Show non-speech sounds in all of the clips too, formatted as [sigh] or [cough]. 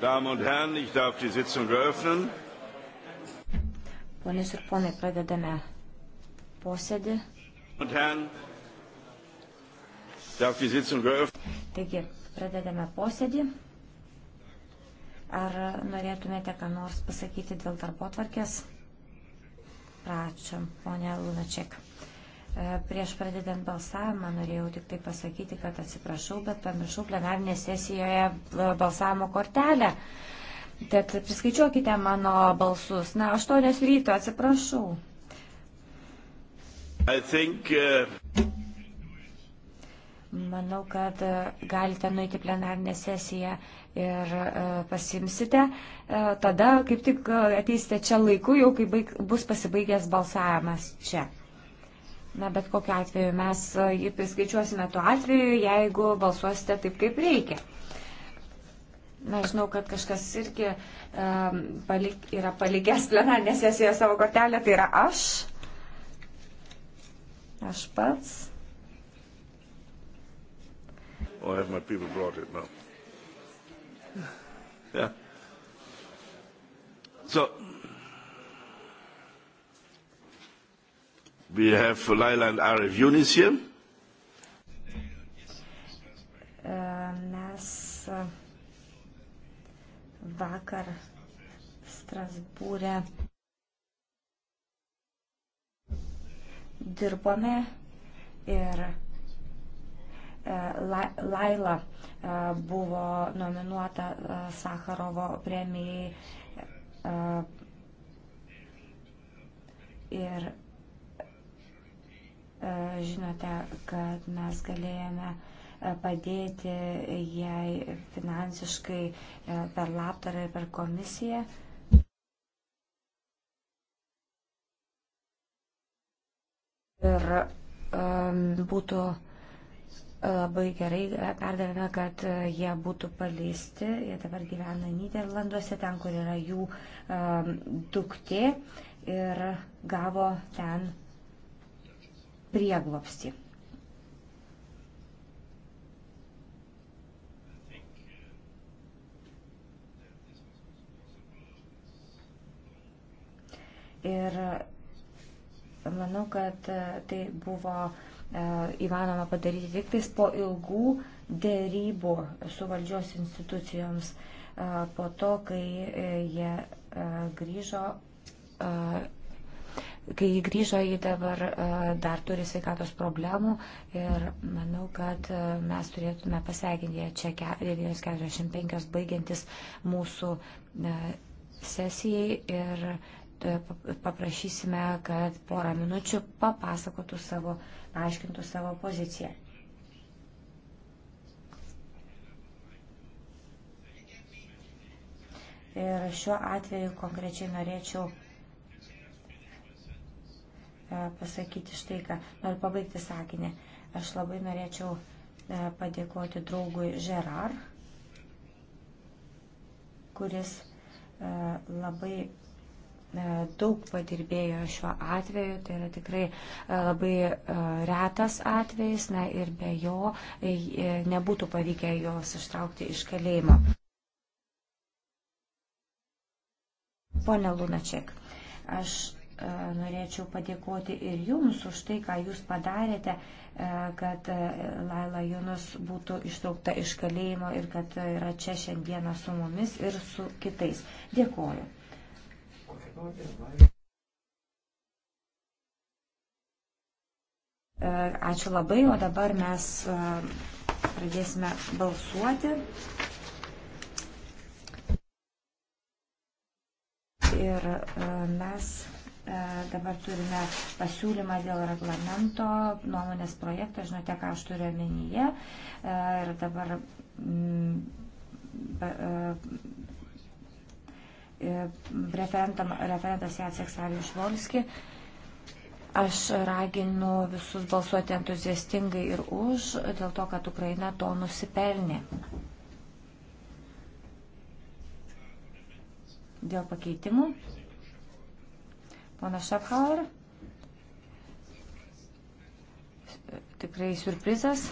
Damen und Herren, ich darf die Sitzung eröffnen. Ponios ir ponai, pradedame posėdį. Taigi, pradedame posėdį. Ar norėtumėte ką nors pasakyti dėl darbo tvarkės? Prašom, ponia Lunaček. Prieš pradedant balsavimą norėjau tik tai pasakyti, kad atsiprašau, bet pamiršau plenarinėje sesijoje e, balsavimo kortelę. Tad priskaičiuokite mano balsus. Na, 8 ryto, atsiprašau. Think, uh... Manau, kad e, galite nueiti plenarinę sesiją ir e, pasimsite. Tada kaip tik ateisite čia laiku, jau kai baig, bus pasibaigęs balsavimas čia. Na, bet kokiu atveju mes e, jį priskaičiuosime tuo atveju, jeigu balsuosite taip, kaip reikia. Na, žinau, kad kažkas irgi um, palik, yra palikęs plenarinę sesiją savo kortelę, tai yra aš. Aš pats. Oh, I have my people brought it now. Yeah. So, We have Lailand Arif Yunis here. Mes eh, vakar Strasbūrė dirbome ir eh, Laila eh, buvo nominuota Sakarovo premijai ir E, žinote, kad mes galėjome e, padėti jai finansiškai e, per labdarą ir per komisiją. Ir um, būtų labai gerai, perdavėme, kad jie būtų paleisti, jie dabar gyvena Niderlanduose, ten, kur yra jų um, duktė ir gavo ten prieglopstį. Ir manau, kad e, tai buvo e, įmanoma padaryti tik tais po ilgų dėrybų su valdžios institucijoms, e, po to, kai jie grįžo Kai grįžo į dabar, e, dar turi sveikatos problemų ir manau, kad e, mes turėtume pasveikinti ją čia 9.45 baigiantis mūsų e, sesijai ir paprašysime, kad porą minučių papasakotų savo, paaiškintų savo poziciją. Ir šiuo atveju konkrečiai norėčiau E, pasakyti štai ką. Noriu pabaigti sakinį. Aš labai norėčiau e, padėkoti draugui Žerar, kuris e, labai daug padirbėjo šiuo atveju, tai yra tikrai labai retas atvejis, na ir be jo nebūtų pavykę jos ištraukti iš kalėjimo. Pone Lunačiek, aš E, norėčiau padėkoti ir jums už tai, ką jūs padarėte, e, kad e, Laila Junus būtų ištraukta iš kalėjimo ir kad yra čia šiandieną su mumis ir su kitais. Dėkoju. Ačiū labai, o dabar mes pradėsime balsuoti. Ir mes E, dabar turime pasiūlymą dėl reglamento, nuomonės projektą, žinote, ką aš turiu omenyje. E, ir dabar mm, e, referentas Jacek Sališvolski. Aš raginu visus balsuoti entuziastingai ir už, dėl to, kad Ukraina to nusipelnė. Dėl pakeitimų. Pana Šaphauer. Tikrai surprizas.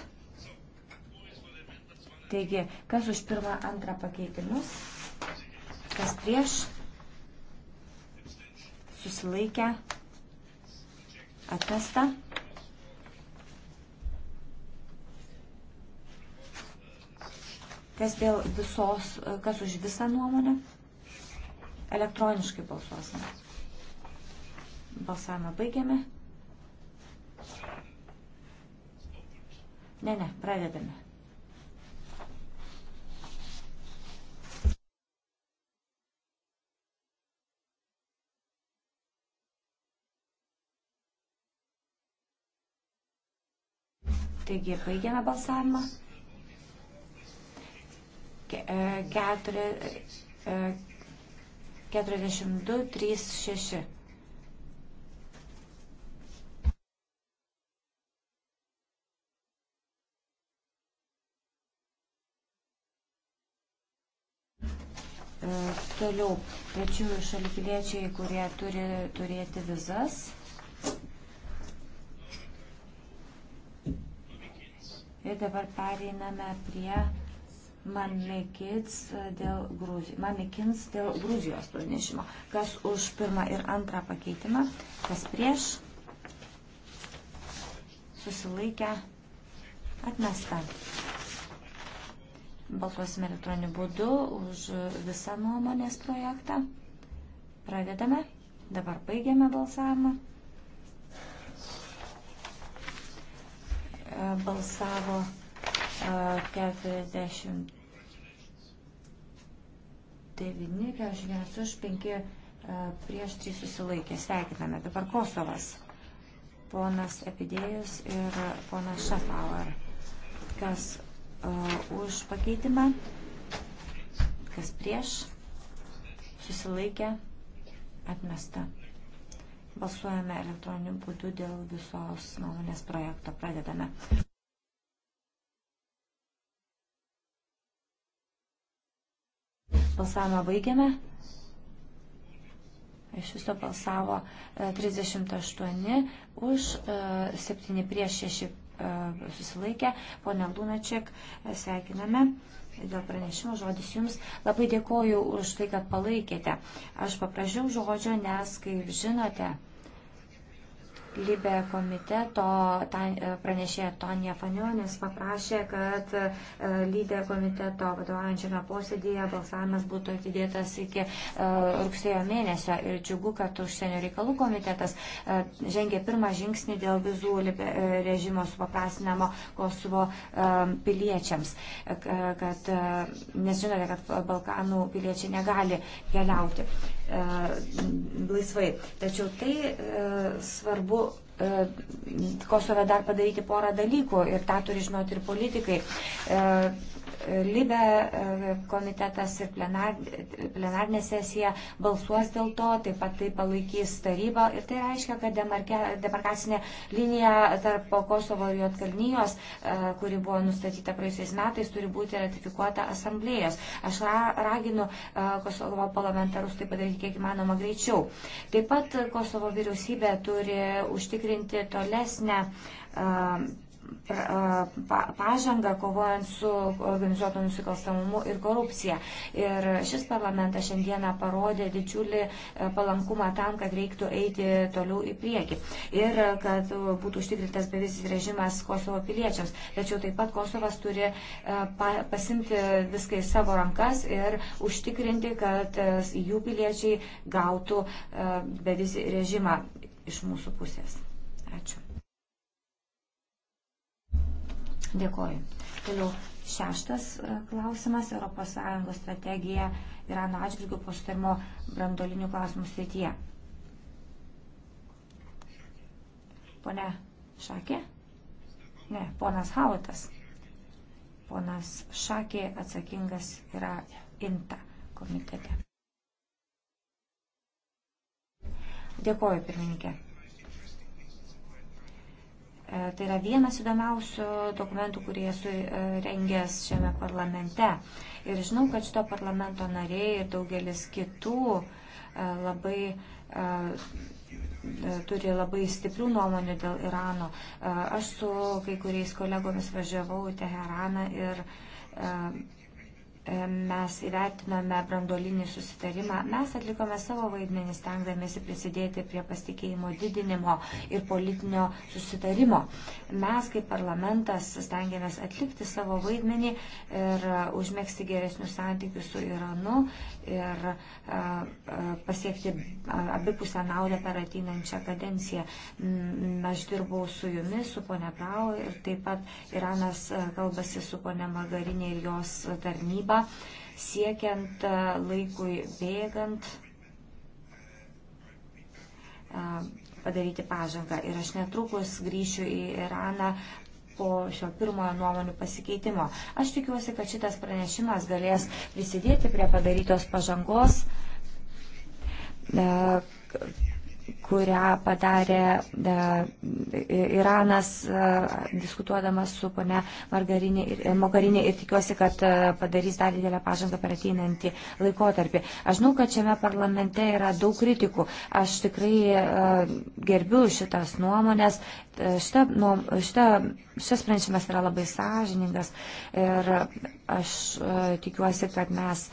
Taigi, kas už pirmą, antrą pakeitimus, kas prieš, susilaikę, atesta. Kas dėl visos, kas už visą nuomonę, elektroniškai balsuosime. Balsavimą baigiame. Ne, ne, pradedame. Taigi, baigiame balsavimą. E, keturi, 42, 3, 6. E, toliau, trečiųjų šalių piliečiai, kurie turi turėti vizas. Ir dabar pereiname prie Mamikins dėl, Gruzi... Mamikins dėl Gruzijos pranešimo. Kas už pirmą ir antrą pakeitimą, kas prieš, susilaikę, atmesta. Balsuosime elektroniniu būdu už visą nuomonės projektą. Pradedame. Dabar baigiame balsavimą. E, balsavo 49, e, 41 už 5 e, prieš 3 susilaikė. Sveikiname. Dabar Kosovas. Ponas Epidėjus ir ponas Šafauer. Kas už pakeitimą, kas prieš, susilaikė, atmesta. Balsuojame elektroniniu būdu dėl visos nuomonės projekto. Pradedame. Balsavimą baigiame. Iš viso balsavo 38 e, už 7 e, prieš 6 E, susilaikė. Pone Lunačiek, e, sveikiname dėl pranešimo žodis jums. Labai dėkoju už tai, kad palaikėte. Aš paprašiau žodžio, nes, kaip žinote, Libė komiteto pranešėja Tonija Fanionis paprašė, kad e, lydė komiteto vadovaujančiame posėdėje balsavimas būtų atidėtas iki e, rugsėjo mėnesio ir džiugu, kad užsienio reikalų komitetas e, žengė pirmą žingsnį dėl vizų režimo supaprastinamo Kosovo piliečiams, kad, nes žinote, kad Balkanų piliečiai negali keliauti laisvai. Tačiau tai svarbu E, Kosove dar padaryti porą dalykų ir tą turi žinoti ir politikai. E, Libe e, komitetas ir plenarinė sesija balsuos dėl to, taip pat tai palaikys taryba ir tai reiškia, kad demarkacinė linija tarp Kosovo ir Jotkalnyjos, e, kuri buvo nustatyta praėjusiais metais, turi būti ratifikuota asamblėjos. Aš raginu e, Kosovo parlamentarus tai padaryti kiek įmanoma greičiau. Taip pat Kosovo vyriausybė turi užtikrinti tolesnę pažangą kovojant su organizuotu nusikalstamumu ir korupcija. Ir šis parlamentas šiandieną parodė didžiulį e, palankumą tam, kad reiktų eiti toliau į priekį ir kad būtų užtikrintas bevizis režimas Kosovo piliečiams. Tačiau taip pat Kosovas turi e, pasimti viską į savo rankas ir užtikrinti, kad e, jų piliečiai gautų bevizį režimą iš mūsų pusės. Ačiū. Dėkoju. Toliau šeštas e, klausimas - ES strategija Irano atžvilgių po sutarimo brandolinių klausimų srityje. Pone Šakė? Ne, ponas Hautas. Ponas Šakė atsakingas yra INTA komitete. Dėkoju, pirmininkė. E, tai yra vienas įdomiausių dokumentų, kurį esu e, rengęs šiame parlamente. Ir žinau, kad šito parlamento nariai ir daugelis kitų e, labai turi labai stiprių nuomonių dėl Irano. Aš su kai kuriais kolegomis važiavau į Teheraną ir E, mes įvertinome brandolinį susitarimą, mes atlikome savo vaidmenį, stengdamėsi prisidėti prie pasitikėjimo didinimo ir politinio susitarimo. Mes kaip parlamentas stengiamės atlikti savo vaidmenį ir e, užmėgsti geresnius santykius su Iranu ir pasiekti abipusę naudą per ateinančią kadenciją. Aš dirbau su jumis, su ponia Brau ir taip pat Iranas kalbasi su ponia Magarinė ir jos tarnyba, siekiant laikui bėgant padaryti pažangą. Ir aš netrukus grįšiu į Iraną po šio pirmojo nuomonių pasikeitimo. Aš tikiuosi, kad šitas pranešimas galės prisidėti prie padarytos pažangos e, kurią padarė e, Iranas, e, diskutuodamas su ponia Margarinė ir, e, Mogarinė ir tikiuosi, kad padarys dar didelę pažangą per ateinantį laikotarpį. Aš žinau, kad šiame parlamente yra daug kritikų. Aš tikrai gerbiu šitas nuomonės. Šita, nu, šita, šis pranešimas yra labai sąžiningas ir aš tikiuosi, kad mes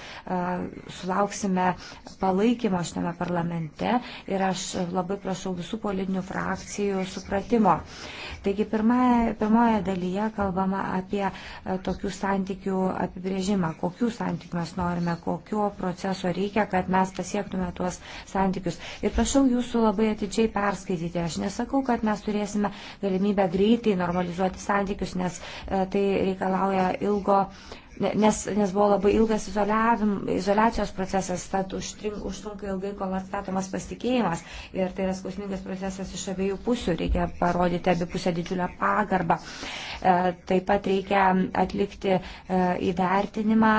sulauksime palaikymo šitame parlamente ir aš labai prašau visų politinių frakcijų supratimo. Taigi pirmoje, pirmoje dalyje kalbama apie e, tokių santykių apibrėžimą, kokių santykių mes norime, kokio proceso reikia, kad mes pasiektume tuos santykius. Ir prašau jūsų labai atidžiai perskaityti. Aš nesakau, kad mes turėsime galimybę greitai normalizuoti santykius, nes e, tai reikalauja ilgo nes, nes buvo labai ilgas izolacijos procesas, tad užtrink, užtrunka ilgai, kol atstatomas pasitikėjimas. Ir tai yra skausmingas procesas iš abiejų pusių, reikia parodyti abipusę didžiulę pagarbą. E, taip pat reikia atlikti e, įvertinimą,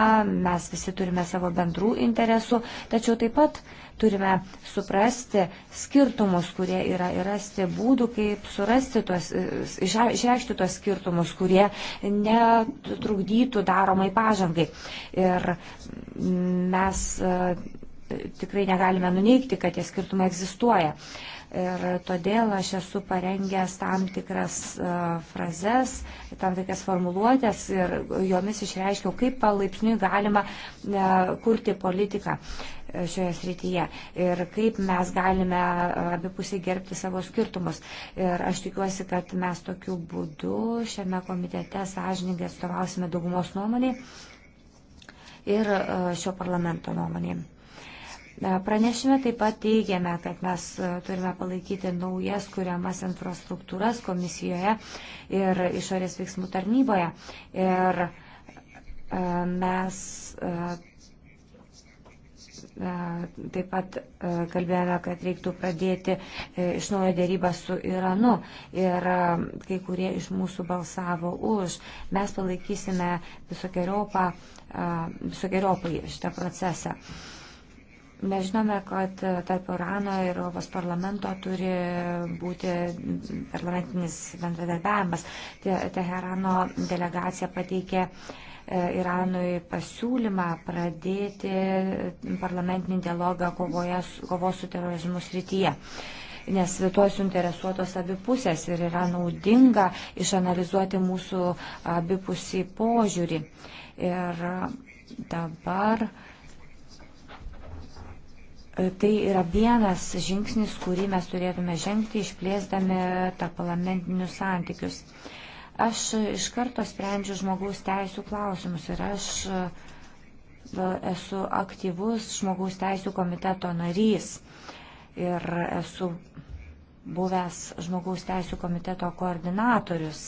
mes visi turime savo bendrų interesų, tačiau taip pat Turime suprasti skirtumus, kurie yra ir rasti būdų, kaip surasti tuos, išreikšti tuos skirtumus, kurie netrukdytų daromai pažangai. Ir mes e, tikrai negalime nuneikti, kad tie skirtumai egzistuoja. Ir todėl aš esu parengęs tam tikras e, frazes, tam tikras formuluotės ir jomis išreiškiau, kaip palaipsniui galima e, kurti politiką šioje srityje ir kaip mes galime abipusiai gerbti savo skirtumus. Ir aš tikiuosi, kad mes tokiu būdu šiame komitete sąžininkai atstovausime daugumos nuomonį ir e, šio parlamento nuomonį. E, pranešime taip pat teigiame, kad mes e, turime palaikyti naujas kuriamas infrastruktūras komisijoje ir išorės veiksmų tarnyboje. Ir mes E, taip pat e, kalbėjome, kad reiktų pradėti e, iš naujo dėrybą su Iranu ir kai kurie iš mūsų balsavo už. Mes palaikysime visokiojopai šitą procesą. Mes žinome, kad tarp Irano ir Europos parlamento turi būti parlamentinis bendradarbiavimas. Teherano delegacija pateikė uh, E, Iranui pasiūlymą pradėti parlamentinį dialogą kovos su terorizmu srityje nes tuo suinteresuotos abipusės ir yra naudinga išanalizuoti mūsų abipusį požiūrį. Ir dabar e, tai yra vienas žingsnis, kurį mes turėtume žengti išplėsdami tą parlamentinius santykius. Uh, Aš iš karto sprendžiu žmogaus teisų klausimus ir aš e, esu aktyvus žmogaus teisų komiteto narys ir esu buvęs žmogaus teisų komiteto koordinatorius.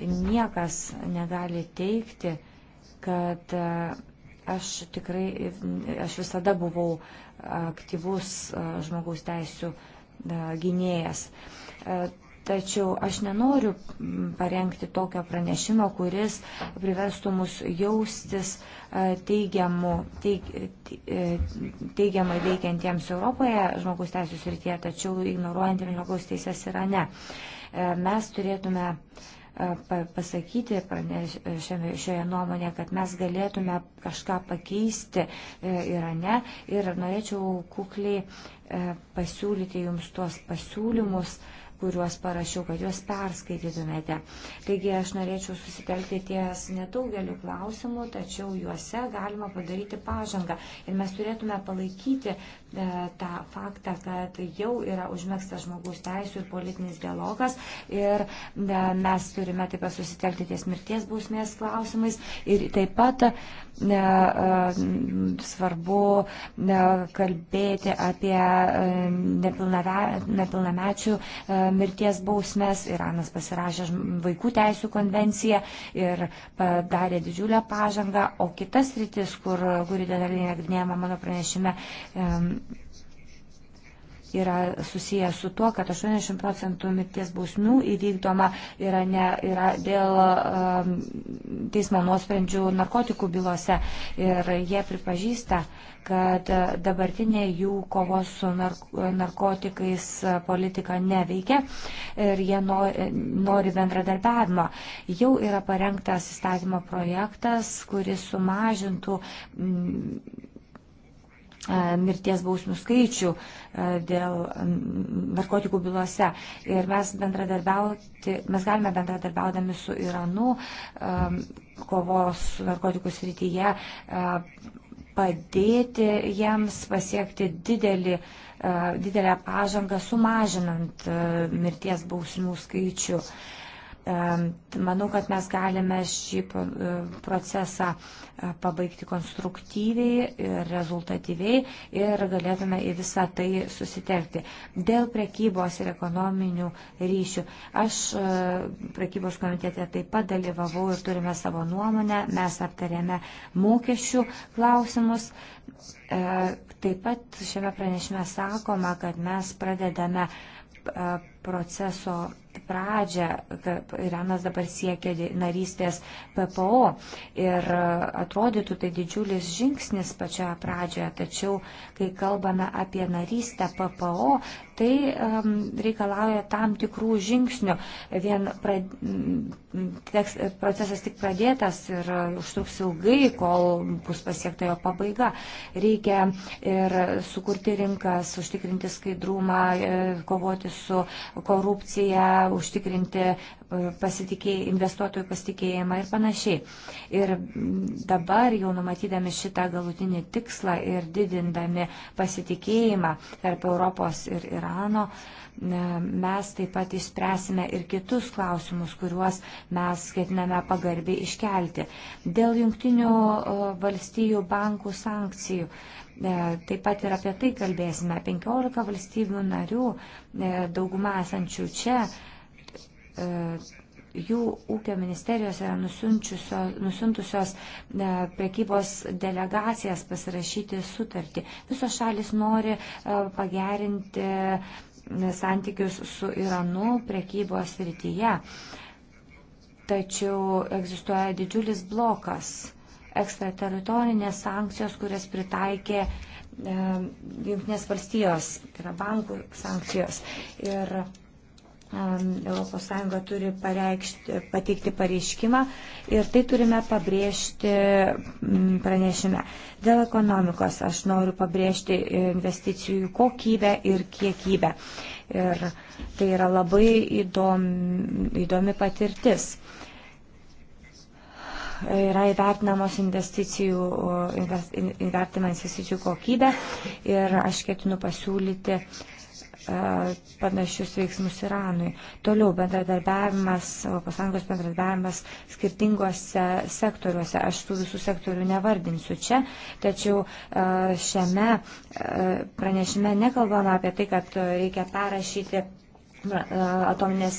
Niekas negali teikti, kad e, aš tikrai, aš visada buvau aktyvus e, žmogaus teisų gynėjas. Tačiau aš nenoriu parengti tokio pranešimo, kuris priverstų mus jaustis e, teigiamu, teig, e, teigiamai veikiantiems Europoje žmogus teisų srityje, tačiau ignoruojantiems žmogaus teisės yra ne. E, mes turėtume pasakyti praneš, šioje nuomonė, kad mes galėtume kažką pakeisti Irane ir norėčiau kukliai pasiūlyti jums tuos pasiūlymus. Mm kuriuos parašiau, kad juos perskaitytumėte. Taigi aš norėčiau susitelkti ties nedaugeliu klausimų, tačiau juose galima padaryti pažangą. Ir mes turėtume palaikyti e, tą faktą, kad jau yra užmėgstas žmogaus teisų ir politinis dialogas. Ir e, mes turime taip pat susitelkti ties mirties bausmės klausimais. Ir taip pat e, e, svarbu e, kalbėti apie e, nepilnamečių. E, mirties bausmės, Iranas pasirašė vaikų teisų konvenciją ir padarė didžiulę pažangą, o kitas rytis, kur, kuri detaliai nagrinėjama mano pranešime, yra susijęs su tuo, kad 80 procentų mirties bausmių įvykdoma yra, ne, yra dėl um, teismo nuosprendžių narkotikų bylose. Ir jie pripažįsta, kad dabartinė jų kovos su narkotikais politika neveikia ir jie nori bendradarbiavimo. Jau yra parengtas įstatymo projektas, kuris sumažintų. Mm, E, mirties bausmių skaičių e, dėl narkotikų bylose. Ir mes, mes galime bendradarbiaudami su Iranu e, kovos su narkotikų srityje padėti jiems pasiekti didelį, didelę pažangą, sumažinant mirties bausmių skaičių. Uh, Manau, kad mes galime šį e, procesą e, pabaigti konstruktyviai ir rezultatyviai ir galėtume į visą tai susitelkti. Dėl prekybos ir ekonominių ryšių. Aš e, prekybos komitete taip pat dalyvavau ir turime savo nuomonę. Mes aptarėme mokesčių klausimus. Taip pat šiame pranešime sakoma, kad mes pradedame proceso pradžią, kad Iranas dabar siekia narystės PPO ir e, atrodytų tai didžiulis žingsnis pačioje pradžioje, tačiau kai kalbame apie narystę PPO, tai um, reikalauja tam tikrų žingsnių. Vien pra, teks, procesas tik pradėtas ir e, užtruks ilgai, kol bus pasiekta jo pabaiga. Reikia ir sukurti rinkas, užtikrinti skaidrumą, e, kovoti su korupcija užtikrinti e, pasitikė, investuotojų pasitikėjimą ir panašiai. Ir dabar jau numatydami šitą galutinį tikslą ir didindami pasitikėjimą tarp Europos ir Irano, e, mes taip pat išspręsime ir kitus klausimus, kuriuos mes ketiname pagarbiai iškelti. Dėl jungtinių e, valstybių bankų sankcijų. Taip pat ir apie tai kalbėsime. 15 valstybių narių, dauguma esančių čia, E, jų ūkio ministerijos yra nusintusios e, prekybos delegacijas pasirašyti sutartį. Visos šalis nori e, pagerinti santykius su Iranu prekybos rytyje. Tačiau egzistuoja didžiulis blokas ekstrateritorinės sankcijos, kurias pritaikė Junktinės valstijos, tai yra bankų sankcijos. Ir ES turi pareikšti, pateikti pareiškimą ir tai turime pabrėžti pranešime. Dėl ekonomikos aš noriu pabrėžti e, investicijų kokybę ir kiekybę. Ir tai yra labai įdomi, įdomi patirtis. Yra įvertinamos investicijų, įvertinama investicijų kokybė ir aš ketinu pasiūlyti uh, E, panašius veiksmus Iranui. Toliau bendradarbiavimas, ES bendradarbiavimas skirtingose sektoriuose. Aš tų visų sektorių nevardinsiu čia, tačiau e, šiame e, pranešime nekalbama apie tai, kad reikia perrašyti atominės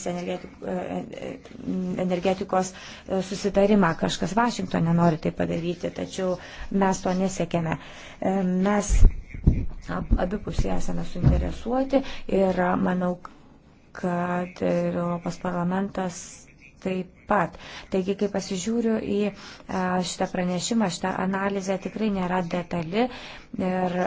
energetikos susitarimą. Kažkas Vašingtonė nori tai padaryti, tačiau mes to nesiekėme. Mes abipusiai esame suinteresuoti ir manau, kad ir Europos parlamentas taip pat. Taigi, kai pasižiūriu į e, šitą pranešimą, šitą analizę tikrai nėra detali ir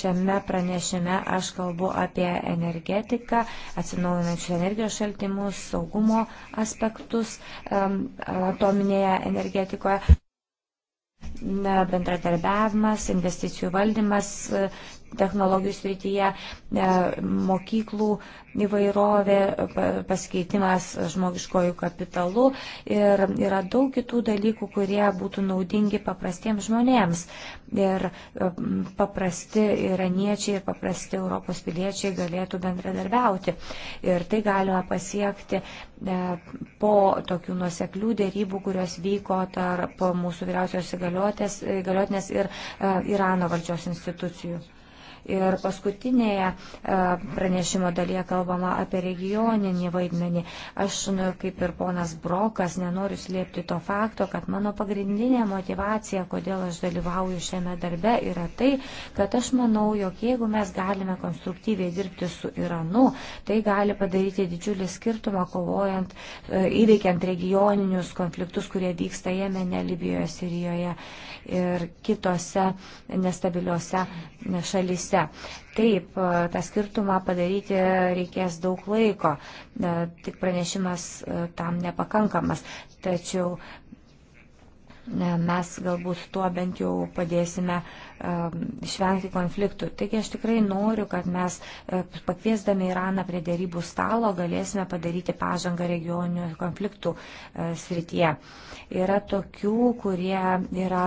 šiame pranešime aš kalbu apie energetiką, atsinaujinančių energijos šaltimus, saugumo aspektus atominėje energetikoje bendradarbiavimas, investicijų valdymas technologijų srityje, e, mokyklų įvairovė, pasikeitimas žmogiškojų kapitalų ir yra daug kitų dalykų, kurie būtų naudingi paprastiems žmonėms. Ir e, paprasti iraniečiai ir paprasti Europos piliečiai galėtų bendradarbiauti. Ir tai galima pasiekti e, po tokių nuoseklių dėrybų, kurios vyko tarp mūsų vyriausios įgaliotinės ir Irano valdžios institucijų. Ir paskutinėje e, pranešimo dalyje kalbama apie regioninį vaidmenį. Aš, nu, kaip ir ponas Brokas, nenoriu slėpti to fakto, kad mano pagrindinė motivacija, kodėl aš dalyvauju šiame darbe, yra tai, kad aš manau, jog jeigu mes galime konstruktyviai dirbti su Iranu, tai gali padaryti didžiulį skirtumą kovojant, e, įveikiant regioninius konfliktus, kurie vyksta Jemene, Libijoje, Sirijoje ir kitose nestabiliuose šalyse šalyse. Taip, e, tą skirtumą padaryti reikės daug laiko, e, tik pranešimas e, tam nepakankamas. Tačiau mes galbūt tuo bent jau padėsime uh, Um, išvengti konfliktų. Taigi aš tikrai noriu, kad mes e, pakviesdami Iraną prie dėrybų stalo galėsime padaryti pažangą regioninių konfliktų e, srityje. Yra tokių, kurie yra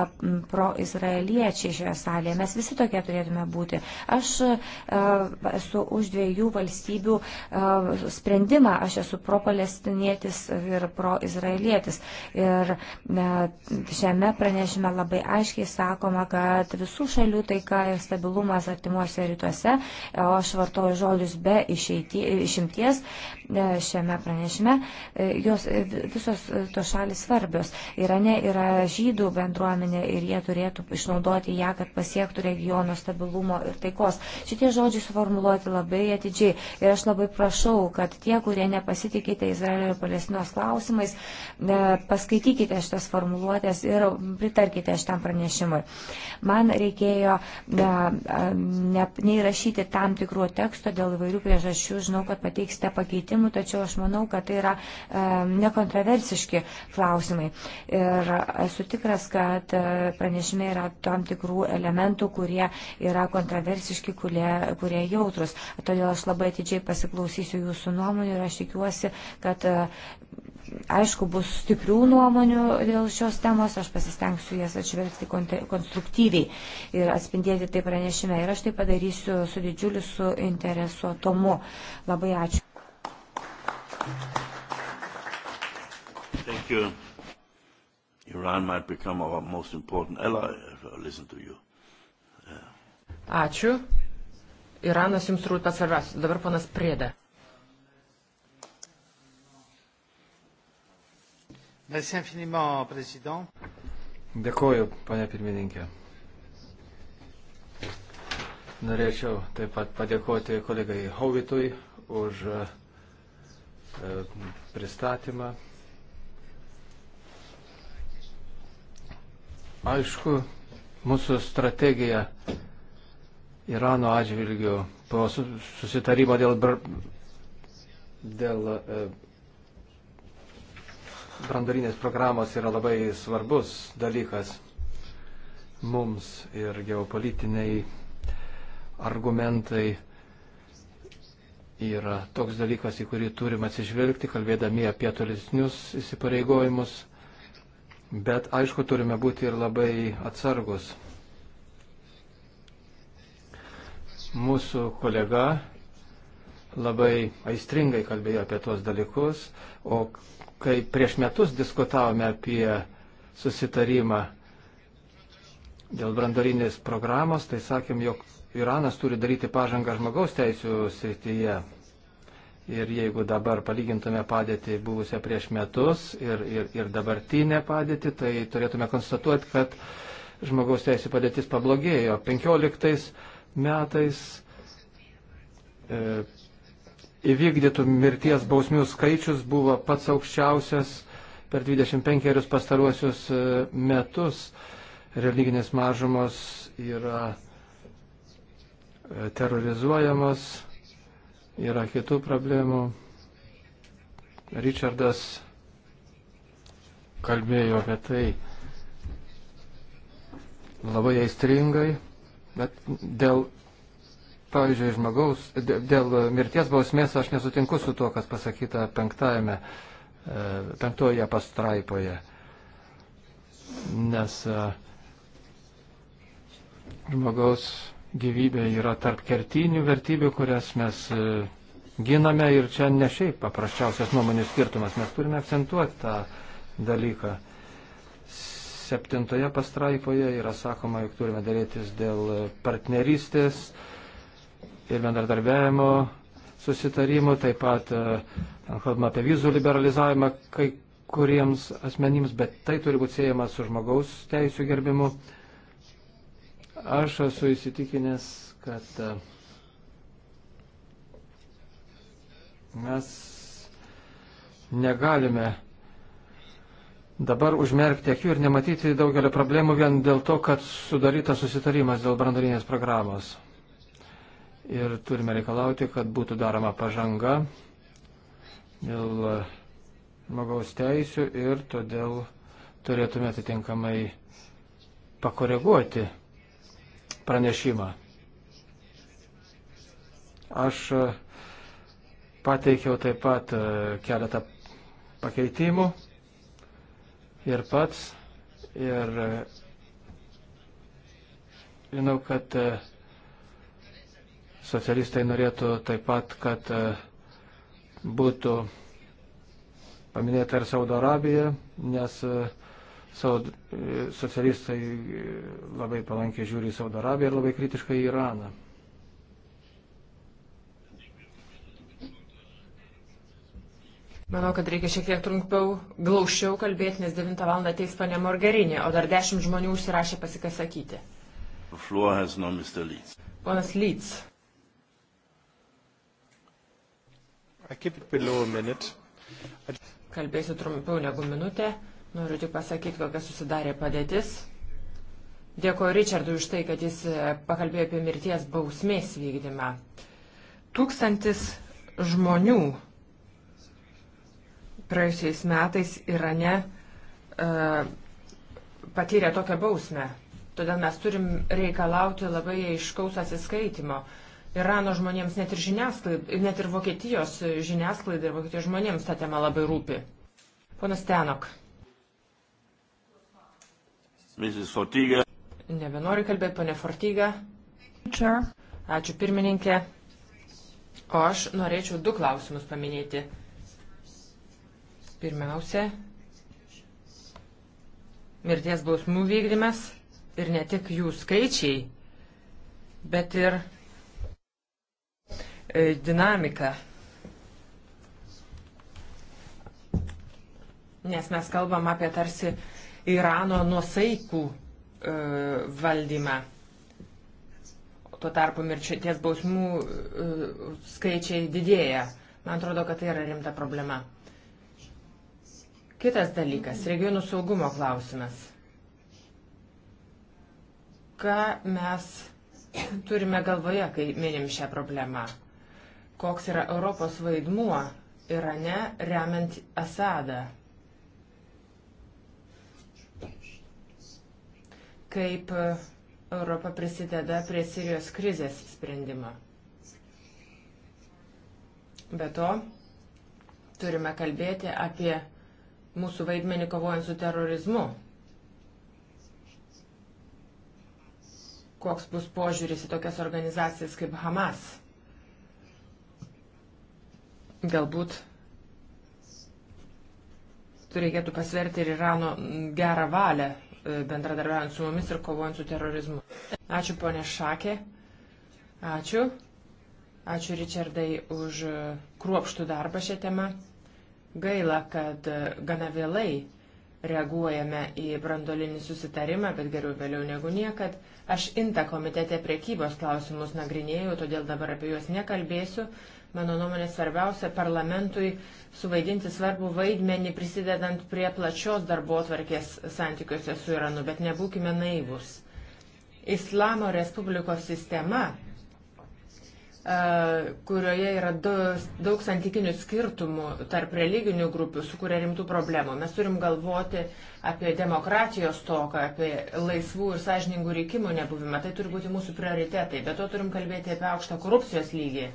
pro-izraeliečiai šioje salėje. Mes visi tokie turėtume būti. Aš e, esu už dviejų valstybių sprendimą. Aš esu pro-palestinietis ir pro-izraelietis. Ir šiame pranešime labai aiškiai sakoma, kad visų šių šalių taika ir stabilumas artimuose rytuose, o aš vartoju žodžius be išeity, išimties e, šiame pranešime, e, jos e, visos tos šalis svarbios. Irane yra žydų bendruomenė ir jie turėtų išnaudoti ją, kad pasiektų regiono stabilumo ir taikos. Šitie žodžiai suformuluoti labai atidžiai ir aš labai prašau, kad tie, kurie nepasitikite Izraelio ir Palestinos klausimais, paskaitykite šitas formuluotės ir pritarkite šitam pranešimui. Man reikia reikėjo neįrašyti tam tikruo teksto dėl įvairių priežasčių. Žinau, kad pateiksite pakeitimų, tačiau aš manau, kad tai yra nekontroversiški klausimai. Ir esu tikras, kad pranešime yra tam tikrų elementų, kurie yra kontroversiški, kurie, kurie jautrus. Todėl aš labai atidžiai pasiklausysiu jūsų nuomonių ir aš tikiuosi, kad aišku, bus stiprių nuomonių dėl šios temos, aš pasistengsiu jas atšvelgti konstruktyviai ir atspindėti tai pranešime. Ir aš tai padarysiu su didžiuliu suinteresuotumu. Labai ačiū. Thank you. Iran might become our most important ally if I listen to you. Yeah. Ačiū. Iranas jums turbūt pats svarbiausias. Dabar panas Prieda. Merci infiniment, président. Dėkuoju, pane pirmininkė. Norėčiau taip pat padėkoti kolegai Hovitui už e, pristatymą. Aišku, mūsų strategija Irano atžvilgių po susitarimo dėl, dėl e, brandolinės programos yra labai svarbus dalykas mums ir geopolitiniai argumentai yra toks dalykas, į kurį turim atsižvelgti, kalbėdami apie tolesnius įsipareigojimus, bet aišku, turime būti ir labai atsargus. Mūsų kolega labai aistringai kalbėjo apie tuos dalykus, o kai prieš metus diskutavome apie susitarimą dėl brandorinės programos, tai sakėm, jog Iranas turi daryti pažangą žmogaus teisų srityje. Ir jeigu dabar palygintume padėtį buvusią prieš metus ir, ir, ir dabartinę padėtį, tai turėtume konstatuoti, kad žmogaus teisų padėtis pablogėjo. 15 metais e, įvykdytų mirties bausmių skaičius buvo pats aukščiausias per 25 pastaruosius e, metus. Religinės mažumos yra e, terrorizuojamos, yra kitų problemų. Richardas kalbėjo apie tai labai aistringai, bet dėl pavyzdžiui, žmogaus, dėl mirties bausmės aš nesutinku su to, kas pasakyta penktajame, e, penktoje pastraipoje. Nes e, žmogaus gyvybė yra tarp kertinių vertybių, kurias mes e, giname ir čia ne šiaip paprasčiausias nuomonių skirtumas, mes turime akcentuoti tą dalyką. Septintoje pastraipoje yra sakoma, jog turime darytis dėl partnerystės, uh, ir bendradarbiavimo susitarimų, taip pat e, ten kalbama apie vizų liberalizavimą kai kuriems asmenims, bet tai turi būti siejama su žmogaus teisų gerbimu. Aš esu įsitikinęs, kad e, mes negalime dabar užmerkti akių ir nematyti daugelio problemų vien dėl to, kad sudarytas susitarimas dėl brandarinės programos ir turime reikalauti, kad būtų daroma pažanga dėl e, žmogaus teisių ir todėl turėtume atitinkamai pakoreguoti pranešimą. Aš e, pateikiau taip pat e, keletą pakeitimų ir pats ir žinau, kad uh, Socialistai norėtų taip pat, kad e, būtų paminėta ir Saudo Arabija, nes e, Saud... E, socialistai labai palankiai žiūri į Saudo Arabiją ir labai kritiškai į Iraną. Manau, kad reikia šiek tiek trumpiau, glaušiau kalbėti, nes 9 val. ateis panė Morgarinė, o dar 10 žmonių užsirašė pasikasakyti. No Ponas Lyts. Kalbėsiu trumpiau negu minutę. Noriu tik pasakyti, kokia susidarė padėtis. Dėkuoju Richardui už tai, kad jis e, pakalbėjo apie mirties bausmės vykdymą. Tūkstantis žmonių praėjusiais metais Irane uh, patyrė tokią bausmę. Todėl mes turim reikalauti labai aiškaus atsiskaitimo. Uh, Irano žmonėms, net ir, net ir Vokietijos žiniasklaidai ir Vokietijos žmonėms ta tema labai rūpi. Ponas Tenok. Nebenori kalbėti, ponė Fortyga. Čia. Ačiū pirmininkė. O aš norėčiau du klausimus paminėti. Pirmiausia, mirties bausmų vykdymas ir ne tik jų skaičiai, bet ir E, dinamiką. Nes mes kalbam apie tarsi Irano nuosaikų e, valdymą. Tuo tarpu mirčiaties bausmų e, skaičiai didėja. Man atrodo, kad tai yra rimta problema. Kitas dalykas - regionų saugumo klausimas. Ką mes turime galvoje, kai minim šią problemą? koks yra Europos vaidmuo Irane remiant Asadą. Kaip e, Europa prisideda prie Sirijos krizės sprendimo. Be to, turime kalbėti apie mūsų vaidmenį kovojant su terorizmu. Koks bus požiūris į tokias organizacijas kaip Hamas? Galbūt reikėtų pasverti ir Irano gerą valią e, bendradarbiaujant su mumis ir kovojant su terorizmu. Ačiū ponė Šakė. Ačiū. Ačiū Ričardai už e, kruopštų darbą šią temą. Gaila, kad e, gana vėlai reaguojame į brandolinį susitarimą, bet geriau vėliau negu niekad. Aš inta komitete priekybos klausimus nagrinėjau, todėl dabar apie juos nekalbėsiu. Mano nuomonė svarbiausia parlamentui suvaidinti svarbų vaidmenį prisidedant prie plačios darbo atvarkės santykiuose su Iranu, bet nebūkime naivus. Islamo Respublikos sistema, kurioje yra daug santykinių skirtumų tarp religinių grupių, sukuria rimtų problemų. Mes turim galvoti apie demokratijos toką, apie laisvų ir sąžiningų reikimų nebuvimą. Tai turi būti mūsų prioritetai. Bet to turim kalbėti apie aukštą korupcijos lygį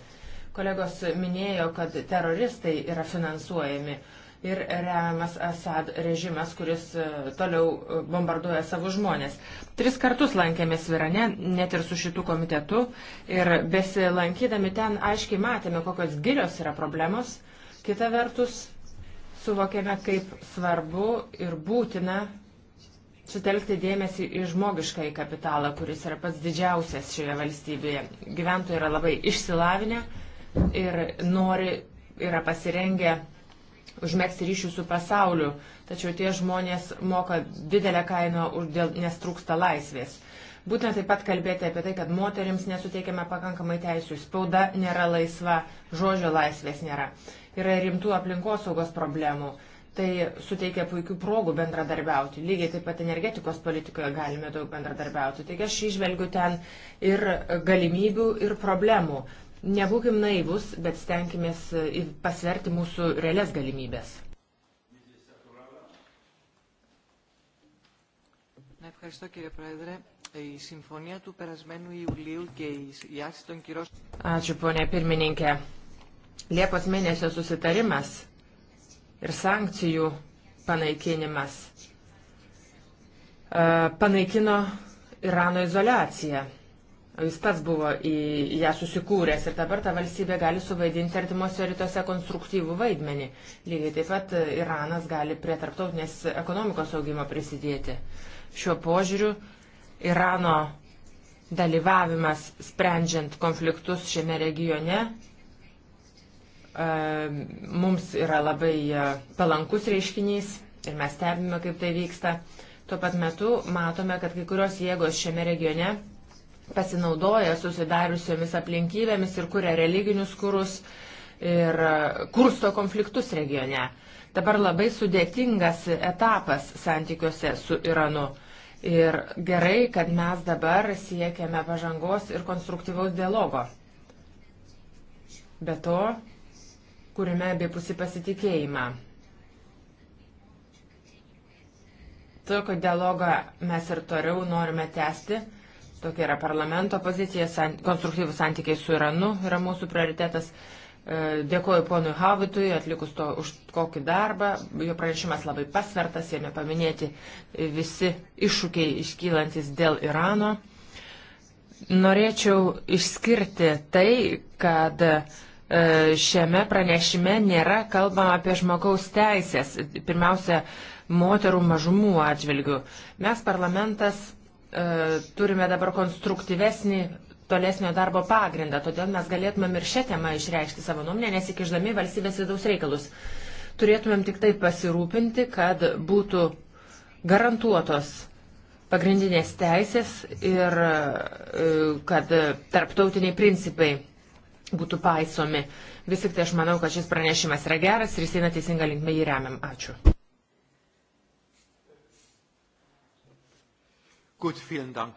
Kolegos minėjo, kad teroristai yra finansuojami ir remiamas Assad režimas, kuris e, toliau e, bombarduoja savo žmonės. Tris kartus lankėmės Virane, net ir su šitu komitetu, ir besilankydami ten aiškiai matėme, kokios gilios yra problemos. Kita vertus, suvokėme, kaip svarbu ir būtina sutelkti dėmesį į žmogiškąjį kapitalą, kuris yra pats didžiausias šioje valstybėje. Gyventojai yra labai išsilavinę ir nori, yra pasirengę užmėgsti ryšių su pasauliu, tačiau tie žmonės moka didelę kainą, nes trūksta laisvės. Būtent taip pat kalbėti apie tai, kad moteriams nesuteikiame pakankamai teisų, spauda nėra laisva, žodžio laisvės nėra. Yra rimtų aplinkosaugos problemų. Tai suteikia puikių progų bendradarbiauti. Lygiai taip pat energetikos politikoje galime daug bendradarbiauti. Taigi aš išvelgiu ten ir galimybių, ir problemų. Nebūkim naivus, bet stenkimės e, pasverti mūsų realias galimybės. Ευχαριστώ κύριε Πρόεδρε. Η συμφωνία του περασμένου Ιουλίου και η άσκηση των κυρώσεων. Ačiū ponė pirmininkė. Liepos mėnesio susitarimas ir sankcijų panaikinimas e, panaikino Irano izolaciją. Jis pats buvo į ją susikūręs ir dabar ta valstybė gali suvaidinti artimuose rytuose konstruktyvų vaidmenį. Lygiai taip pat e, Iranas gali prie tarptautinės ekonomikos augimo prisidėti. Šiuo požiūriu Irano dalyvavimas sprendžiant konfliktus šiame regione e, mums yra labai e, palankus reiškinys ir mes stebime, kaip tai vyksta. Tuo pat metu matome, kad kai kurios jėgos šiame regione pasinaudoja susidariusiomis aplinkybėmis ir kuria religinius kurus ir e, kursto konfliktus regione. Dabar labai sudėtingas etapas santykiuose su Iranu. Ir gerai, kad mes dabar siekiame pažangos ir konstruktyvaus dialogo. Be to, kurime abipusį pasitikėjimą. Tokio dialogą mes ir toliau norime tęsti Tokia yra parlamento pozicija, san, konstruktyvus santykiai su Iranu yra mūsų prioritetas. E, Dėkuoju ponui Havitui, atlikus to už kokį darbą. Jo pranešimas labai pasvertas, jame paminėti visi iššūkiai iškylantis dėl Irano. Norėčiau išskirti tai, kad e, šiame pranešime nėra kalbama apie žmogaus teisės, pirmiausia, moterų mažumų atžvilgių. Mes parlamentas E, turime dabar konstruktyvesnį tolesnio darbo pagrindą, todėl mes galėtumėm ir šią temą išreikšti savo nuomonę, nesikiždami valstybės vidaus reikalus. Turėtumėm tik tai pasirūpinti, kad būtų garantuotos pagrindinės teisės ir e, kad tarptautiniai principai būtų paisomi. Vis tik tai aš manau, kad šis pranešimas yra geras ir jis eina teisinga linkme jį remiam. Ačiū. Gut, vielen Dank.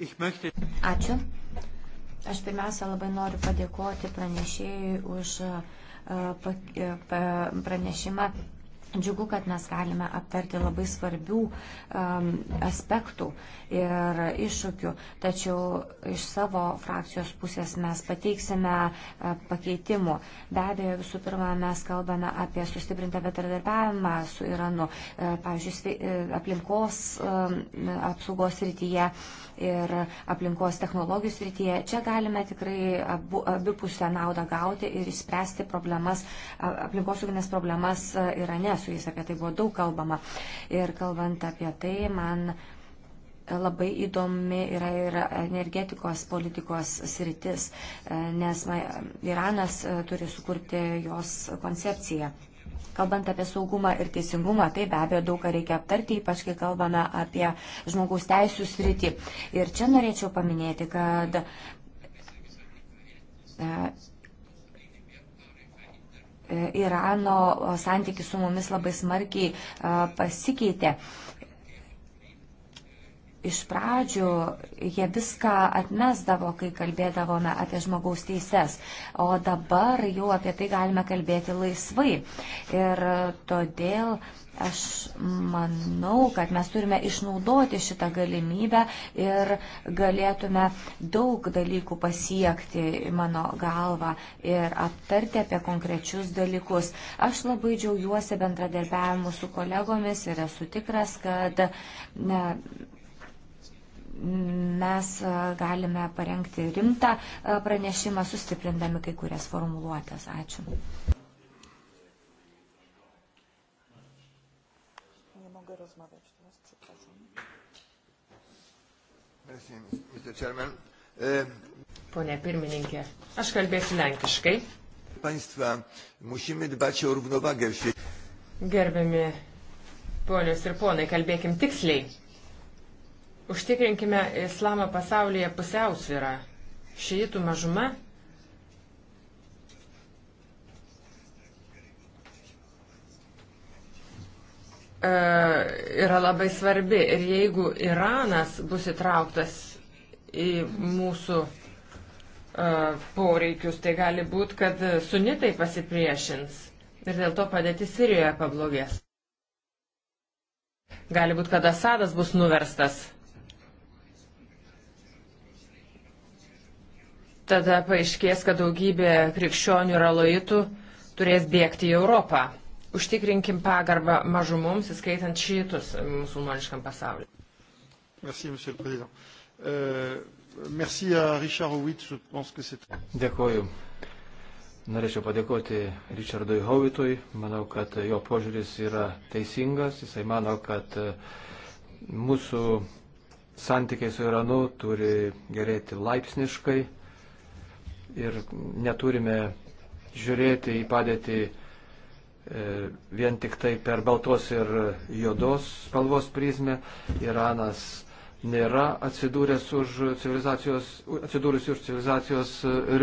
Ich möchte... Ačiū. Aš pirmiausia labai noriu padėkoti pranešėjui už e, pranešimą Džiugu, kad mes galime aptarti labai svarbių um, aspektų ir iššūkių, tačiau iš savo frakcijos pusės mes pateiksime uh, pakeitimų. Be abejo, visų pirma, mes kalbame apie sustiprintą bendradarbiavimą su Iranu, uh, pavyzdžiui, e, aplinkos um, apsaugos rytyje ir aplinkos technologijų srityje. Čia galime tikrai abu, abipusę naudą gauti ir išspręsti problemas, aplinkosauginės problemas Irane su jais, apie tai buvo daug kalbama. Ir kalbant apie tai, man labai įdomi yra ir energetikos politikos sritis, nes Iranas e, turi sukurti jos koncepciją. Kalbant apie saugumą ir teisingumą, tai be abejo daug ką reikia aptarti, ypač kai kalbame apie žmogaus teisų sritį. Ir čia norėčiau paminėti, kad e, Irano e, santykiai su mumis labai smarkiai e, pasikeitė iš pradžių jie viską atmesdavo, kai kalbėdavome apie žmogaus teises, o dabar jau apie tai galime kalbėti laisvai. Ir todėl aš manau, kad mes turime išnaudoti šitą galimybę ir galėtume daug dalykų pasiekti, mano galva, ir aptarti apie konkrečius dalykus. Aš labai džiaugiuosi bendradarbiavimu su kolegomis ir esu tikras, kad ne, mes e, galime parengti rimtą e, pranešimą, sustiprindami kai kurias formuluotės. Ačiū. E, Pone pirmininkė, aš kalbėsiu lenkiškai. Gerbiami ponios ir ponai, kalbėkim tiksliai Užtikrinkime islamą pasaulyje pusiausvyrą. Šeitų mažuma e, yra labai svarbi ir jeigu Iranas bus įtrauktas į mūsų e, poreikius, tai gali būti, kad sunitai pasipriešins ir dėl to padėtis Sirijoje pablogės. Gali būti, kad Asadas bus nuverstas tada paaiškės, kad daugybė krikščionių ir aloitų turės bėgti į Europą. Užtikrinkim pagarbą mažumoms, įskaitant šitus musulmoniškam pasauliu. Merci, monsieur le président. Euh, merci à Richard Howitt, je pense que c'est... Dėkoju. Norėčiau padėkoti Richardui Hovitui. Manau, kad jo požiūris yra teisingas. Jisai mano, kad e, mūsų santykiai su Iranu turi gerėti laipsniškai ir neturime žiūrėti į padėtį e, vien tik tai per baltos ir juodos spalvos prizmę. Iranas nėra atsidūręs už civilizacijos, atsidūrusi už civilizacijos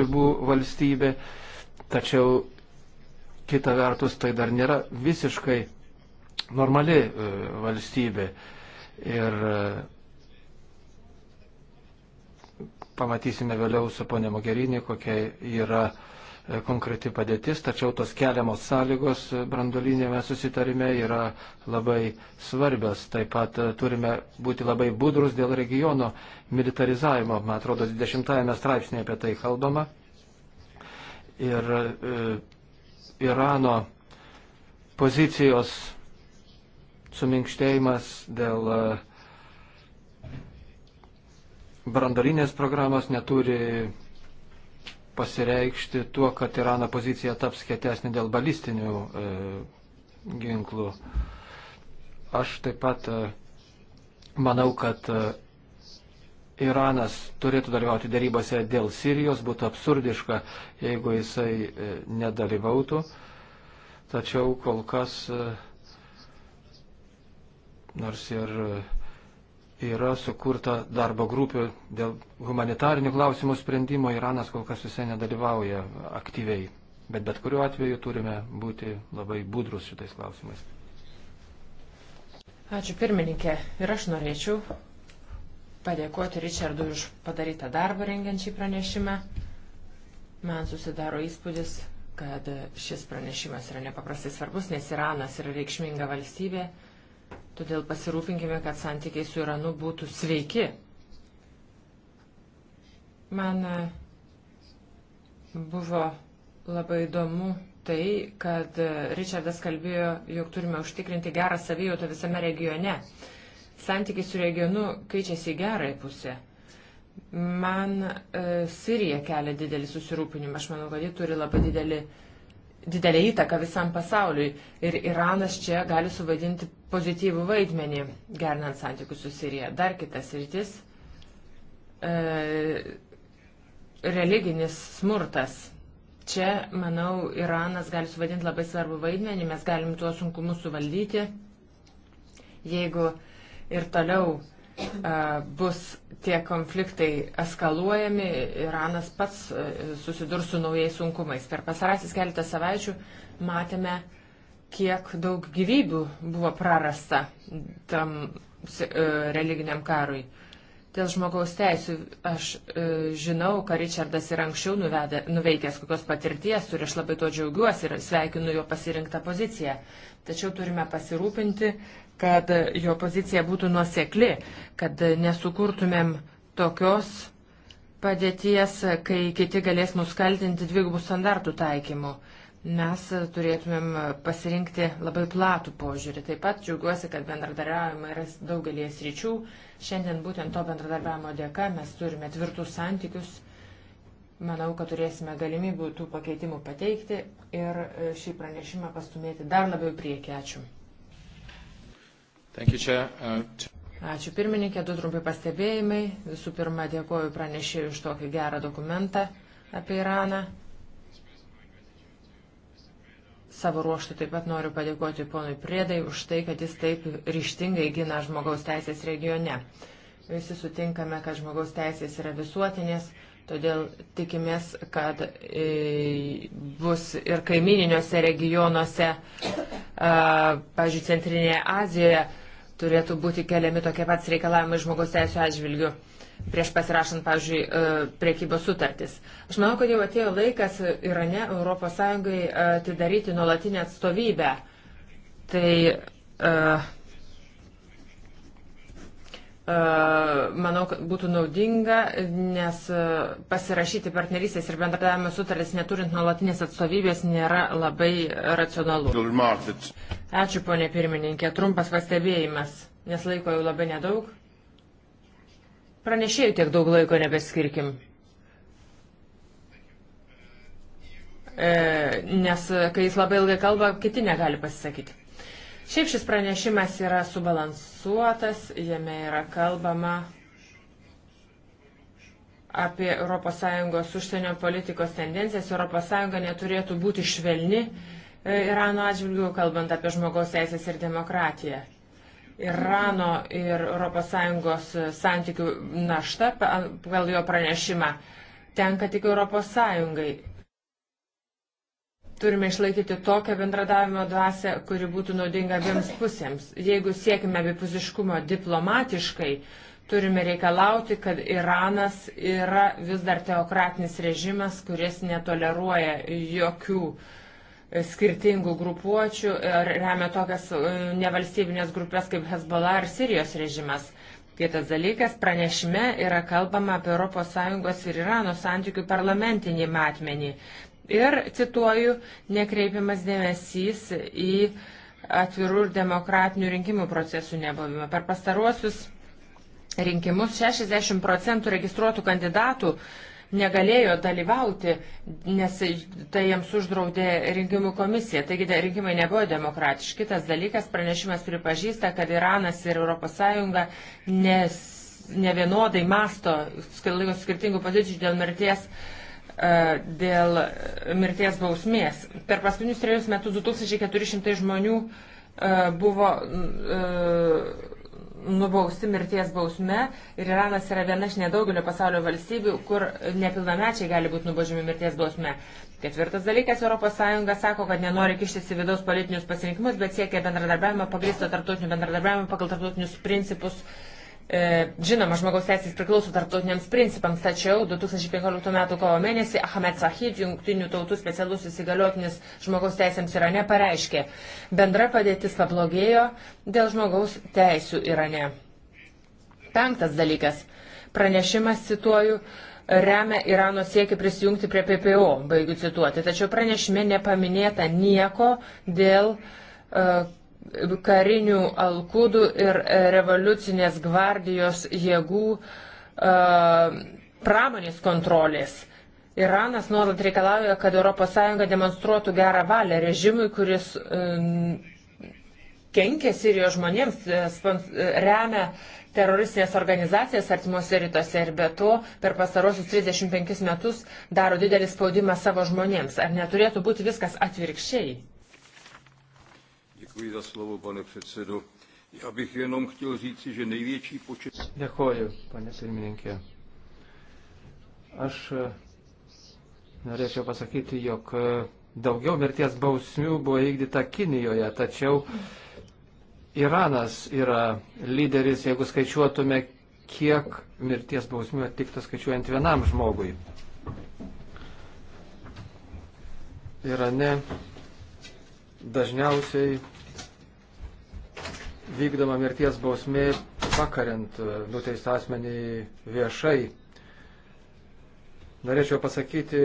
ribų valstybė, tačiau kita vertus tai dar nėra visiškai normali e, valstybė. Ir e, pamatysime vėliau su ponė Mogerinė, kokia yra e, konkreti padėtis, tačiau tos keliamos sąlygos e, brandolinėme susitarime yra labai svarbios. Taip pat e, turime būti labai budrus dėl regiono militarizavimo. Man atrodo, 20 straipsnėje apie tai kalbama. Ir e, Irano pozicijos suminkštėjimas dėl e, brandalinės programos neturi pasireikšti tuo, kad Irano pozicija taps kietesnė dėl balistinių e, ginklų. Aš taip pat e, manau, kad e, Iranas turėtų dalyvauti darybose dėl Sirijos, būtų absurdiška, jeigu jisai e, nedalyvautų. Tačiau kol kas, e, nors ir e, yra sukurta darbo grupių dėl humanitarinių klausimų sprendimo. Iranas kol kas visai nedalyvauja aktyviai. Bet bet kuriuo atveju turime būti labai budrus šitais klausimais. Ačiū pirmininkė. Ir aš norėčiau padėkoti Richardui už padarytą darbą rengiančiai pranešimą. Man susidaro įspūdis, kad šis pranešimas yra nepaprastai svarbus, nes Iranas yra reikšminga valstybė Todėl pasirūpinkime, kad santykiai su Iranu būtų sveiki. Man e, buvo labai įdomu tai, kad e, Richardas kalbėjo, jog turime užtikrinti gerą savijautą visame regione. Santykiai su regionu keičiasi į gerąją pusę. Man e, Sirija kelia didelį susirūpinimą. Aš manau, kad ji turi labai didelį didelę įtaką visam pasauliui ir Iranas čia gali suvaidinti pozityvų vaidmenį, gernant santykius su Sirija. Dar kitas rytis e, - religinis smurtas. Čia, manau, Iranas gali suvaidinti labai svarbu vaidmenį, mes galim tuos sunkumus suvaldyti, jeigu ir toliau bus tie konfliktai eskaluojami, Iranas pats susidurs su naujais sunkumais. Per pasarasis keletą savaičių matėme, kiek daug gyvybių buvo prarasta tam religiniam karui. Dėl žmogaus teisų aš e, žinau, ką Richardas ir anksčiau nuvedė, nuveikęs, kokios patirties turi, aš labai to džiaugiuosi ir sveikinu jo pasirinktą poziciją. Tačiau turime pasirūpinti, kad jo pozicija būtų nuosekli, kad nesukurtumėm tokios padėties, kai kiti galės mus kaltinti dvigubų standartų taikymu. Mes turėtumėm pasirinkti labai platų požiūrį. Taip pat džiaugiuosi, kad bendradarbiavimai yra daugelie sričių. Šiandien būtent to bendradarbiavimo dėka mes turime tvirtus santykius. Manau, kad turėsime galimybių tų pakeitimų pateikti ir šį pranešimą pastumėti dar labiau prieki. Ačiū. Uh, Ačiū pirmininkė, du trumpai pastebėjimai. Visų pirma, dėkoju pranešėjui už tokį gerą dokumentą apie Iraną. Savo ruoštų taip pat noriu padėkoti ponui Priedai už tai, kad jis taip ryštingai gina žmogaus teisės regione. Visi sutinkame, kad žmogaus teisės yra visuotinės, todėl tikimės, kad e, bus ir kaimininiuose regionuose, e, pažiūrėjau, Centrinėje Azijoje, turėtų būti keliami tokie pats reikalavimai žmogaus teisų atžvilgių prieš pasirašant, pavyzdžiui, e, priekybos sutartis. Aš manau, kad jau atėjo laikas Irane ES e, atidaryti nuolatinę atstovybę. Tai uh, manau, kad būtų naudinga, nes e, pasirašyti partnerystės ir bendradavimo sutartis neturint nuolatinės atstovybės nėra labai racionalu. Ačiū, ponė pirmininkė. Trumpas pastebėjimas, nes laiko jau labai nedaug. Pranešėjų tiek daug laiko nebeskirkim. E, nes kai jis labai ilgai kalba, kiti negali pasisakyti. Šiaip šis pranešimas yra subalansuotas, jame yra kalbama apie ES užsienio politikos tendencijas. ES neturėtų būti švelni e, Irano atžvilgių, kalbant apie žmogaus teisės ir demokratiją. Irano ir ES santykių našta, pagal jo pranešimą, tenka tik ES. Turime išlaikyti tokią bendradavimo dvasę, kuri būtų naudinga abiems pusėms. Jeigu siekime abipusiškumo diplomatiškai, turime reikalauti, kad Iranas yra vis dar teokratinis režimas, kuris netoleruoja jokių e, skirtingų grupuočių ir remia tokias e, nevalstybinės grupės kaip Hezbollah ir Sirijos režimas. Kitas dalykas, pranešime yra kalbama apie ES ir Irano santykių parlamentinį matmenį. Ir, cituoju, nekreipiamas dėmesys į atvirų ir demokratinių rinkimų procesų nebuvimą. Per pastaruosius rinkimus 60 procentų registruotų kandidatų negalėjo dalyvauti, nes tai jiems uždraudė rinkimų komisija. Taigi rinkimai nebuvo demokratiški. Kitas dalykas, pranešimas pripažįsta, kad Iranas ir ES nes, nevienodai masto, laiko skirtingų pozicijų dėl mirties uh, E, dėl e, mirties bausmės. Per paskutinius trejus metus 2400 žmonių e, buvo nubausti mirties bausme ir Iranas yra viena iš nedaugelio pasaulio valstybių, kur nepilnamečiai gali būti nubaudžiami mirties bausme. Ketvirtas dalykas, ES sako, kad nenori kištis į vidaus politinius pasirinkimus, bet siekia bendradarbiavimo, pagristo tarptautinių bendradarbiavimo pagal tarptautinius principus uh, E, žinoma, žmogaus teisės priklauso tarptautiniams principams, tačiau 2015 m. kovo mėnesį Ahmed Sahid, jungtinių tautų specialus įsigaliotinis žmogaus teisėms Irane, pareiškė, bendra padėtis pablogėjo dėl žmogaus teisų Irane. Penktas dalykas. Pranešimas, cituoju, remia Irano siekį prisijungti prie PPO, baigiu cituoti, tačiau pranešime nepaminėta nieko dėl uh, karinių alkudų ir e, revoliucinės gvardijos jėgų e, pramonės kontrolės. Iranas nuolat reikalauja, kad ES demonstruotų gerą valią režimui, kuris e, kenkia Sirijos žmonėms, remia teroristinės organizacijas artimuose rytuose ir be to per pastarosius 35 metus daro didelį spaudimą savo žmonėms. Ar neturėtų būti viskas atvirkščiai? Děkuji za slovo, pane předsedo. Já bych jenom chtěl říci, že největší počet... Dėkoju, pane pirmininkė. Aš norėčiau pasakyti, jog eh, daugiau mirties bausmių buvo įvykdyta Kinijoje, tačiau Iranas yra lyderis, jeigu skaičiuotume, kiek mirties bausmių atlikta skaičiuojant vienam žmogui. Irane dažniausiai vykdoma mirties bausmė pakariant e, nuteistą asmenį viešai. Norėčiau pasakyti,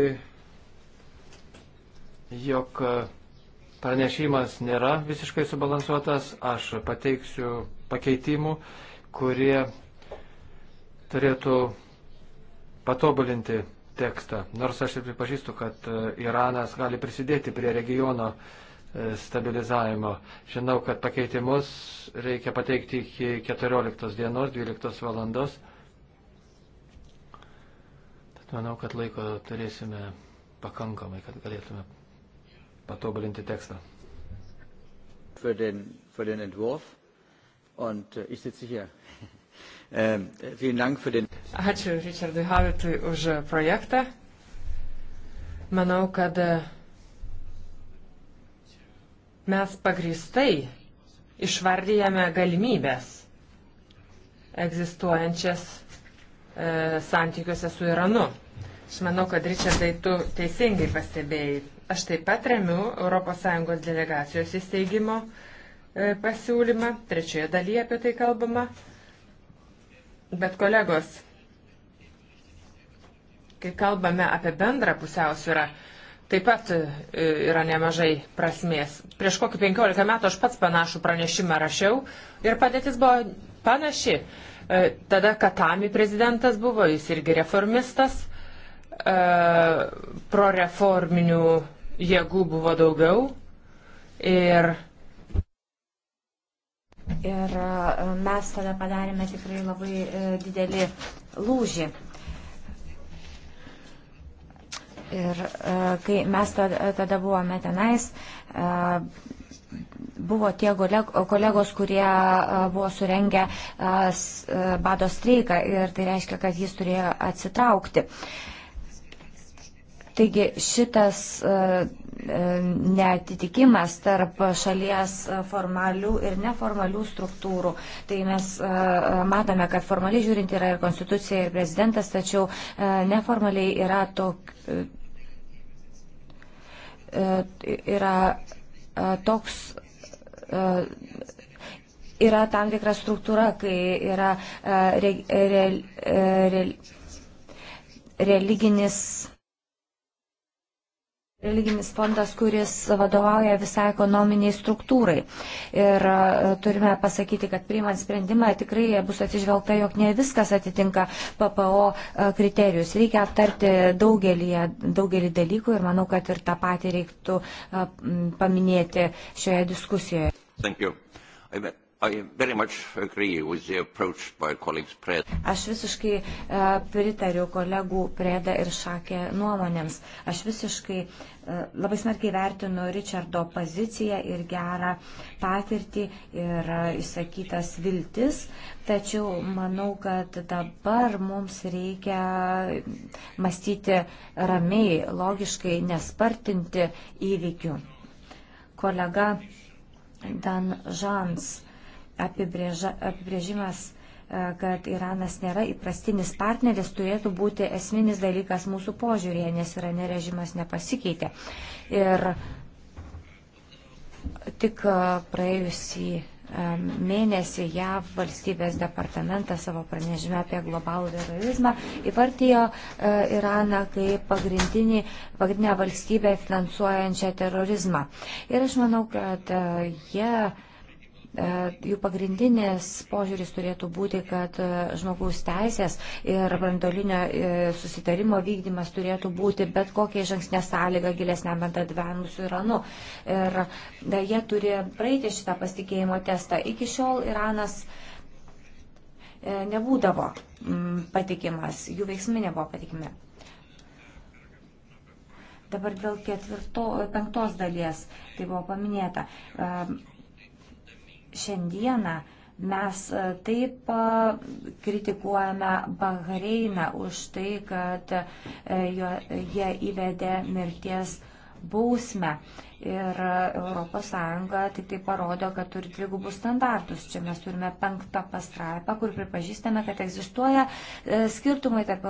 jog e, pranešimas nėra visiškai subalansuotas. Aš pateiksiu pakeitimų, kurie turėtų patobulinti tekstą. Nors aš ir pripažįstu, kad e, Iranas gali prisidėti prie regiono E, stabilizavimo. Žinau, kad pakeitimus reikia pateikti iki 14 dienos, 12 valandos. Tad manau, kad laiko turėsime pakankamai, kad galėtume patobulinti tekstą. Für den, für den Entwurf. Und äh, ich sitze hier. [laughs] ähm, vielen Dank für den. Ačiū Richardui Havitui už projektą. Manau, kad äh, mes pagristai išvardyjame galimybės egzistuojančias e, santykiuose su Iranu. Aš manau, kad Ričardai, tu teisingai pastebėjai. Aš taip pat remiu ES delegacijos įsteigimo e, pasiūlymą. Trečioje dalyje apie tai kalbama. Bet kolegos, kai kalbame apie bendrą pusiausvyrą, taip pat e, yra nemažai prasmės. Prieš kokį 15 metų aš pats panašų pranešimą rašiau ir padėtis buvo panaši. E, tada Katami prezidentas buvo, jis irgi reformistas, e, proreforminių jėgų buvo daugiau ir Ir mes tada padarėme tikrai labai didelį lūžį. Ir e, kai mes tada, tada buvome tenais, e, buvo tie kolegos, kurie e, buvo surengę bado streiką ir tai reiškia, kad jis turėjo atsitraukti. Taigi šitas netitikimas tarp šalies formalių ir neformalių struktūrų. Tai mes matome, kad formaliai žiūrint yra ir konstitucija, ir prezidentas, tačiau neformaliai yra tok, E, yra e, toks e, yra tam tikra struktūra, kai yra re, re, re, religinis religinis fondas, kuris vadovauja visai ekonominiai struktūrai. Ir e, turime pasakyti, kad priimant sprendimą tikrai bus atsižvelgta, jog ne viskas atitinka PPO e, kriterijus. Reikia aptarti daugelį, daugelį dalykų ir manau, kad ir tą patį reiktų e, paminėti šioje diskusijoje. Thank you. Aš visiškai uh, pritariu kolegų Prėda ir Šakė nuomonėms. Aš visiškai uh, labai smarkiai vertinu Richardo poziciją ir gerą patirtį ir uh, išsakytas viltis, tačiau manau, kad dabar mums reikia mąstyti ramiai, logiškai, nespartinti įvykių. Kolega Dan Žans apibrėža, apibrėžimas e, kad Iranas nėra įprastinis partneris, turėtų būti esminis dalykas mūsų požiūrėje, nes Irane režimas nepasikeitė. Ir tik e, praėjusį e, mėnesį JAV valstybės departamentas savo pranešime apie globalų terorizmą įvartijo Iraną kaip pagrindinį, pagrindinę valstybę finansuojančią terorizmą. Ir aš manau, kad jie. Yeah, E, jų pagrindinis požiūris turėtų būti, kad e, žmogaus teisės ir brandolinio e, susitarimo vykdymas turėtų būti bet kokia žingsnė sąlyga gilesniam bendradarbiavimui su Iranu. Ir da, jie turi praeiti šitą pasitikėjimo testą. Iki šiol Iranas nebūdavo mm, patikimas, jų veiksmai nebuvo patikimi. Dabar dėl ketvirto, penktos dalies, tai buvo paminėta šiandieną mes e, taip e, kritikuojame Bahreiną už tai, kad e, jie įvedė mirties bausmę. Ir ES tik tai parodo, kad turi dvigubus standartus. Čia mes turime penktą pastraipą, kur pripažįstame, kad egzistuoja skirtumai tarp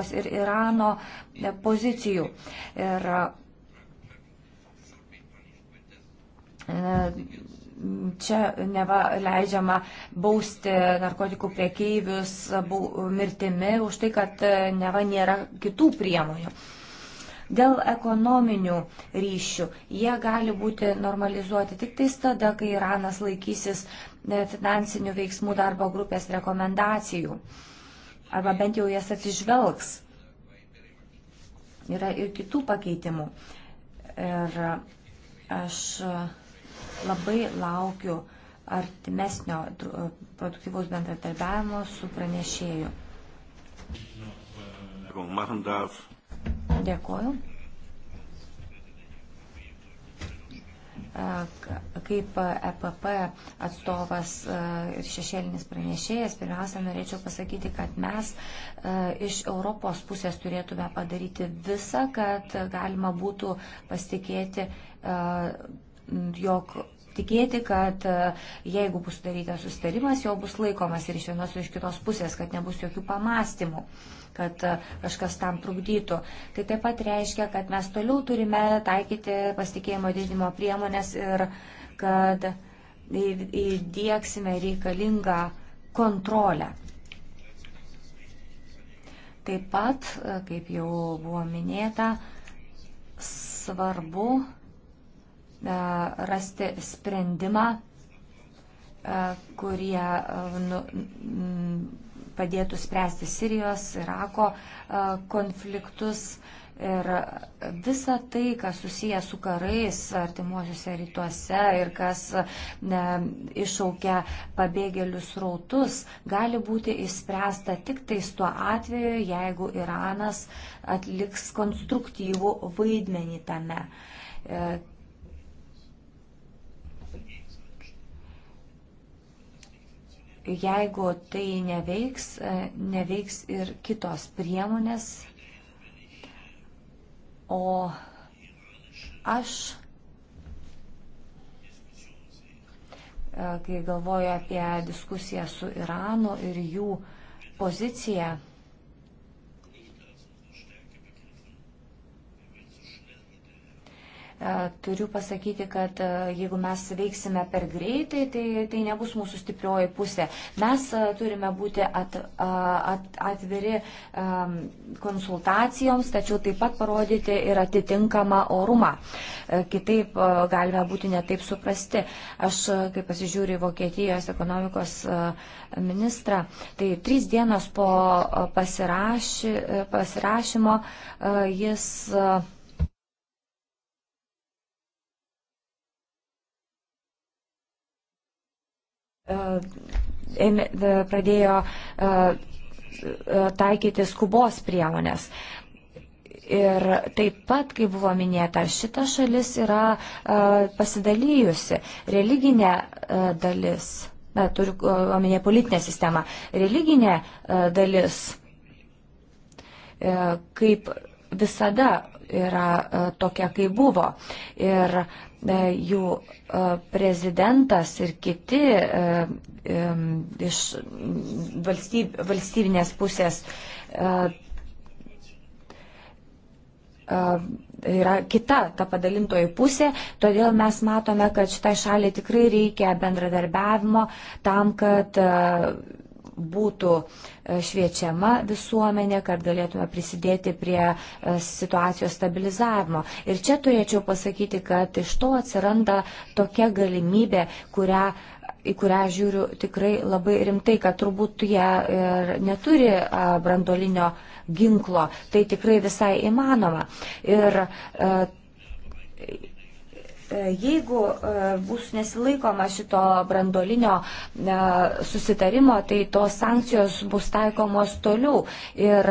ES ir Irano pozicijų. Ir Čia neva leidžiama bausti narkotikų priekeivius mirtimi už tai, kad neva nėra kitų priemonių dėl ekonominių ryšių. Jie gali būti normalizuoti tik tais tada, kai Iranas laikysis e, finansinių veiksmų darbo grupės rekomendacijų. Arba bent jau jas atsižvelgs. Yra ir kitų pakeitimų. Ir aš Labai laukiu artimesnio produktyvaus bendradarbiavimo su pranešėju. Dėkuoju. Kaip EPP atstovas ir šešėlinis pranešėjas, pirmiausia, norėčiau pasakyti, kad mes iš Europos pusės turėtume padaryti visą, kad galima būtų pasitikėti jog tikėti, kad e, jeigu bus sudarytas sustarimas, jo bus laikomas ir iš vienos ir iš kitos pusės, kad nebus jokių pamastymų kad e, kažkas tam trukdytų. Tai taip pat reiškia, kad mes toliau turime taikyti pasitikėjimo didinimo priemonės ir kad įdėksime reikalingą kontrolę. Taip pat, e, kaip jau buvo minėta, svarbu E, rasti sprendimą, e, kurie e, nu, padėtų spręsti Sirijos, Irako konfliktus. Ir visa tai, kas susiję su karais artimuosiuose rytuose ir kas ne, iššaukia pabėgėlius rautus, gali būti išspręsta tik tais tuo atveju, jeigu Iranas atliks konstruktyvų vaidmenį tame jeigu tai neveiks, e, neveiks ir kitos priemonės. O aš, e, kai galvoju apie diskusiją su Iranu ir jų poziciją, E, turiu pasakyti, kad e, jeigu mes veiksime per greitai, tai, tai nebus mūsų stiprioji pusė. Mes e, turime būti at, at, atviri konsultacijoms, tačiau taip pat parodyti ir atitinkamą orumą. Kitaip galime būti netaip suprasti. Aš, kai pasižiūriu į Vokietijos ekonomikos ministrą, tai trys dienos po pasirašy, pasirašymo jis E, e, pradėjo e, taikyti skubos priemonės. Ir taip pat, kaip buvo minėta, šita šalis yra pasidalyjusi. Religinė dalis, na, turiu omenyje politinę sistemą, religinė dalis, kaip visada, yra tokia, kaip buvo. Ir E, jų e, prezidentas ir kiti e, iš valstyb, valstybinės pusės yra kita ta padalintoji pusė, todėl mes matome, kad šitai šaliai tikrai reikia bendradarbiavimo tam, kad būtų e, šviečiama visuomenė, kad galėtume prisidėti prie e, situacijos stabilizavimo. Ir čia turėčiau pasakyti, kad iš to atsiranda tokia galimybė, kurią į kurią žiūriu tikrai labai rimtai, kad turbūt jie ir neturi e, brandolinio ginklo. Tai tikrai visai įmanoma. Ir E, jeigu e, bus nesilaikoma šito brandolinio e, susitarimo, tai tos sankcijos bus taikomos toliau. Ir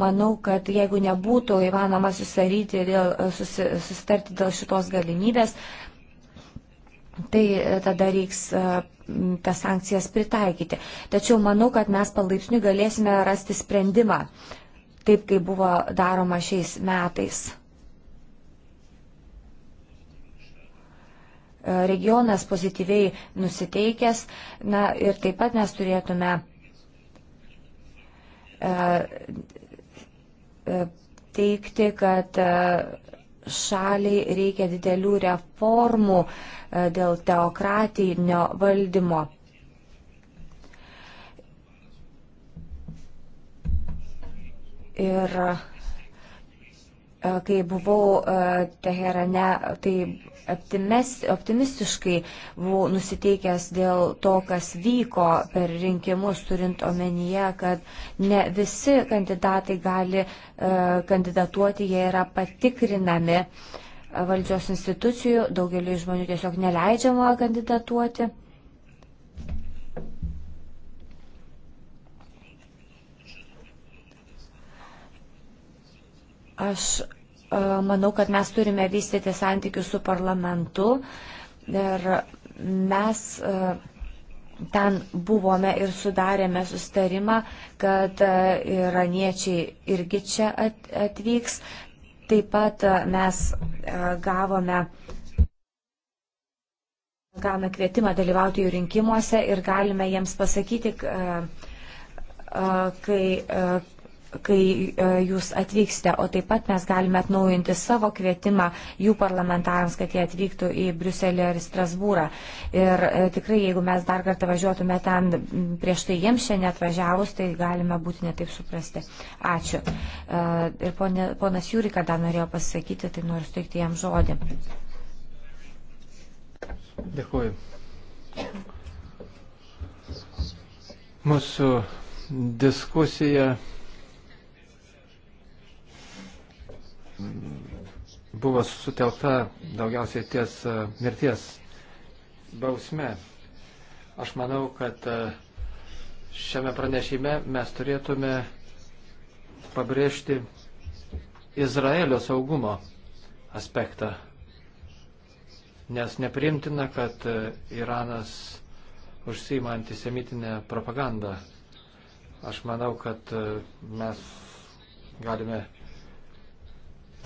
manau, kad jeigu nebūtų įmanoma susitarti dėl, susi, susitarti dėl šitos galimybės, tai tada reiks tas sankcijas pritaikyti. Tačiau manau, kad mes palaipsniui galėsime rasti sprendimą, taip kaip buvo daroma šiais metais. regionas pozityviai nusiteikęs. Na ir taip pat mes turėtume e, e, teikti, kad e, šaliai reikia didelių reformų dėl teokratinio valdymo. Ir kai buvau Teherane, tai optimes, optimistiškai buvau nusiteikęs dėl to, kas vyko per rinkimus, turint omenyje, kad ne visi kandidatai gali e, kandidatuoti, jie yra patikrinami valdžios institucijų, daugeliu žmonių tiesiog neleidžiama kandidatuoti. Aš manau, kad mes turime vystyti santykius su parlamentu ir mes ten buvome ir sudarėme sustarimą, kad iraniečiai irgi čia atvyks. Taip pat mes gavome gavome kvietimą dalyvauti jų rinkimuose ir galime jiems pasakyti, kai kai e, jūs atvyksite, o taip pat mes galime atnaujinti savo kvietimą jų parlamentarams, kad jie atvyktų į Briuselį ar į Strasbūrą. Ir e, tikrai, jeigu mes dar kartą važiuotume ten prieš tai jiems šiandien atvažiavus, tai galime būti netaip suprasti. Ačiū. E, ir ponė, ponas Jūrika dar norėjo pasakyti, tai noriu suteikti jam žodį. Dėkuoju. Mūsų diskusija buvo sutelkta daugiausiai ties e, mirties bausme. Aš manau, kad e, šiame pranešime mes turėtume pabrėžti Izraelio saugumo aspektą, nes neprimtina, kad e, Iranas užsima antisemitinę propagandą. Aš manau, kad mes galime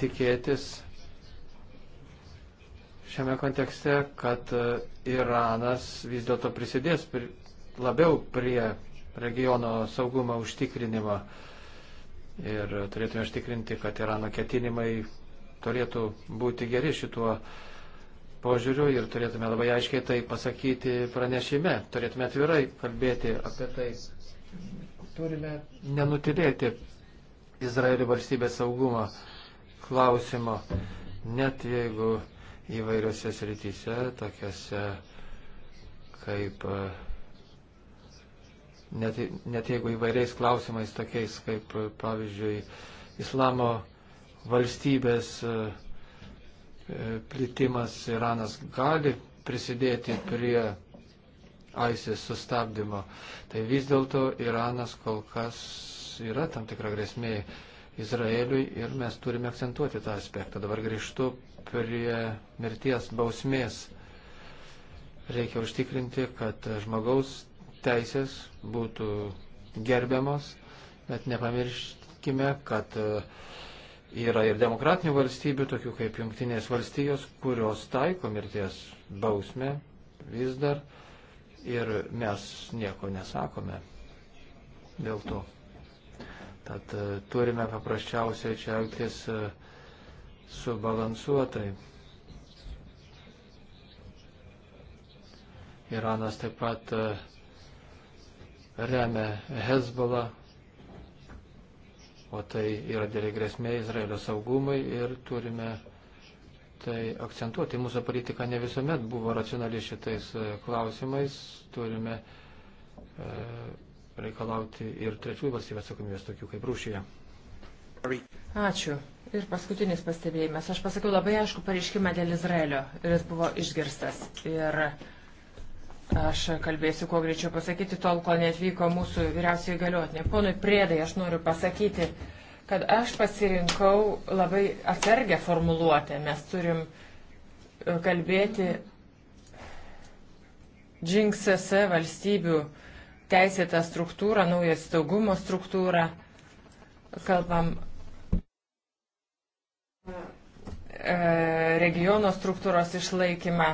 tikėtis šiame kontekste, kad e, Iranas vis dėlto prisidės prie, labiau prie regiono saugumo užtikrinimo ir turėtume užtikrinti, kad Irano ketinimai turėtų būti geri šituo požiūriu ir turėtume labai aiškiai tai pasakyti pranešime, turėtume atvirai kalbėti apie tai. Turime nenutilėti Izraelio valstybės saugumo klausimo, net jeigu įvairiose srityse, tokiose kaip, e, net, net jeigu įvairiais klausimais, tokiais kaip, e, pavyzdžiui, islamo valstybės e, plitimas Iranas gali prisidėti prie ISIS sustabdymo, tai vis dėlto Iranas kol kas yra tam tikra grėsmė Izraeliui ir mes turime akcentuoti tą aspektą. Dabar grįžtu prie mirties bausmės. Reikia užtikrinti, kad žmogaus teisės būtų gerbiamos, bet nepamirškime, kad e, yra ir demokratinių valstybių, tokių kaip Junktinės valstijos, kurios taiko mirties bausmę vis dar ir mes nieko nesakome dėl to. Tad e, turime paprasčiausiai čia elgtis e, subalansuotai. Iranas taip pat e, remia Hezbollah, o tai yra dėlė grėsmė Izraelio saugumui ir turime tai akcentuoti. Mūsų politika ne visuomet buvo racionali šitais klausimais. Turime e, reikalauti ir trečiųjų valstybių atsakomybės, tokių kaip Rusija. Ačiū. Ir paskutinis pastebėjimas. Aš pasakiau labai aišku pareiškimą dėl Izraelio ir jis buvo išgirstas. Ir aš kalbėsiu kuo greičiau pasakyti, tol kol netvyko mūsų vyriausiai galiotinė. Ponui Priedai, aš noriu pasakyti, kad aš pasirinkau labai atsargę formuluotę. Mes turim e, kalbėti džinksose valstybių uh, teisėtą struktūrą, naują saugumo struktūrą. Kalbam e, regiono struktūros išlaikymą.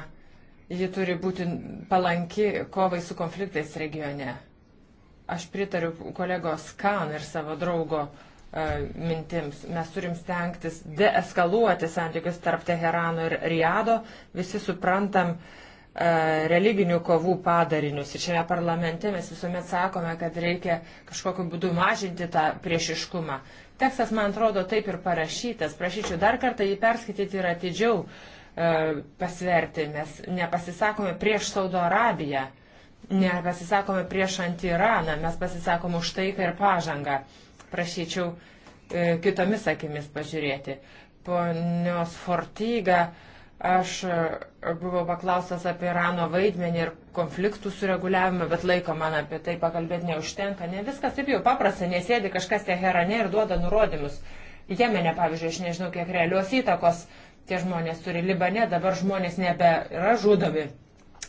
Ji turi būti palanki kovai su konfliktais regione. Aš pritariu kolegos Kan ir savo draugo e, mintims. Mes turim stengtis deeskaluoti santykius tarp Teherano ir Riado. Visi suprantam, uh, religinių kovų padarinius. Ir šiame parlamente mes visuomet sakome, kad reikia kažkokiu būdu mažinti tą priešiškumą. Tekstas, man atrodo, taip ir parašytas. Prašyčiau dar kartą jį perskaityti ir atidžiau e, pasverti. Mes nepasisakome prieš Saudo Arabiją, nepasisakome prieš anti-Iraną, mes pasisakome už taiką ir pažangą. Prašyčiau e, kitomis akimis pažiūrėti. Ponios Fortyga. E, Aš e, buvau paklaustas apie Irano vaidmenį ir konfliktų sureguliavimą, bet laiko man apie tai pakalbėti neužtenka. Ne viskas taip jau paprasta, nesėdi kažkas Teherane ir duoda nurodymus. Jemene, pavyzdžiui, aš nežinau, kiek realios įtakos tie žmonės turi Libane, dabar žmonės nebėra žudomi.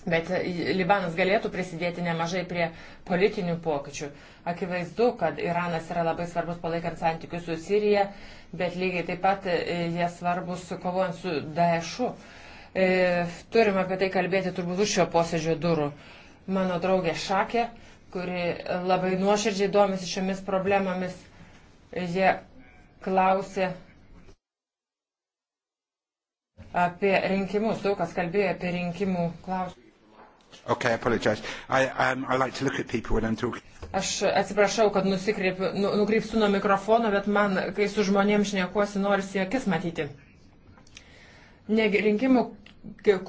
Bet Libanas galėtų prisidėti nemažai prie politinių pokyčių. Akivaizdu, kad Iranas yra labai svarbus palaikant santykius su Sirija, bet lygiai taip pat e, jie svarbus kovojant su Daešu. E, turim apie tai kalbėti turbūt už šio posėdžio durų. Mano draugė Šakė, kuri labai nuoširdžiai domisi šiomis problemomis, jie klausė apie rinkimus, daug kas kalbėjo apie rinkimų klausimus. Okay, apologize. I, um, I like to look at people when I'm talking. Aš atsiprašau, kad nu, nukreipsiu nuo mikrofono, bet man, kai su žmonėms šnekuosi, norisi akis matyti. Ne rinkimų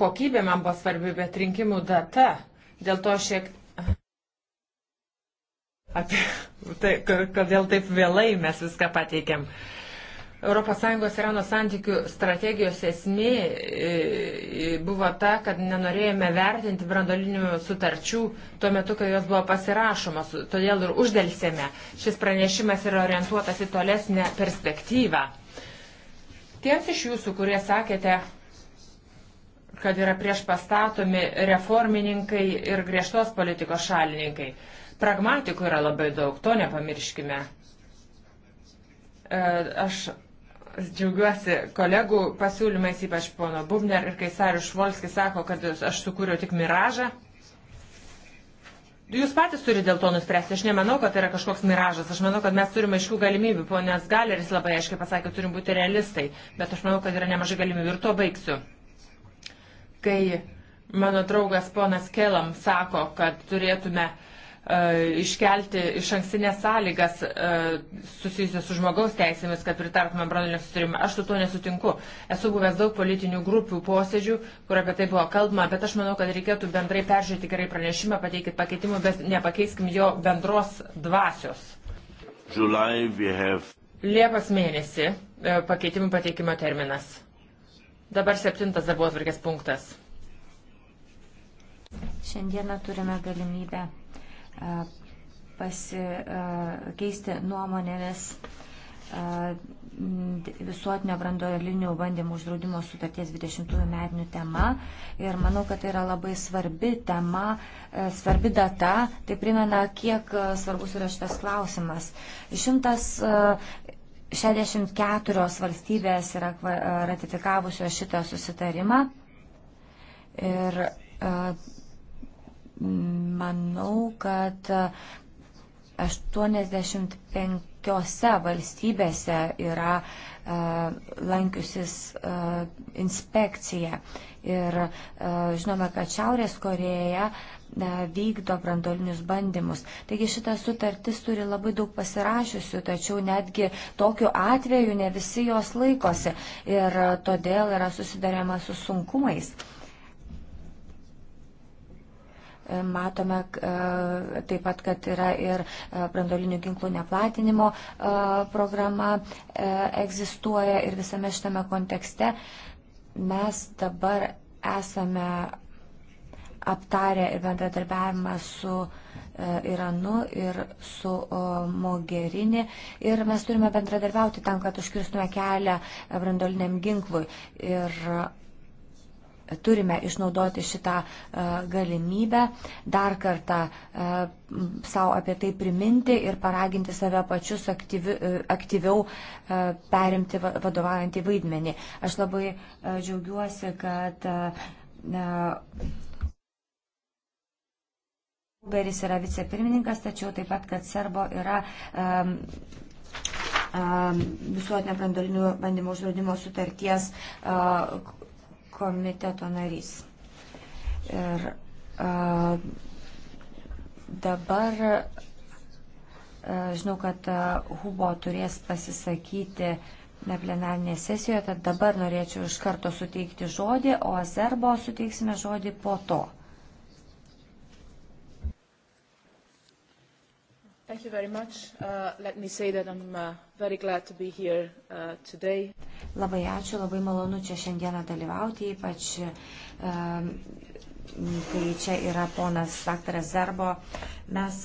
kokybė man buvo svarbi, bet rinkimų data. Dėl to šiek apie tai, kodėl taip vėlai mes viską pateikėm. Uh, ES Irano santykių strategijos esmė e, e, buvo ta, kad nenorėjome vertinti brandolinių sutarčių tuo metu, kai jos buvo pasirašomos, todėl ir uždelsėme. Šis pranešimas yra orientuotas į tolesnę perspektyvą. Tiems iš jūsų, kurie sakėte, kad yra prieš pastatomi reformininkai ir griežtos politikos šalininkai, pragmatikų yra labai daug, to nepamirškime. E, aš džiaugiuosi kolegų pasiūlymais, ypač pono Bubner ir kai Sarius Švolskis sako, kad aš sukūriau tik miražą. Jūs patys turite dėl to nuspręsti. Aš nemanau, kad tai yra kažkoks miražas. Aš manau, kad mes turime aiškių galimybių. Ponas Galeris labai aiškiai pasakė, turim būti realistai. Bet aš manau, kad yra nemažai galimybių. Ir to baigsiu. Kai mano draugas ponas Kelam sako, kad turėtume uh, E, iškelti iš ankstinės sąlygas e, susijusias su žmogaus teisėmis, kad pritartume branduolinio sustarimą. Aš su to nesutinku. Esu buvęs daug politinių grupių posėdžių, kur apie tai buvo kalbama, bet aš manau, kad reikėtų bendrai peržiūrėti gerai pranešimą, pateikit pakeitimų, bet nepakeiskim jo bendros dvasios. July, have... Liepas mėnesį e, pakeitimų pateikimo terminas. Dabar septintas darbo atvarkės punktas. Šiandieną turime galimybę pasikeisti nuomonėmis visuotinio branduolinių bandymų uždraudimo sutarties 20-ųjų metinių tema. Ir manau, kad tai yra labai svarbi tema, svarbi data. Tai primena, kiek svarbus yra šitas klausimas. 164 valstybės yra ratifikavusios šitą susitarimą. Ir Manau, kad 85 valstybėse yra e, lankiusis e, inspekcija. Ir e, žinome, kad Šiaurės Koreja vykdo brandolinius bandymus. Taigi šita sutartis turi labai daug pasirašysių, tačiau netgi tokiu atveju ne visi jos laikosi ir todėl yra susidariama su sunkumais. Matome e, taip pat, kad yra ir e, brandolinių ginklų neplatinimo e, programa egzistuoja ir visame šitame kontekste mes dabar esame aptarę ir bendradarbiavimą su Iranu ir su Mogherini. Ir mes turime bendradarbiauti tam, kad užkirstume kelią brandoliniam ginklui. Ir turime išnaudoti šitą e, galimybę, dar kartą e, savo apie tai priminti ir paraginti save pačius aktyvi, e, aktyviau perimti vadovaujantį vaidmenį. Aš labai džiaugiuosi, kad Uberis yra vicepirmininkas, tačiau taip pat, kad Serbo yra um, visuotinio brandolinių bandymų uždraudimo sutarties komiteto narys. Ir a, dabar a, žinau, kad a, Hubo turės pasisakyti na, plenarnėje sesijoje, tad dabar norėčiau iš karto suteikti žodį, o Azerbo suteiksime žodį po to. Thank you very much. Uh, let me say that I'm uh, very glad to be here uh, today. Labai ačiū, labai malonu čia šiandieną dalyvauti, ypač um, kai čia yra ponas daktaras Zerbo. Mes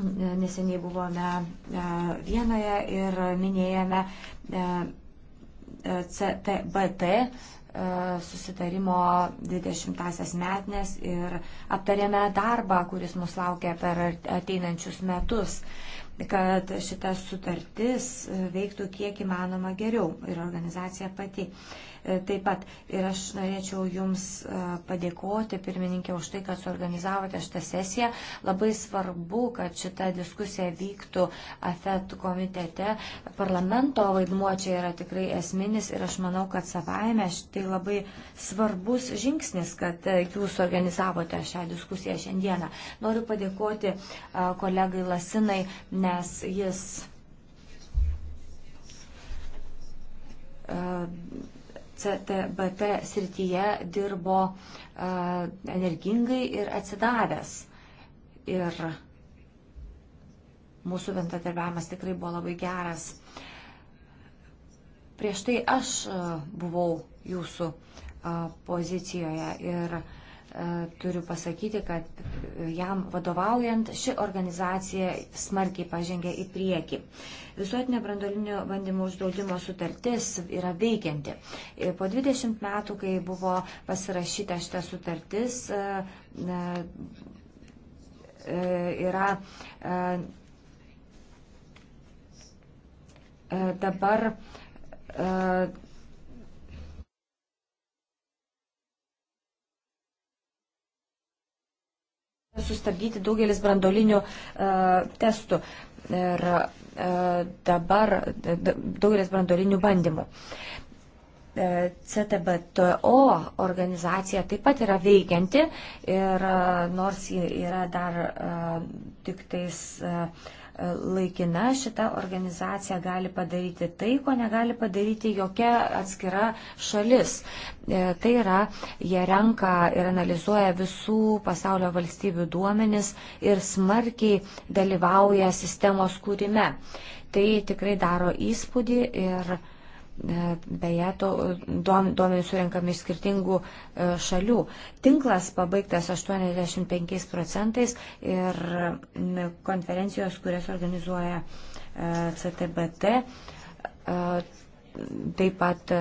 neseniai buvome uh, Vienoje ir minėjome uh, CTBT E, susitarimo 20-asias metnes ir aptarėme darbą, kuris mus laukia per ateinančius metus, kad šita sutartis veiktų kiek įmanoma geriau ir organizacija pati. E, taip pat. Ir aš norėčiau Jums e, padėkoti, pirmininkė, už tai, kad suorganizavote šitą sesiją. Labai svarbu, kad šita diskusija vyktų AFET komitete. Parlamento vaidmuo čia yra tikrai esminis ir aš manau, kad savaime tai labai svarbus žingsnis, kad e, Jūs organizavote šią diskusiją šiandieną. Noriu padėkoti kolegai Lasinai, nes jis. Uh, CTBT srityje dirbo e, energingai ir atsidavęs. Ir mūsų bendradarbiavimas tikrai buvo labai geras. Prieš tai aš e, buvau jūsų e, pozicijoje ir uh, E, turiu pasakyti, kad jam vadovaujant ši organizacija smarkiai pažengė į priekį. Visuotinė brandolinio bandymų uždraudimo sutartis yra veikianti. E, po 20 metų, kai buvo pasirašyta šita sutartis, e, yra dabar sustabdyti daugelis brandolinių e, testų ir e, dabar daugelis brandolinių bandymų. E, CTBTO organizacija taip pat yra veikianti ir e, nors yra dar e, tik tais e, laikina, šita organizacija gali padaryti tai, ko negali padaryti jokia atskira šalis. E, tai yra, jie renka ir analizuoja visų pasaulio valstybių duomenis ir smarkiai dalyvauja sistemos kūrime. Tai tikrai daro įspūdį ir E, beje, duomenys surinkami iš skirtingų e, šalių. Tinklas pabaigtas 85 procentais ir konferencijos, kurias organizuoja e, CTBT, taip pat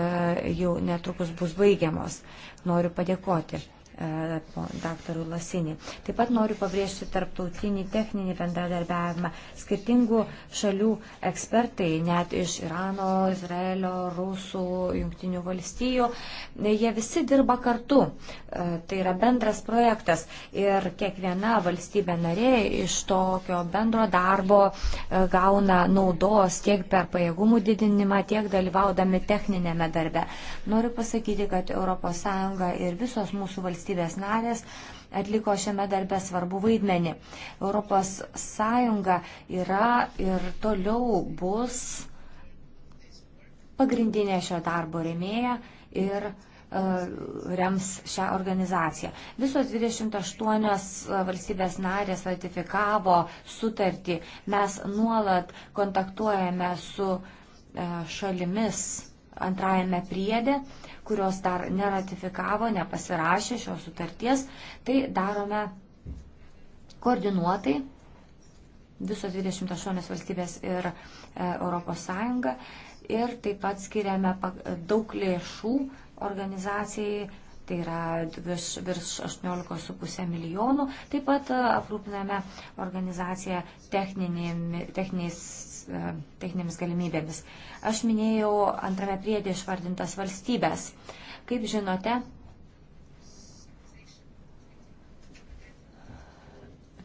jau netrukus bus baigiamos. Noriu padėkoti. E, daktarui Lasinį. Taip pat noriu pabrėžti tarptautinį techninį bendradarbiavimą. Skirtingų šalių ekspertai, net iš Irano, Izraelio, Rusų, Junktinių valstijų, e, jie visi dirba kartu. E, tai yra bendras projektas ir kiekviena valstybė narė iš tokio bendro darbo gauna naudos tiek per pajėgumų didinimą, tiek dalyvaudami techninėme darbe. Noriu pasakyti, kad ES ir visos mūsų valstybės valstybės narės atliko šiame darbe svarbu vaidmenį. ES yra ir toliau bus pagrindinė šio darbo remėja ir e, rems šią organizaciją. Visos 28 valstybės narės ratifikavo sutartį. Mes nuolat kontaktuojame su e, šalimis antrajame priedė kurios dar neratifikavo, nepasirašė šios sutarties, tai darome koordinuotai visos 28 valstybės ir ES ir taip pat skiriame daug lėšų organizacijai, tai yra virš, virš 18,5 milijonų. Taip pat e, aprūpiname organizaciją techniniais E, techninėmis galimybėmis. Aš minėjau antrame priedė išvardintas valstybės. Kaip žinote,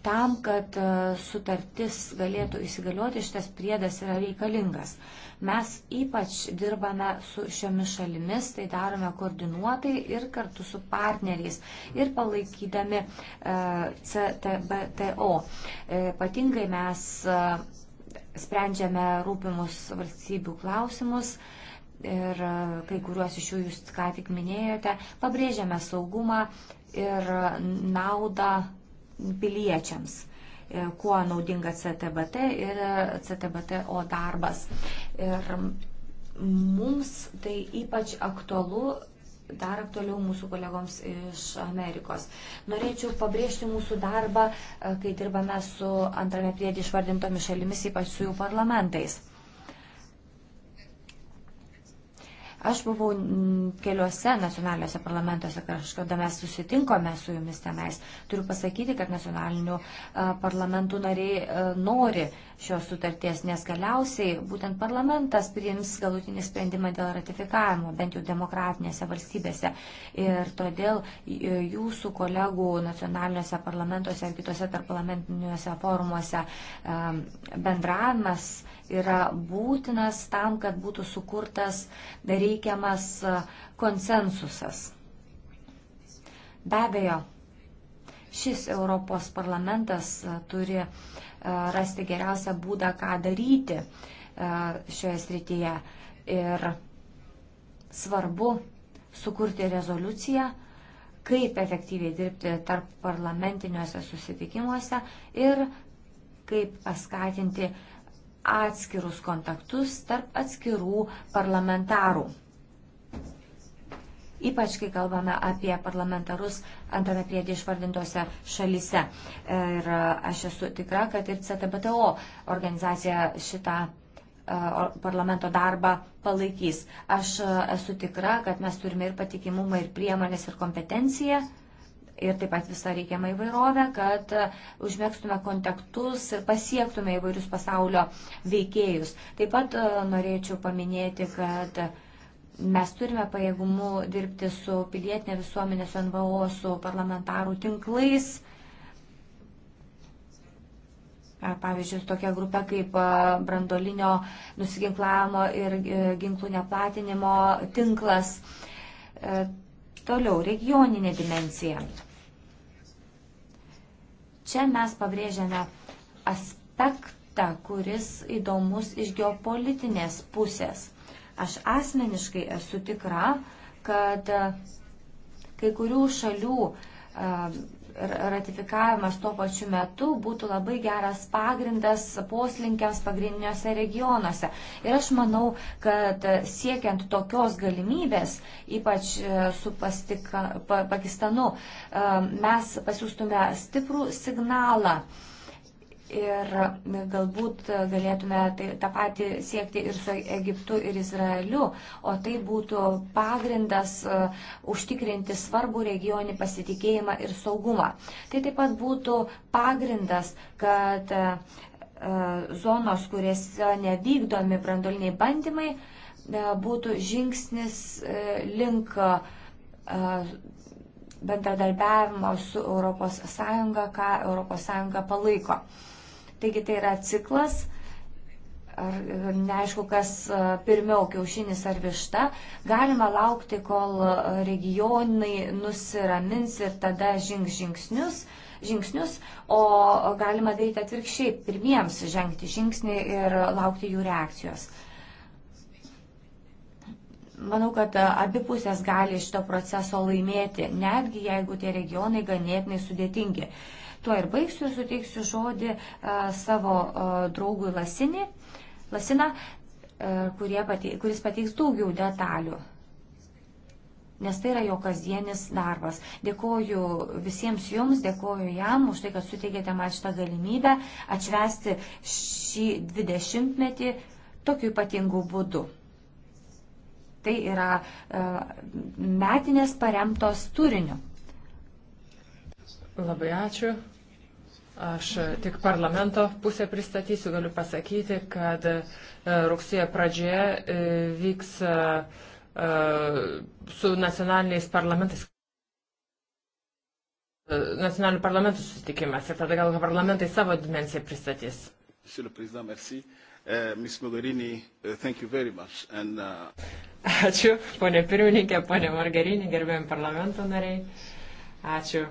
tam, kad e, sutartis galėtų įsigalioti, šitas priedas yra reikalingas. Mes ypač dirbame su šiomis šalimis, tai darome koordinuotai ir kartu su partneriais ir palaikydami e, CTBTO. Patingai mes sprendžiame rūpimus valstybių klausimus ir e, kai kuriuos iš jų jūs ką tik minėjote, pabrėžiame saugumą ir naudą piliečiams e, kuo naudinga CTBT ir e, CTBTO darbas. Ir mums tai ypač aktualu dar aktualiau mūsų kolegoms iš Amerikos. Norėčiau pabrėžti mūsų darbą, e, kai dirbame su antrame priedį išvardintomis šalimis, ypač su jų parlamentais. Aš buvau keliuose nacionaliniuose parlamentuose, kažkada mes susitinkome su jumis tenais. Turiu pasakyti, kad nacionalinių parlamentų nariai nori šios sutarties, nes galiausiai būtent parlamentas priims galutinį sprendimą dėl ratifikavimo, bent jau demokratinėse valstybėse. Ir todėl jūsų kolegų nacionaliniuose parlamentuose ar kitose tarp parlamentiniuose forumuose bendravimas yra būtinas tam, kad būtų sukurtas reikiamas e, konsensusas. Be abejo, šis Europos parlamentas e, turi e, rasti geriausią būdą, ką daryti šioje srityje. Ir svarbu sukurti rezoliuciją, kaip efektyviai dirbti tarp parlamentiniuose susitikimuose ir kaip paskatinti uh, atskirus kontaktus tarp atskirų parlamentarų. Ypač, kai kalbame apie parlamentarus antrame priedė išvardintose šalise. Ir e, aš esu tikra, kad ir CTBTO organizacija šitą e, parlamento darbą palaikys. Aš e, esu tikra, kad mes turime ir patikimumą, ir priemonės, ir kompetenciją ir taip pat visą reikiamą įvairovę, kad e, užmėgstume kontaktus ir pasiektume įvairius pasaulio veikėjus. Taip pat e, norėčiau paminėti, kad mes turime pajėgumų dirbti su pilietinė visuomenė, su NVO, su parlamentarų tinklais. Pavyzdžiui, tokia grupė kaip e, brandolinio nusiginklavimo ir ginklų neplatinimo tinklas. Toliau, regioninė dimencija. Čia mes pabrėžiame aspektą, kuris įdomus iš geopolitinės pusės. Aš asmeniškai esu tikra, kad e, kai kurių šalių e, ratifikavimas tuo pačiu metu būtų labai geras pagrindas poslinkiams pagrindiniuose regionuose. Ir aš manau, kad siekiant tokios galimybės, ypač e, su pastika, pa, Pakistanu, e, mes pasiūstume stiprų signalą. Uh, Ir galbūt galėtume tai, tą patį siekti ir su Egiptu ir Izraeliu, o tai būtų pagrindas uh, užtikrinti svarbų regionį pasitikėjimą ir saugumą. Tai taip pat būtų pagrindas, kad uh, uh, zonos, kuriuose nevykdomi brandoliniai bandymai, uh, būtų žingsnis uh, link. Uh, bendradarbiavimo su ES, ką ES palaiko. Taigi tai yra ciklas. Ar neaišku, kas pirmiau kiaušinis ar višta, galima laukti, kol regionai nusiramins ir tada žings žingsnius, žingsnius, o galima daryti atvirkščiai, pirmiems žengti žingsnį ir laukti jų reakcijos manau, kad abi pusės gali šito proceso laimėti, netgi jeigu tie regionai ganėtinai sudėtingi. Tuo ir baigsiu ir suteiksiu žodį e, savo e, draugui Lasinį, Lasina, e, pateiks, kuris pateiks daugiau detalių nes tai yra jo kasdienis darbas. Dėkoju visiems jums, dėkoju jam už tai, kad suteikėte man šitą galimybę atšvesti šį dvidešimtmetį tokiu ypatingu būdu. Tai yra metinės paremtos turiniu. Labai ačiū. Aš e, tik parlamento pusę pristatysiu, galiu pasakyti, kad e, rugsėjo pradžioje e, vyks su nacionaliniais parlamentais nacionalinių parlamentų susitikimas ir tada gal parlamentai savo dimensiją pristatys. Euh, euh, uh, Ačiū, ponė pirmininkė, ponė Margarinė, gerbėjom parlamento nariai. Ačiū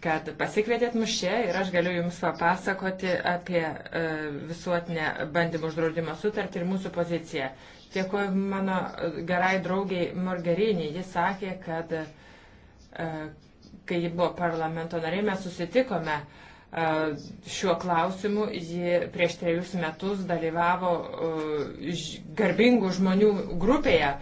kad pasikvietėt mus čia ir aš galiu Jums papasakoti apie e, visuotinę bandymų uždraudimo sutartį ir mūsų poziciją. Dėkuoju mano gerai draugiai Margarinį. Jis sakė, kad e, kai ji buvo parlamento nariai, mes susitikome e, šiuo klausimu. Ji prieš trejus metus dalyvavo e, garbingų žmonių grupėje,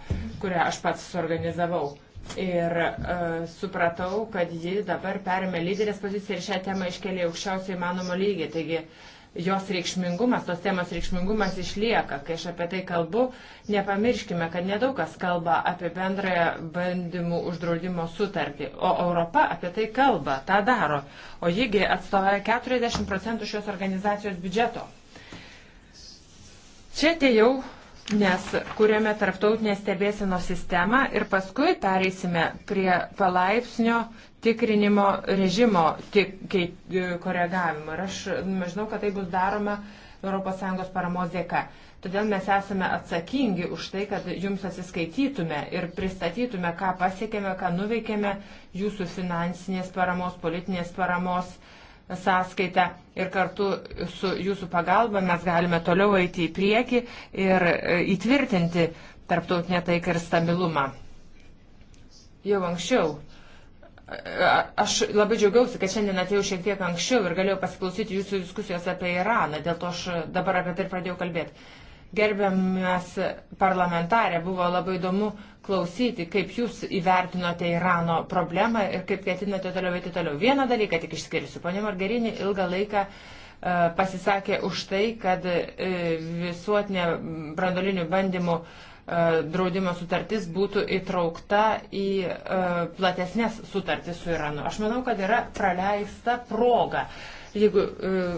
kurią aš pats suorganizavau. E, Ir uh, supratau, kad ji dabar perėmė lyderės poziciją ir šią temą iškelia aukščiausiai įmanomo lygį. Taigi jos reikšmingumas, tos temos reikšmingumas išlieka. Kai aš apie tai kalbu, nepamirškime, kad nedaug kas kalba apie bendrąją bandymų uždraudimo sutartį. O Europa apie tai kalba, tą daro. O jigi atstovauja 40 procentų šios organizacijos biudžeto. Čia atėjau nes kuriame tarptautinę stebėsino sistemą ir paskui pereisime prie palaipsnio tikrinimo režimo tik, kai, koregavimo. Ir aš žinau, kad tai bus daroma ES paramos dėka. Todėl mes esame atsakingi už tai, kad jums atsiskaitytume ir pristatytume, ką pasiekėme, ką nuveikėme jūsų finansinės paramos, politinės paramos sąskaitą ir kartu su jūsų pagalba mes galime toliau eiti į priekį ir e, įtvirtinti tarptautinę taiką ir stabilumą. Jau anksčiau. E, aš labai džiaugiausi, kad šiandien atėjau šiek tiek anksčiau ir galėjau pasiklausyti jūsų diskusijos apie Iraną, dėl to aš dabar apie tai pradėjau kalbėti. Gerbiamas parlamentarė, buvo labai įdomu klausyti, kaip jūs įvertinote Irano problemą ir kaip ketinate toliau eiti toliau. Vieną dalyką tik išskirsiu. Pane Margarinį ilgą laiką e, pasisakė už tai, kad e, visuotinė brandolinių bandymų e, draudimo sutartis būtų įtraukta į platesnės sutartis su Iranu. Aš manau, kad yra praleista proga. Uh, Jeigu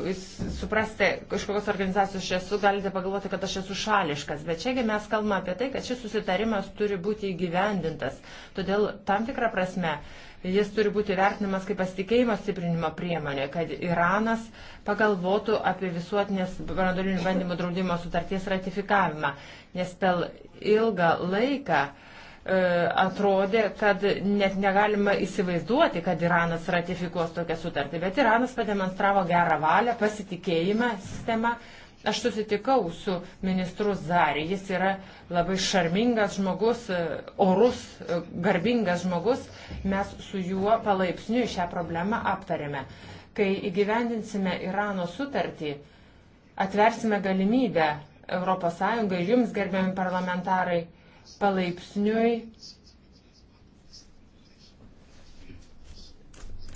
e, suprasite, iš kokios organizacijos aš esu, galite pagalvoti, kad aš esu šališkas. Bet čiagi mes kalbame apie tai, kad šis susitarimas turi būti įgyvendintas. Todėl tam tikrą prasme jis turi būti vertinamas kaip pasitikėjimo stiprinimo priemonė, kad Iranas pagalvotų apie visuotinės branduolinių bandymų draudimo sutarties ratifikavimą. Nes per ilgą laiką uh, E, atrodė, kad net negalima įsivaizduoti, kad Iranas ratifikuos tokią sutartį, bet Iranas pademonstravo gerą valią, pasitikėjimą sistemą. Aš susitikau su ministru Zari, jis yra labai šarmingas žmogus, e, orus, e, garbingas žmogus, mes su juo palaipsniui šią problemą aptarėme. Kai įgyvendinsime Irano sutartį, atversime galimybę ES ir jums, gerbiami parlamentarai, palaipsniui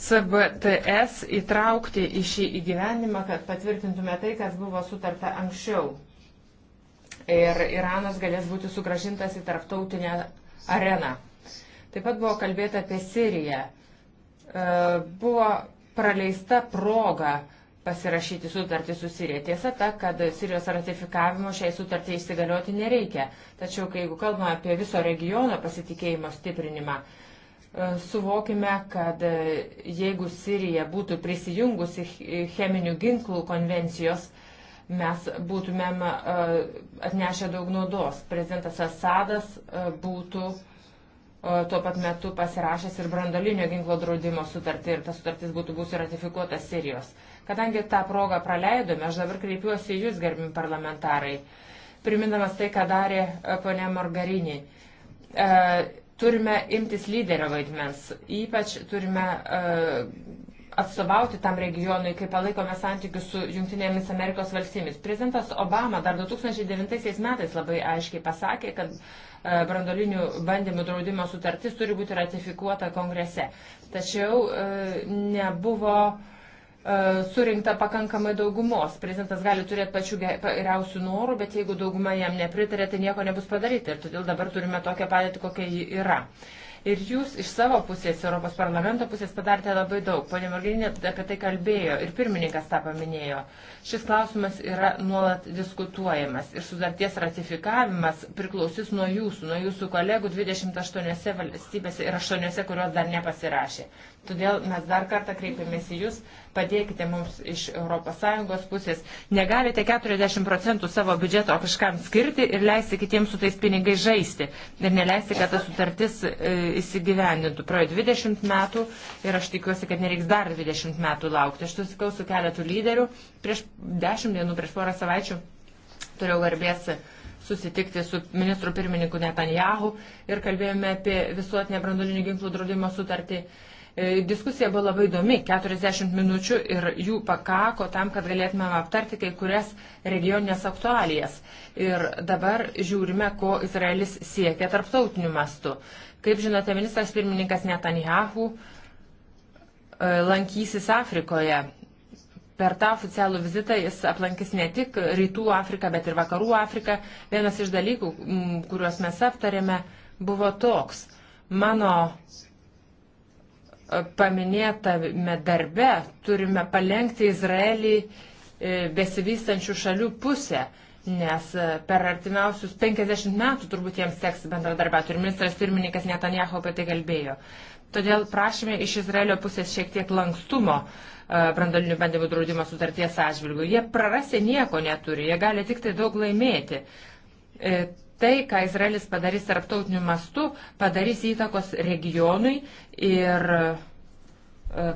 CBTS įtraukti į šį įgyvenimą, kad patvirtintume tai, kas buvo sutarta anksčiau. Ir Iranas galės būti sugražintas į tarptautinę areną. Taip pat buvo kalbėta apie Siriją. E, buvo praleista proga pasirašyti sutartį su Sirija. Tiesa ta, kad Sirijos ratifikavimo šiai sutartį įsigalioti nereikia. Tačiau, kai jeigu kalbame apie viso regiono pasitikėjimo stiprinimą, e, suvokime, kad e, jeigu Sirija būtų prisijungusi cheminių ginklų konvencijos, mes būtumėm e, atnešę daug naudos. Prezidentas Asadas būtų tuo pat metu pasirašęs ir brandolinio ginklo draudimo sutartį ir ta sutartis būtų būsi ratifikuota Sirijos. Kadangi tą progą praleidome, aš dabar kreipiuosi į Jūs, gerbim parlamentarai, primindamas tai, ką darė e, ponė Margarinį. E, turime imtis lyderio vaidmens, ypač turime e, atstovauti tam regionui, kai palaikome santykius su Junktinėmis Amerikos valstybėmis. Prezidentas Obama dar 2009 metais labai aiškiai pasakė, kad brandolinių bandymų draudimo sutartis turi būti ratifikuota kongrese. Tačiau nebuvo uh, E, surinkta pakankamai daugumos. Prezidentas gali turėti pačių geriausių norų, bet jeigu dauguma jam nepritarė, tai nieko nebus padaryta. Ir todėl dabar turime tokią padėtį, kokia ji yra. Ir jūs iš savo pusės, Europos parlamento pusės padarėte labai daug. Pone Margarinė apie tai kalbėjo ir pirmininkas tą paminėjo. Šis klausimas yra nuolat diskutuojamas ir sudarties ratifikavimas priklausys nuo jūsų, nuo jūsų kolegų 28 valstybėse ir 8, kurios dar nepasirašė. Todėl mes dar kartą kreipiamės į Jūs, padėkite mums iš ES pusės. Negalite 40 procentų savo biudžeto kažkam skirti ir leisti kitiems su tais pinigais žaisti ir neleisti, kad ta sutartis e, įsigyvendintų. Praėjo 20 metų ir aš tikiuosi, kad nereiks dar 20 metų laukti. Aš susikau su keletu lyderių prieš 10 dienų, prieš porą savaičių turėjau garbės susitikti su ministru pirmininku Netanjahu ir kalbėjome apie visuotinę brandolinių ginklų draudimo sutartį. E, diskusija buvo labai įdomi, 40 minučių ir jų pakako tam, kad galėtumėm aptarti kai kurias regioninės aktualijas. Ir dabar žiūrime, ko Izraelis siekia tarptautiniu mastu. Kaip žinote, ministras pirmininkas Netanyahu e, lankysis Afrikoje. Per tą oficialų vizitą jis aplankys ne tik Rytų Afriką, bet ir Vakarų Afriką. Vienas iš dalykų, kuriuos mes aptarėme, buvo toks. Mano paminėtame darbe turime palengti Izraelį e, besivystančių šalių pusę, nes e, per artimiausius 50 metų turbūt jiems teks bendradarbiauti ir ministras pirmininkas Netanjahu apie tai kalbėjo. Todėl prašome iš Izraelio pusės šiek tiek lankstumo e, brandalinių bandymų draudimo sutarties atžvilgių. Jie prarasė nieko neturi, jie gali tik tai daug laimėti tai, ką Izraelis padarys tarptautiniu mastu, padarys įtakos regionui ir e,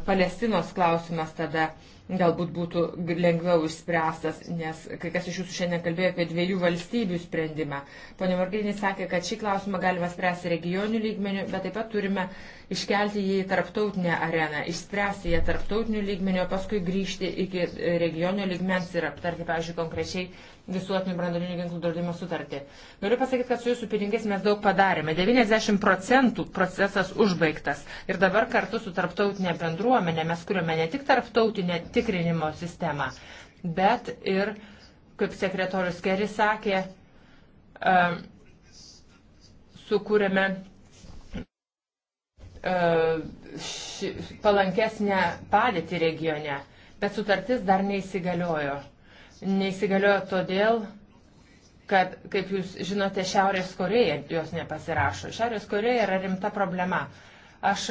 Palestinos klausimas tada galbūt būtų lengviau išspręstas, nes kai kas iš jūsų šiandien kalbėjo apie dviejų valstybių sprendimą. Pone Morginis sakė, kad šį klausimą galima spręsti regionių lygmenių, bet taip pat turime uh, iškelti jį į tarptautinę areną, išspręsti ją tarptautiniu lygmeniu, paskui grįžti iki regioninio lygmens ir aptarti, pavyzdžiui, konkrečiai visuotinių brandolinių ginklų draudimo sutartį. Galiu pasakyti, kad su jūsų pinigais mes daug padarėme. 90 procentų procesas užbaigtas. Ir dabar kartu su tarptautinė bendruomenė mes kuriame ne tik tarptautinę tikrinimo sistemą, bet ir, kaip sekretorius Keris sakė, sukūrėme E, ši, palankesnę padėtį regione, bet sutartis dar neįsigaliojo. Neįsigaliojo todėl, kad, kaip jūs žinote, Šiaurės Koreja jos nepasirašo. Šiaurės Koreja yra rimta problema. Aš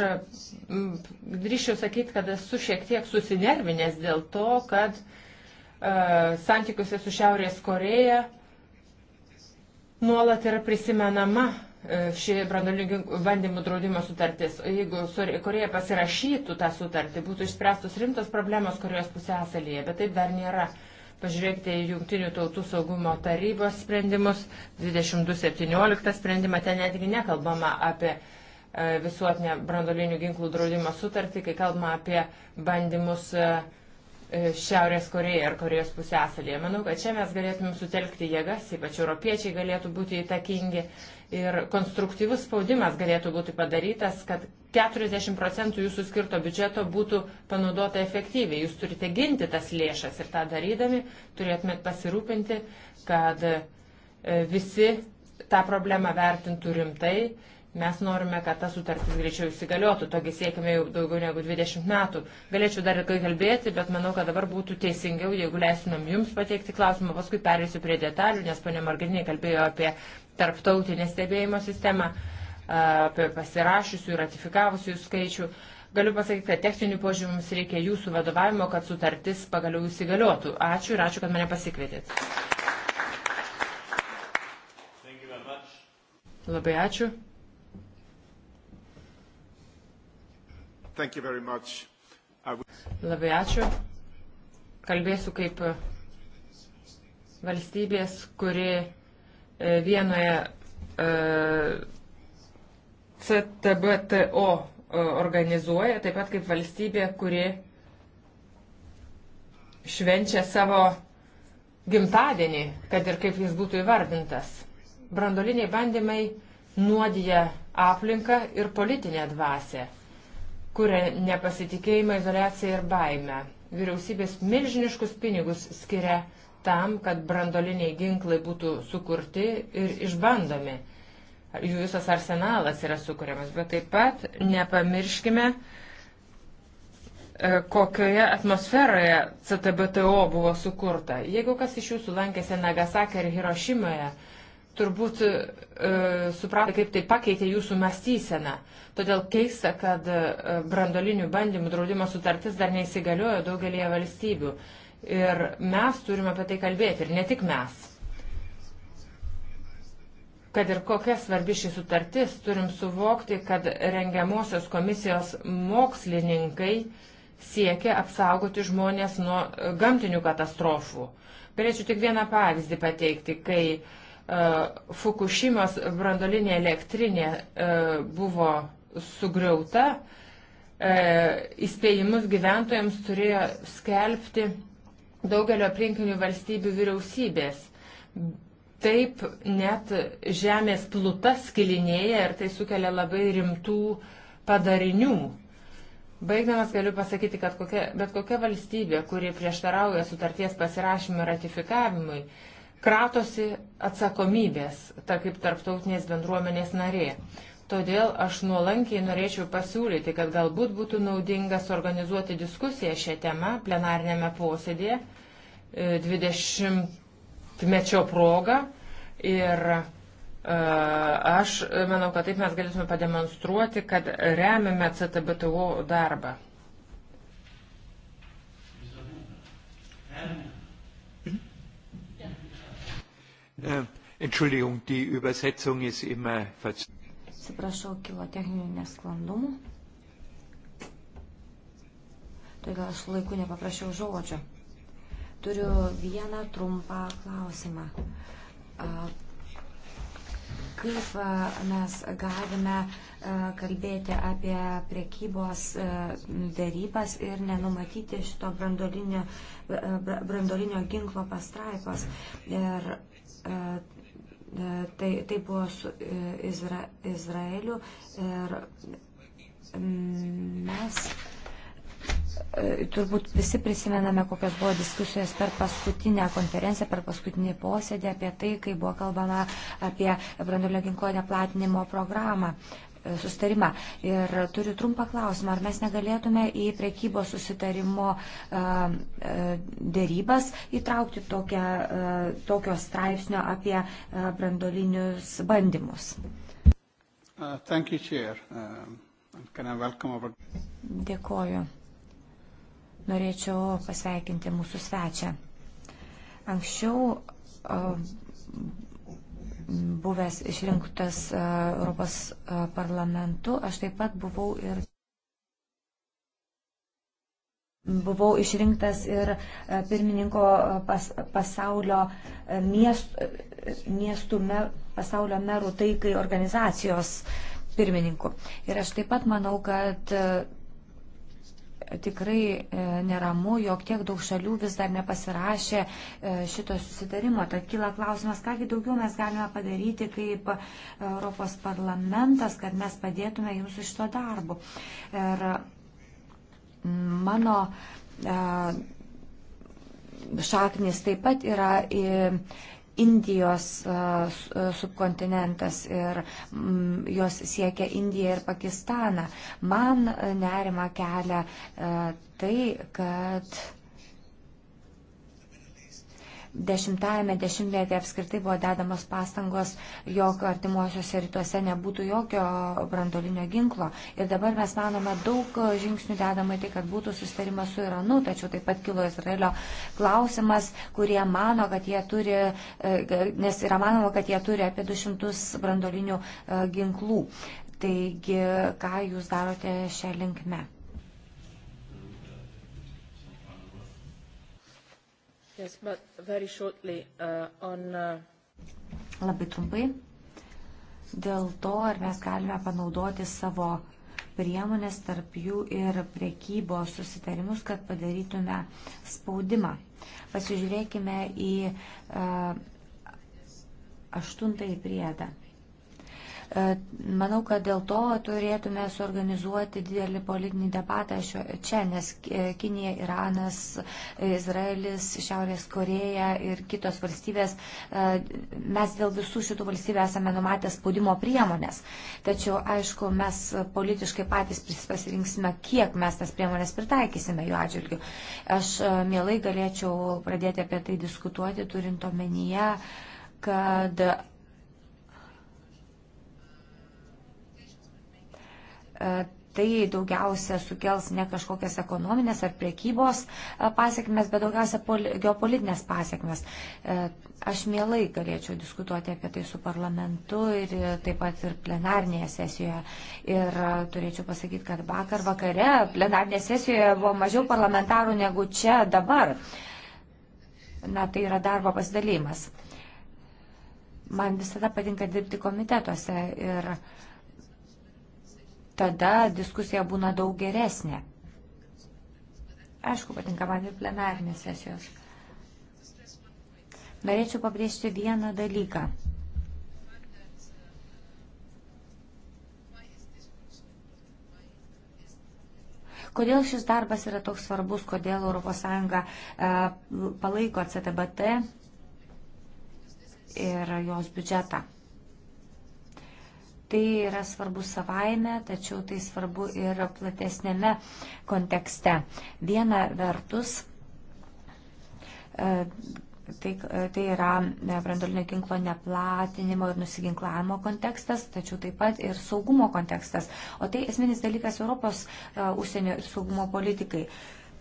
drįšiau sakyti, kad esu šiek tiek susinervinęs dėl to, kad uh, santykiuose su Šiaurės Koreja nuolat yra prisimenama E, ši brandolinių bandymų draudimo sutartis. Jeigu Korėja pasirašytų tą sutartį, būtų išspręstos rimtos problemos Korejos pusėsalyje, bet taip dar nėra. Pažiūrėkite į Junktinių tautų saugumo tarybos sprendimus, 2217 sprendimą, ten netgi nekalbama apie e, visuotinę brandolinių ginklų draudimo sutartį, kai kalbama apie bandymus e, Šiaurės Koreja ar Korejos pusėsalyje. Manau, kad čia mes galėtume sutelkti jėgas, ypač europiečiai galėtų būti įtakingi ir konstruktyvus spaudimas galėtų būti padarytas, kad 40 procentų jūsų skirto biudžeto būtų panaudota efektyviai. Jūs turite ginti tas lėšas ir tą darydami turėtumėt pasirūpinti, kad e, visi tą problemą vertintų rimtai. Mes norime, kad ta sutartis greičiau įsigaliotų, togi siekime jau daugiau negu 20 metų. Galėčiau dar ilgai kalbėti, bet manau, kad dabar būtų teisingiau, jeigu leisimėm jums pateikti klausimą, paskui perėsiu prie detalių, nes ponė Margarinė kalbėjo apie tarptautinę stebėjimo sistemą, apie pasirašysių ir ratifikavusių skaičių. Galiu pasakyti, kad techninių požiūrį mums reikia jūsų vadovavimo, kad sutartis pagaliau įsigaliotų. Ačiū ir ačiū, kad mane pasikvietėt. Labai ačiū. Labai ačiū. Kalbėsiu kaip valstybės, kuri vienoje e, CTBTO e, organizuoja, taip pat kaip valstybė, kuri švenčia savo gimtadienį, kad ir kaip jis būtų įvardintas. Brandoliniai bandymai nuodija aplinką ir politinę dvasę, kuria nepasitikėjimą, izolaciją ir baimę. Vyriausybės milžiniškus pinigus skiria tam, kad brandoliniai ginklai būtų sukurti ir išbandomi. Jų visas arsenalas yra sukūriamas, bet taip pat nepamirškime, e, kokioje atmosferoje CTBTO buvo sukurta. Jeigu kas iš jūsų lankėsi Nagasakė ir Hirošimoje, turbūt e, suprato, kaip tai pakeitė jūsų mąstyseną. Todėl keista, kad e, brandolinių bandymų draudimo sutartis dar neįsigaliojo daugelie valstybių. Ir mes turime apie tai kalbėti, ir ne tik mes. Kad ir kokia svarbi ši sutartis, turim suvokti, kad rengiamosios komisijos mokslininkai siekia apsaugoti žmonės nuo gamtinių katastrofų. Galėčiau tik vieną pavyzdį pateikti, kai uh, Fukushimos brandolinė elektrinė uh, buvo sugriauta, uh, įspėjimus gyventojams turėjo skelbti daugelio aplinkinių valstybių vyriausybės. Taip net žemės pluta skilinėja ir tai sukelia labai rimtų padarinių. Baigdamas galiu pasakyti, kad kokia, bet kokia valstybė, kuri prieštarauja sutarties pasirašymui ir ratifikavimui, kratosi atsakomybės, ta kaip tarptautinės bendruomenės narė. Todėl aš nuolankiai norėčiau pasiūlyti, kad galbūt būtų naudinga suorganizuoti diskusiją šią temą plenarinėme posėdėje 20-mečio e, progą. Ir e, aš manau, kad taip mes galėtume pademonstruoti, kad remiame CTBTO darbą. Äh, Entschuldigung, die Übersetzung ist immer verzögert. Atsiprašau, kilo techninių nesklandumų. Todėl aš laiku nepaprašiau žodžio. Turiu vieną trumpą klausimą. Kaip mes galime kalbėti apie priekybos dėrybas ir nenumatyti šito brandolinio, brandolinio ginklo pastraipos? Ir E, tai, tai buvo su e, Izra, Izraeliu ir mes e, turbūt visi prisimename, kokios buvo diskusijos per paskutinę konferenciją, per paskutinį posėdį apie tai, kai buvo kalbama apie branduolio ginklo neplatinimo programą susitarimą. Ir turiu trumpą klausimą, ar mes negalėtume į prekybos susitarimo dėrybas įtraukti tokią, tokio straipsnio apie brandolinius bandymus. Uh, you, uh, Dėkoju. Norėčiau pasveikinti mūsų svečią. Anksčiau uh, buvęs išrinktas e, Europos e, parlamentu, aš taip pat buvau ir. Buvau išrinktas ir e, pirmininko pas, pasaulio, miest, miestų, me, pasaulio merų taikai organizacijos pirmininku. Ir aš taip pat manau, kad tikrai e, neramu, jog tiek daug šalių vis dar nepasirašė e, šito susitarimo. Tad kyla klausimas, kągi daugiau mes galime padaryti kaip Europos parlamentas, kad mes padėtume jums su šito darbu. Ir mano e, šaknis taip pat yra Indijos subkontinentas ir mm, jos siekia Indiją ir Pakistaną. Man nerima kelia tai, kad Dešimtajame dešimtmetyje apskritai buvo dedamos pastangos, jog artimuosiuose rytuose nebūtų jokio brandolinio ginklo. Ir dabar mes manome daug žingsnių dedama į tai, kad būtų sustarimas su Iranu, tačiau taip pat kilo Izraelio klausimas, kurie mano, kad jie turi, e, nes yra manoma, kad jie turi apie 200 brandolinių e, ginklų. Taigi, ką jūs darote šią linkmę? Yes, but very shortly uh, on. Uh... Labai trumpai. Dėl to, ar mes galime panaudoti savo priemonės, tarp jų ir priekybos susitarimus, kad padarytume spaudimą. Pasižiūrėkime į uh, aštuntąjį priedą. Uh, E, manau, kad dėl to turėtume suorganizuoti didelį politinį debatą šio, čia, nes e, Kinija, Iranas, Izraelis, Šiaurės Koreja ir kitos valstybės, e, mes dėl visų šitų valstybių esame numatę spaudimo priemonės. Tačiau, aišku, mes politiškai patys pasirinksime, kiek mes tas priemonės pritaikysime jų atžvilgiu. Aš mielai galėčiau pradėti apie tai diskutuoti, turint omenyje, kad E, tai daugiausia sukels ne kažkokias ekonominės ar priekybos e, pasiekmes, bet daugiausia geopolitinės pasiekmes. E, aš mielai galėčiau diskutuoti apie tai su parlamentu ir taip pat ir plenarnėje sesijoje. Ir turėčiau pasakyti, kad vakar vakare plenarnėje sesijoje buvo mažiau parlamentarų negu čia dabar. Na, tai yra darbo pasidalymas man visada patinka dirbti komitetuose ir uh, tada diskusija būna daug geresnė. Aišku, patinka man ir plenarinės sesijos. Norėčiau pabrėžti vieną dalyką. Kodėl šis darbas yra toks svarbus, kodėl ES e, palaiko CTBT ir jos biudžetą? Tai yra svarbu savaime, tačiau tai svarbu ir platesnėme kontekste. Viena vertus, e, Tai, tai yra brandolinio ginklo neplatinimo ir nusiginklavimo kontekstas, tačiau taip pat ir saugumo kontekstas. O tai esminis dalykas Europos uh, užsienio ir saugumo politikai.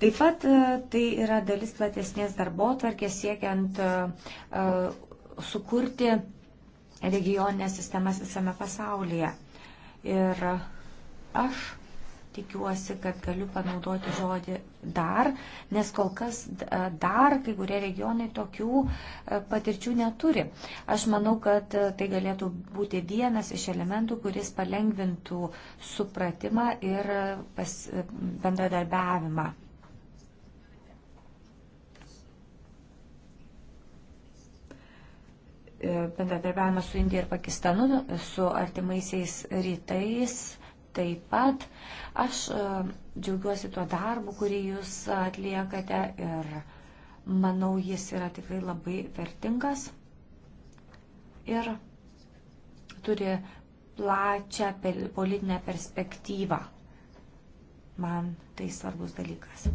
Taip pat uh, tai yra dalis platesnės darbo tvarkės siekiant uh, sukurti regioninės sistemas visame pasaulyje. Ir aš tikiuosi, kad galiu panaudoti žodį dar, nes kol kas e, dar kai kurie regionai tokių e, patirčių neturi. Aš manau, kad e, tai galėtų būti vienas iš elementų, kuris palengvintų supratimą ir pas, bendradarbiavimą. bendradarbiavimas su Indija ir Pakistanu, su artimaisiais rytais taip pat. Aš e, džiaugiuosi tuo darbu, kurį jūs atliekate ir manau, jis yra tikrai labai vertingas ir turi plačią politinę perspektyvą. Man tai svarbus dalykas.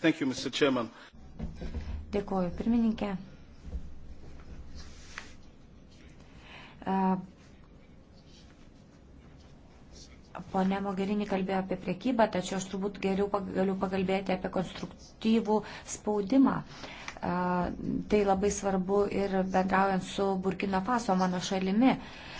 Thank you, Mr. Chairman. Dėkuoju, pirmininkė. Pone Mogherini kalbėjo apie priekybą, tačiau aš turbūt geriau galiu pakalbėti apie konstruktyvų spaudimą. Tai labai svarbu ir bendraujant su Burkina Faso mano šalimi. Uh,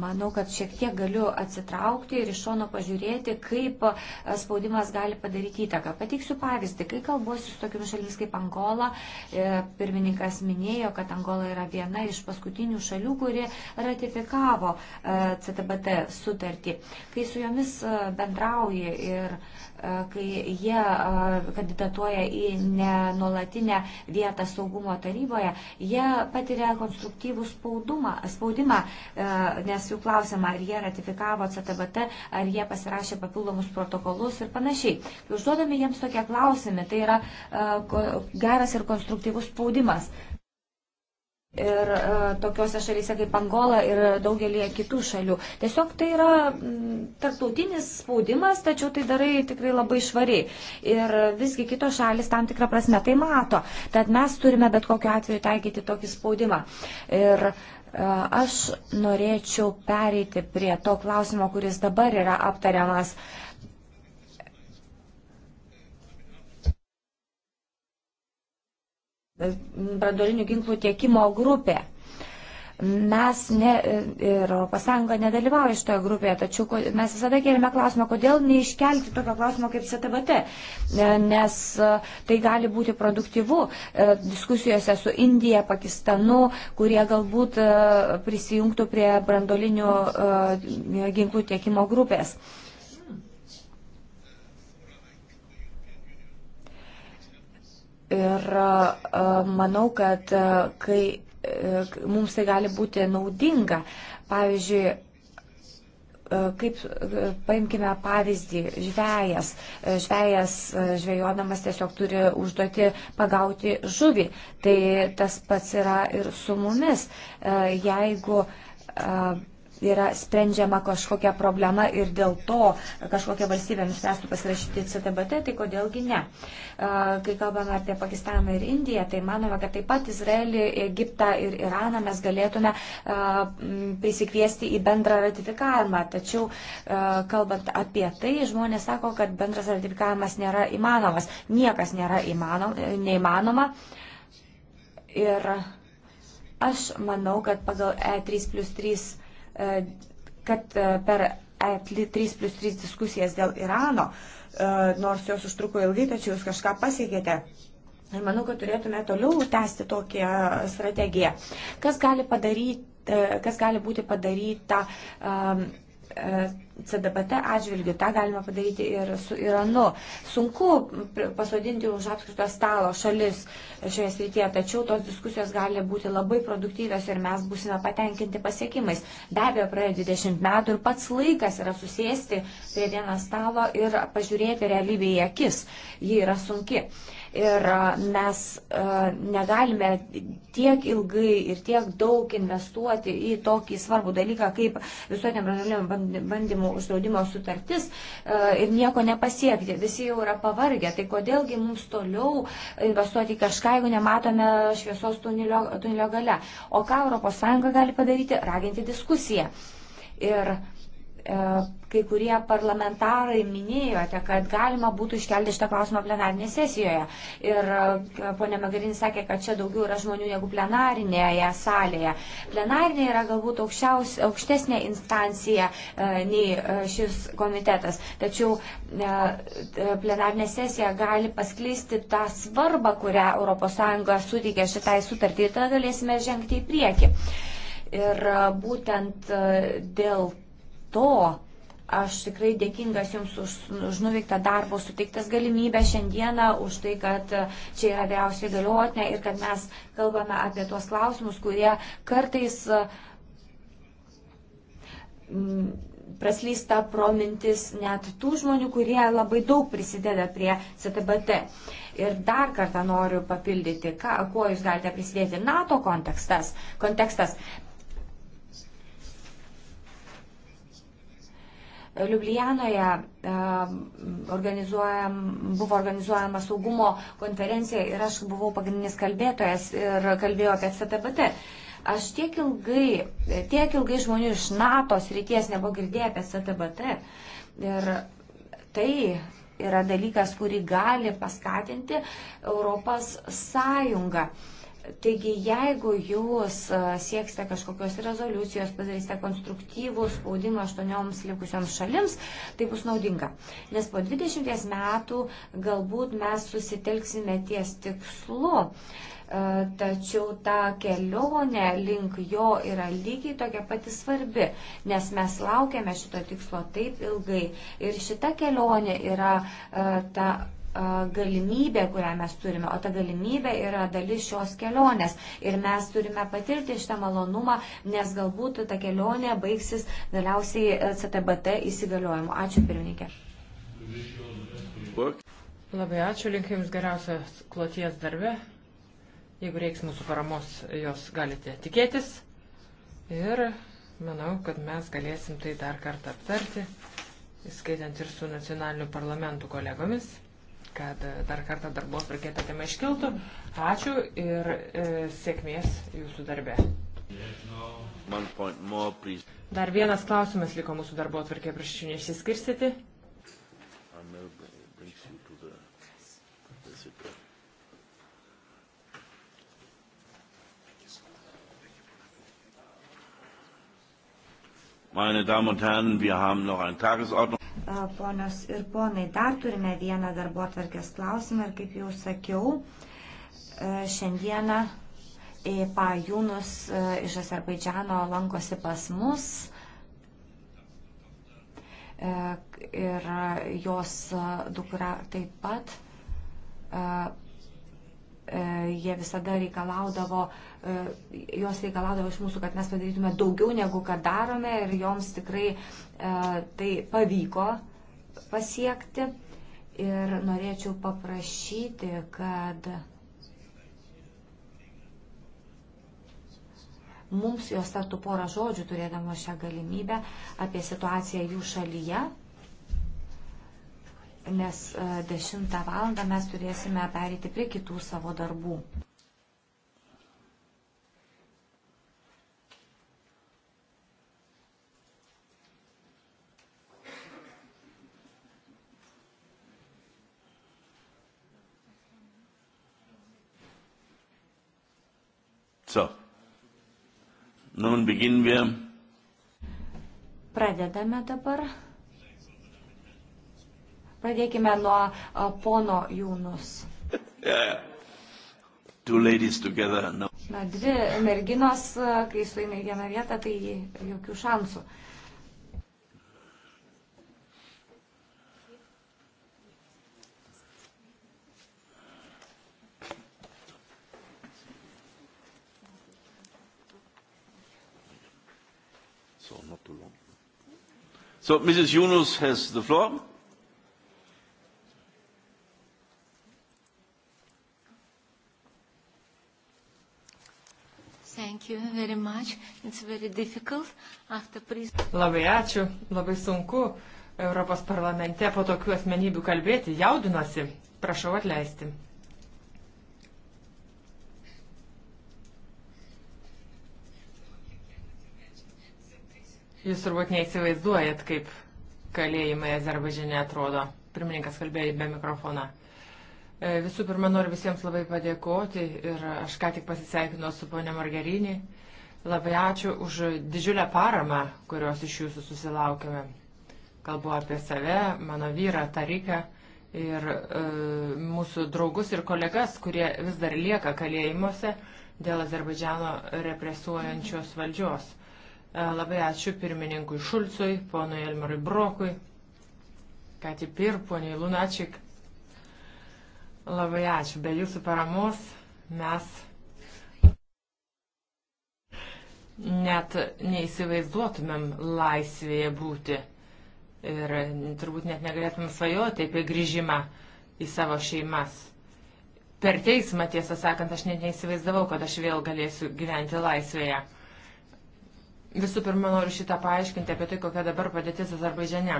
manau, kad šiek tiek galiu atsitraukti ir iš šono pažiūrėti, kaip e, spaudimas gali padaryti įtaką. Pateiksiu pavyzdį. Kai kalbuosiu su tokiamis šalimis kaip Angola, e, pirmininkas minėjo, kad Angola yra viena iš paskutinių šalių, kuri ratifikavo e, CTBT sutartį. Kai su jomis bendrauji ir E, kai jie e, kandidatuoja į nenolatinę vietą saugumo taryboje, jie patiria konstruktyvų spaudumą, spaudimą, e, nes jų klausima, ar jie ratifikavo CTBT, ar jie pasirašė papildomus protokolus ir panašiai. Užduodami jiems tokie klausimai, tai yra geras ir konstruktyvus spaudimas ir e, tokiuose šalyse kaip Angola ir daugelie kitų šalių. Tiesiog tai yra tarptautinis spaudimas, tačiau tai darai tikrai labai švariai. Ir visgi kitos šalis tam tikrą prasme tai mato. Tad mes turime bet kokiu atveju taikyti tokį spaudimą. Ir e, aš norėčiau pereiti prie to klausimo, kuris dabar yra aptariamas. Uh, brandolinių ginklų tiekimo grupė. Mes ne, ir ES nedalyvauja šitoje grupėje, tačiau mes visada kėlėme klausimą, kodėl neiškelti tokio klausimo kaip CTBT, nes e, tai gali būti produktyvu e, diskusijose su Indija, Pakistanu, kurie galbūt e, prisijungtų prie brandolinių ginklų tiekimo grupės. Ir e, manau, kad e, kai e, mums tai gali būti naudinga, pavyzdžiui, kaip paimkime pavyzdį, žvėjas. Žvėjas žvėjodamas tiesiog turi užduoti pagauti žuvį. Tai tas pats yra ir su mumis. Jeigu yra sprendžiama kažkokia problema ir dėl to kažkokia valstybė nuspręstų pasirašyti CTBT, tai kodėlgi ne. Kai kalbame apie Pakistaną ir Indiją, tai manome, kad taip pat Izraelį, Egiptą ir Iraną mes galėtume prisikviesti į bendrą ratifikavimą. Tačiau, kalbant apie tai, žmonės sako, kad bendras ratifikavimas nėra įmanomas. Niekas nėra įmanoma, neįmanoma. Ir aš manau, kad pagal E3 plus 3 E, kad e, per 3 plus 3 diskusijas dėl Irano, e, nors jos užtruko ilgai, tačiau jūs kažką pasiekėte. Ir manau, kad turėtume toliau tęsti tokią strategiją. Kas gali padaryti kas gali būti padaryta um, CDBT atžvilgių. Ta galima padaryti ir su Iranu. Sunku pasodinti už apskrito stalo šalis šioje srityje, tačiau tos diskusijos gali būti labai produktyvios ir mes būsime patenkinti pasiekimais. Be abejo, praėjo 20 metų ir pats laikas yra susėsti prie vieno stalo ir pažiūrėti realybėje akis. Ji yra sunki. Uh, Ir mes negalime tiek ilgai ir tiek daug investuoti į tokį svarbų dalyką kaip visuotiniam branduoliniam bandymų uždraudimo sutartis ir nieko nepasiekti. Visi jau yra pavargę. Tai kodėlgi mums toliau investuoti į kažką, jeigu nematome šviesos tunelio, tunelio gale. O ką ES gali padaryti? Raginti diskusiją. Ir E, kai kurie parlamentarai minėjote, kad galima būtų iškelti šitą klausimą plenarinėje sesijoje. Ir e, ponė Magarinis sakė, kad čia daugiau yra žmonių negu plenarinėje salėje. Plenarinė yra galbūt aukščiaus, aukštesnė instancija e, nei šis komitetas. Tačiau plenarinė sesija gali paskleisti tą svarbą, kurią ES suteikė šitai sutartį. Ir tada galėsime žengti į priekį. Ir būtent dėl to aš tikrai dėkingas Jums už, už nuveiktą darbą, suteiktas galimybę šiandieną, už tai, kad čia yra vyriausiai galiotinė ir kad mes kalbame apie tuos klausimus, kurie kartais mm, praslysta promintis net tų žmonių, kurie labai daug prisideda prie CTBT. Ir dar kartą noriu papildyti, ką, kuo jūs galite prisidėti. NATO kontekstas, kontekstas. Liublianoje organizuojam, buvo organizuojama saugumo konferencija ir aš buvau pagrindinis kalbėtojas ir kalbėjau apie CTBT. Aš tiek ilgai, tiek ilgai žmonių iš NATO srities nebuvo girdėję apie CTBT. Ir tai yra dalykas, kurį gali paskatinti Europos Sąjunga. Uh, Taigi, jeigu jūs sieksite kažkokios rezoliucijos, padarysite konstruktyvų spaudimą aštuonioms likusioms šalims, tai bus naudinga. Nes po 20 metų galbūt mes susitelksime ties tikslu. Tačiau ta kelionė link jo yra lygiai tokia pati svarbi, nes mes laukiame šito tikslo taip ilgai. Ir šita kelionė yra ta galimybė, kurią mes turime, o ta galimybė yra dalis šios kelionės. Ir mes turime patirti šitą malonumą, nes galbūt ta kelionė baigsis galiausiai e, CTBT įsigaliojimu. Ačiū pirmininkė. Labai ačiū, linkiu Jums geriausios kloties darbe. Jeigu reiks mūsų paramos, jos galite tikėtis. Ir manau, kad mes galėsim tai dar kartą aptarti, įskaitant ir su nacionaliniu parlamentu kolegomis kad e, dar kartą darbos raketą tema iškiltų. Ačiū ir e, sėkmės jūsų darbe. Dar vienas klausimas liko mūsų darbo atvarkė, prašyčiau neišsiskirsyti. Meine Damen und Herren, wir haben noch ein Tagesordnung ponios ir ponai, dar turime vieną darbo atvarkės klausimą ir kaip jau sakiau, e, šiandieną e Pajūnus e, iš Azerbaidžiano lankosi pas mus ir jos dukra taip pat E, jie visada reikalaudavo, e, jos reikalaudavo iš mūsų, kad mes padarytume daugiau negu kad darome ir joms tikrai e, tai pavyko pasiekti. Ir norėčiau paprašyti, kad mums jos tartų porą žodžių, turėdama šią galimybę, apie situaciją jų šalyje nes 10 e, val. mes turėsime pereiti prie kitų savo darbų. So. Nun beginnen wir. Pradedame dabar. Pradėkime nuo pono Jūnus. Yeah. Together, no. Na, dvi merginos, kai suina į vieną vietą, tai jokių šansų. So, not too long. So, Mrs. Yunus has the floor. Labai ačiū, labai sunku Europos parlamente po tokių asmenybių kalbėti, jaudinuosi, prašau atleisti. Jūs turbūt neįsivaizduojat, kaip kalėjimai Azerbaidžiane atrodo. Pirmininkas kalbėjo be mikrofoną. E, visų pirma, noriu visiems labai padėkoti ir aš ką tik pasisveikinau su ponia Margerinė. Labai ačiū už didžiulę paramą, kurios iš jūsų susilaukėme. Kalbu apie save, mano vyrą Tariką ir e, mūsų draugus ir kolegas, kurie vis dar lieka kalėjimuose dėl Azerbaidžiano represuojančios valdžios. E, labai ačiū pirmininkui Šulcui, ponui Elmarui Brokui, Kati Pir, poniai Lunačik Labai ačiū. Be jūsų paramos mes net neįsivaizduotumėm laisvėje būti ir turbūt net negalėtumėm svajoti apie grįžimą į savo šeimas. Per teismą, tiesą sakant, aš net neįsivaizdavau, kad aš vėl galėsiu gyventi laisvėje. Visų pirma, noriu šitą paaiškinti apie tai, kokia dabar padėtis Azerbaidžiane.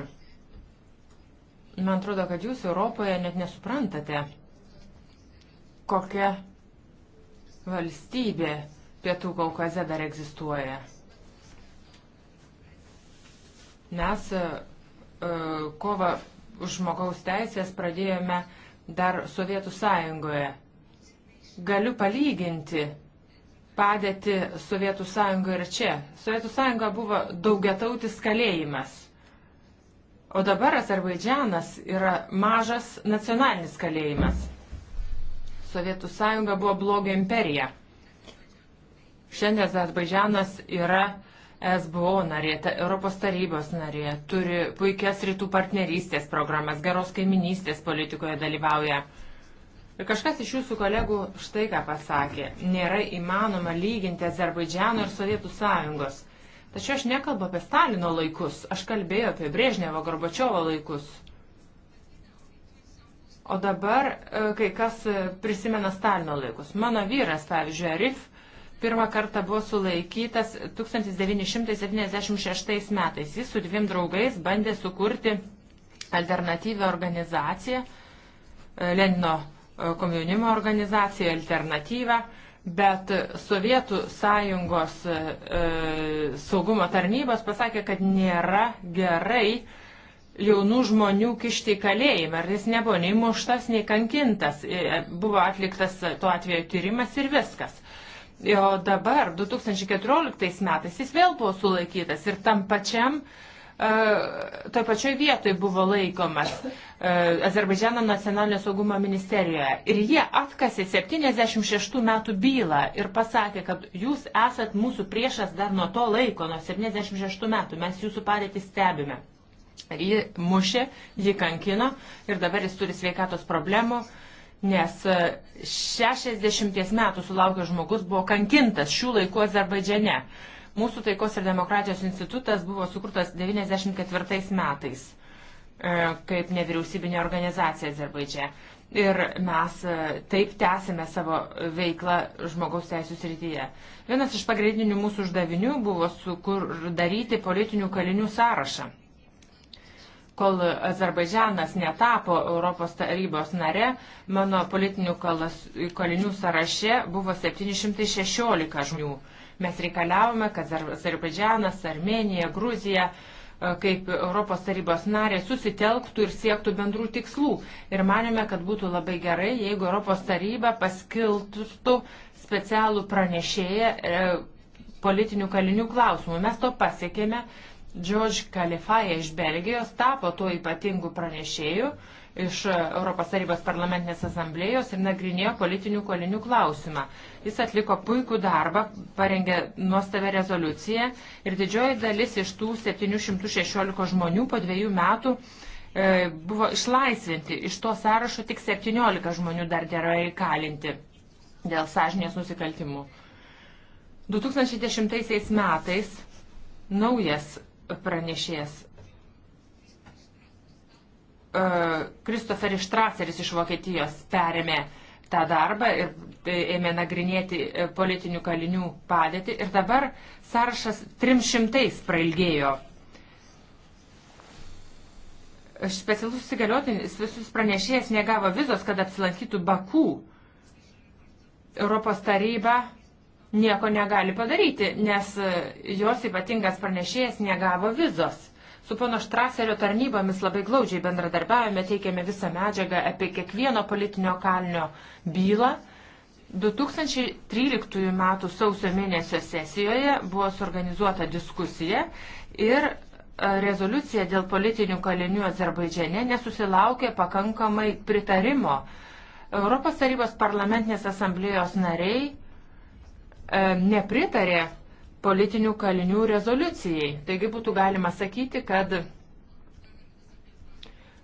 Man atrodo, kad jūs Europoje net nesuprantate kokia valstybė Pietų Kaukaze dar egzistuoja. Mes e, e, kovą už žmogaus teisės pradėjome dar Sovietų sąjungoje. Galiu palyginti padėti Sovietų sąjungoje ir čia. Sovietų sąjunga buvo daugiatautis kalėjimas. O dabar Azerbaidžianas yra mažas nacionalinis kalėjimas. Sovietų sąjunga buvo blogio imperija. Šiandien Azerbaidžianas yra SBO narė, Europos tarybos narė, turi puikias rytų partnerystės programas, geros kaiminystės politikoje dalyvauja. Ir kažkas iš jūsų kolegų štai ką pasakė. Nėra įmanoma lyginti Azerbaidžiano ir Sovietų sąjungos. Tačiau aš nekalbu apie Stalino laikus, aš kalbėjau apie Brėžnevo Gorbačiovo laikus. O dabar e, kai kas e, prisimena Stalino laikus. Mano vyras, pavyzdžiui, Arif, pirmą kartą buvo sulaikytas 1976 metais. Jis su dviem draugais bandė sukurti alternatyvę organizaciją, e, Lenino komjaunimo organizaciją, alternatyvą, bet Sovietų sąjungos e, saugumo tarnybos pasakė, kad nėra gerai jaunų žmonių kišti į kalėjimą. Ar jis nebuvo nei muštas, nei kankintas. E, buvo atliktas tuo atveju tyrimas ir viskas. O dabar, 2014 metais, jis vėl buvo sulaikytas ir tam pačiam, e, toj pačioj vietoj buvo laikomas e, Azerbaidžiano nacionalinio saugumo ministerijoje. Ir jie atkasė 76 metų bylą ir pasakė, kad jūs esat mūsų priešas dar nuo to laiko, nuo 76 metų, mes jūsų padėtį stebime. Ji mušė, ji kankino ir dabar jis turi sveikatos problemų, nes 60 e, metų sulaukęs žmogus buvo kankintas šių laikų Azerbaidžiane. Mūsų taikos ir demokratijos institutas buvo sukurtas 94 metais e, kaip nevyriausybinė organizacija Azerbaidžiane. Ir mes e, taip tęsime savo veiklą žmogaus teisų srityje. Vienas iš pagrindinių mūsų uždavinių buvo sukur daryti politinių kalinių sąrašą kol Azerbaidžianas netapo Europos tarybos nare, mano politinių kalas, kalinių sąraše buvo 716 žmonių. Mes reikalavome, kad Azerbaidžianas, Armenija, Gruzija e, kaip Europos tarybos narė susitelktų ir siektų bendrų tikslų. Ir manėme, kad būtų labai gerai, jeigu Europos taryba paskiltų specialų pranešėją e, politinių kalinių klausimų. Mes to pasiekėme, George Kalifaja iš Belgijos tapo tuo ypatingu pranešėju iš Europos tarybos parlamentinės asamblėjos ir nagrinėjo politinių kolinių klausimą. Jis atliko puikų darbą, parengė nuostavę rezoliuciją ir didžioji dalis iš tų 716 žmonių po dviejų metų e, buvo išlaisvinti. Iš to sąrašo tik 17 žmonių dar dėra įkalinti dėl sąžinės nusikaltimų. 2010 metais naujas pranešėjas. Kristoferis e, Štraceris iš Vokietijos perėmė tą darbą ir tai ėmė nagrinėti e, politinių kalinių padėtį. Ir dabar sąrašas 300 prailgėjo. Specialus įgaliotinis visus pranešėjas negavo vizos, kad apsilankytų Bakų. Europos taryba nieko negali padaryti, nes e, jos ypatingas pranešėjas negavo vizos. Su pono Štraserio tarnybomis labai glaudžiai bendradarbiavome, teikėme visą medžiagą apie kiekvieno politinio kalnio bylą. 2013 m. sausio mėnesio sesijoje buvo suorganizuota diskusija ir e, rezoliucija dėl politinių kalinių Azerbaidžiane nesusilaukė pakankamai pritarimo. Europos tarybos parlamentinės asamblėjos nariai E, nepritarė politinių kalinių rezoliucijai. Taigi būtų galima sakyti, kad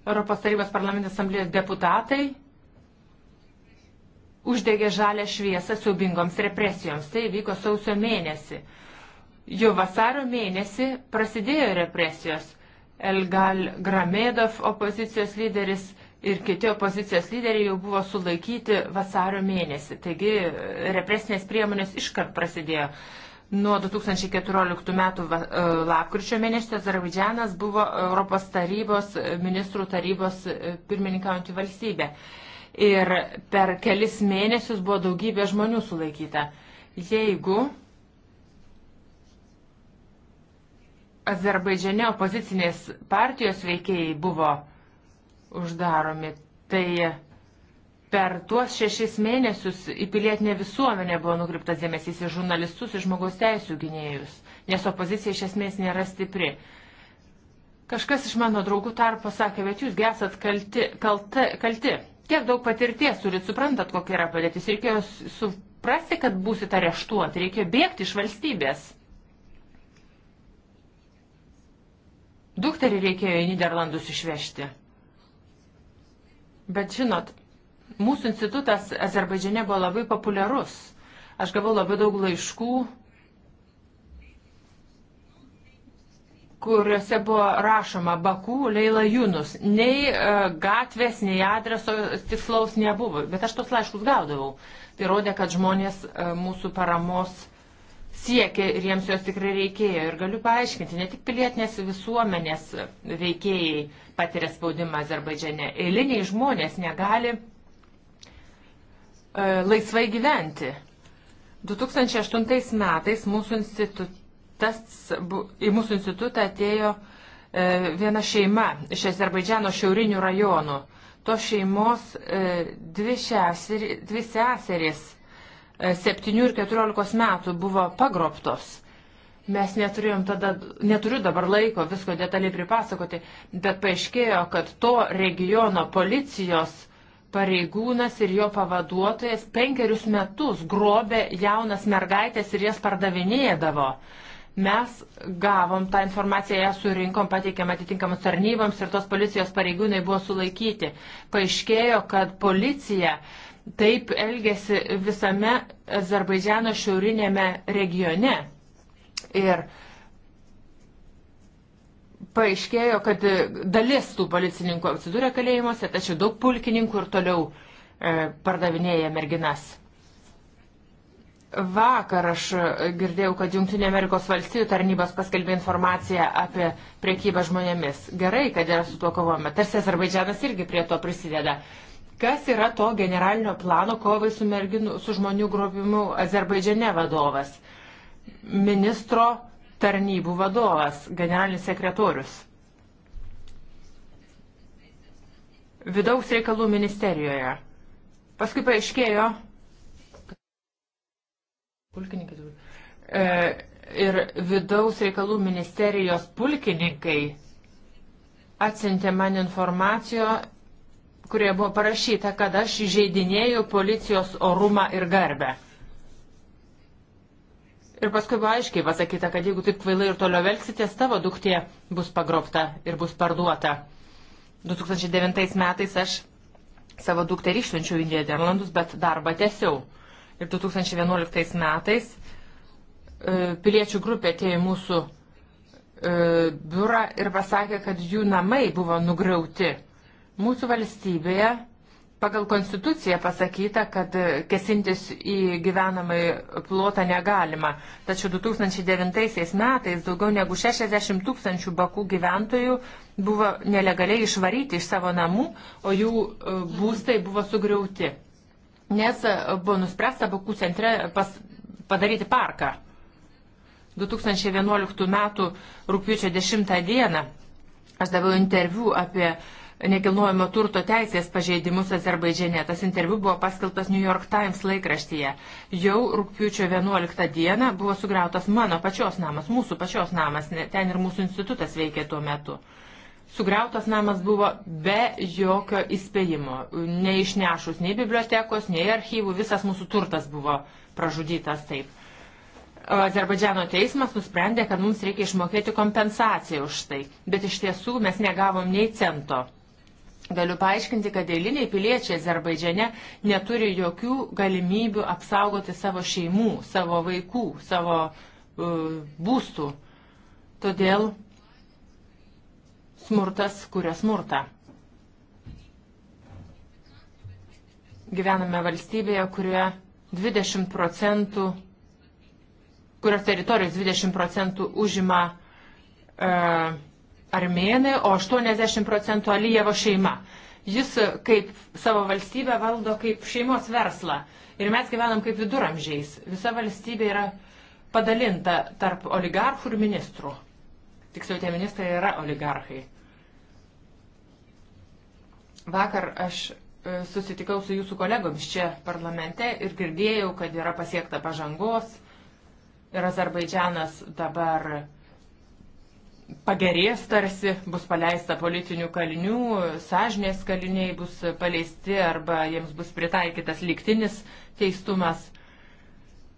Europos tarybos parlamentės asamblėjos deputatai uždegė žalę šviesą siubingoms represijoms. Tai vyko sausio mėnesį. Jau vasario mėnesį prasidėjo represijos. Elgal Gramedov, opozicijos lyderis, ir kiti opozicijos lyderiai jau buvo sulaikyti vasario mėnesį. Taigi represinės priemonės iškart prasidėjo. Nuo 2014 metų e, lapkričio mėnesio Azerbaidžianas buvo Europos tarybos, ministrų tarybos e, pirmininkaujantį valstybę. Ir per kelis mėnesius buvo daugybė žmonių sulaikyta. Jeigu Azerbaidžiane opozicinės partijos veikėjai buvo uh, uždaromi. Tai per tuos šešis mėnesius į pilietinę visuomenę buvo nukreiptas dėmesys į žurnalistus, į žmogaus teisų gynėjus, nes opozicija iš esmės nėra stipri. Kažkas iš mano draugų tarpo sakė, bet jūs gesat kalti, kalti, kalti. Tiek daug patirties turit, suprantat, kokia yra padėtis. Reikėjo suprasti, kad būsit areštuoti, reikėjo bėgti iš valstybės. Dukterį reikėjo į Niderlandus išvežti. Bet žinot, mūsų institutas Azerbaidžiane buvo labai populiarus. Aš gavau labai daug laiškų, kuriuose buvo rašoma Baku Leila Junus. Nei e, gatvės, nei adreso tikslaus nebuvo, bet aš tos laiškus gaudavau. Tai rodė, kad žmonės e, mūsų paramos uh, siekė ir jiems jos tikrai reikėjo. Ir galiu paaiškinti, ne tik pilietinės visuomenės veikėjai patiria spaudimą Azerbaidžiane, eiliniai žmonės negali e, laisvai gyventi. 2008 metais mūsų institutas, į mūsų institutą atėjo e, viena šeima iš Azerbaidžiano šiaurinių rajonų. To šeimos e, dvi, šeserį, dvi seserys 7 ir 14 metų buvo pagrobtos. Mes neturėjom tada, neturiu dabar laiko visko detaliai pripasakoti, bet paaiškėjo, kad to regiono policijos pareigūnas ir jo pavaduotojas penkerius metus grobė jaunas mergaitės ir jas pardavinėdavo. Mes gavom tą informaciją, ją surinkom, pateikėm atitinkamus tarnyboms ir tos policijos pareigūnai buvo sulaikyti. Paaiškėjo, kad policija uh, Taip elgesi visame Azerbaidžiano šiaurinėme regione. Ir paaiškėjo, kad dalis tų policininkų atsidūrė kalėjimuose, tačiau daug pulkininkų ir toliau e, pardavinėja merginas. Vakar aš girdėjau, kad Junktinė Amerikos valstybių tarnybos paskelbė informaciją apie priekybą žmonėmis. Gerai, kad yra su tuo kovojama. Tarsi Azerbaidžianas irgi prie to prisideda. E, Kas yra to generalinio plano kovai su, merginų, su žmonių grobimu Azerbaidžiane vadovas? Ministro tarnybų vadovas, generalinis sekretorius. Vidaus reikalų ministerijoje. Paskui paaiškėjo. E, ir vidaus reikalų ministerijos pulkininkai atsintė man informaciją kurioje buvo parašyta, kad aš įžeidinėjau policijos orumą ir garbę. Ir paskui buvo aiškiai pasakyta, kad jeigu taip kvailai ir toliau elgsitės, tavo duktė bus pagrobta ir bus parduota. 2009 metais aš savo dukterį išsiunčiau į Niderlandus, bet darbą tęsiau. Ir 2011 metais e, piliečių grupė atėjo į mūsų e, biurą ir pasakė, kad jų namai buvo nugriauti Mūsų valstybėje pagal konstituciją pasakyta, kad e, kesintis į gyvenamąjį plotą negalima. Tačiau 2009 metais daugiau negu 60 tūkstančių bakų gyventojų buvo nelegaliai išvaryti iš savo namų, o jų e, būstai buvo sugriauti. Nes e, buvo nuspręsta bakų centre pas, padaryti parką. 2011 m. rūpiučio 10 d. aš daviau interviu apie uh, nekilnojamo turto teisės pažeidimus Azerbaidžiane. Tas interviu buvo paskelbtas New York Times laikraštyje. Jau rūpiučio 11 dieną buvo sugriautas mano pačios namas, mūsų pačios namas, ten ir mūsų institutas veikė tuo metu. Sugriautas namas buvo be jokio įspėjimo, neišnešus nei bibliotekos, nei archyvų, visas mūsų turtas buvo pražudytas taip. Azerbaidžiano teismas nusprendė, kad mums reikia išmokėti kompensaciją už tai, bet iš tiesų mes negavom nei cento. Galiu paaiškinti, kad eiliniai piliečiai Azerbaidžiane neturi jokių galimybių apsaugoti savo šeimų, savo vaikų, savo uh, būstų. Todėl smurtas kuria smurtą. Gyvename valstybėje, kurioje 20 procentų, kurios teritorijos 20 procentų užima uh, armėnai, o 80 procentų Alijevo šeima. Jis kaip savo valstybę valdo kaip šeimos verslą. Ir mes gyvenam kaip viduramžiais. Visa valstybė yra padalinta tarp oligarchų ir ministrų. Tiksliau, tie ministrai yra oligarchai. Vakar aš e, susitikau su jūsų kolegomis čia parlamente ir girdėjau, kad yra pasiekta pažangos ir Azerbaidžianas dabar uh, pagerės tarsi, bus paleista politinių kalinių, sąžinės kaliniai bus paleisti arba jiems bus pritaikytas liktinis teistumas.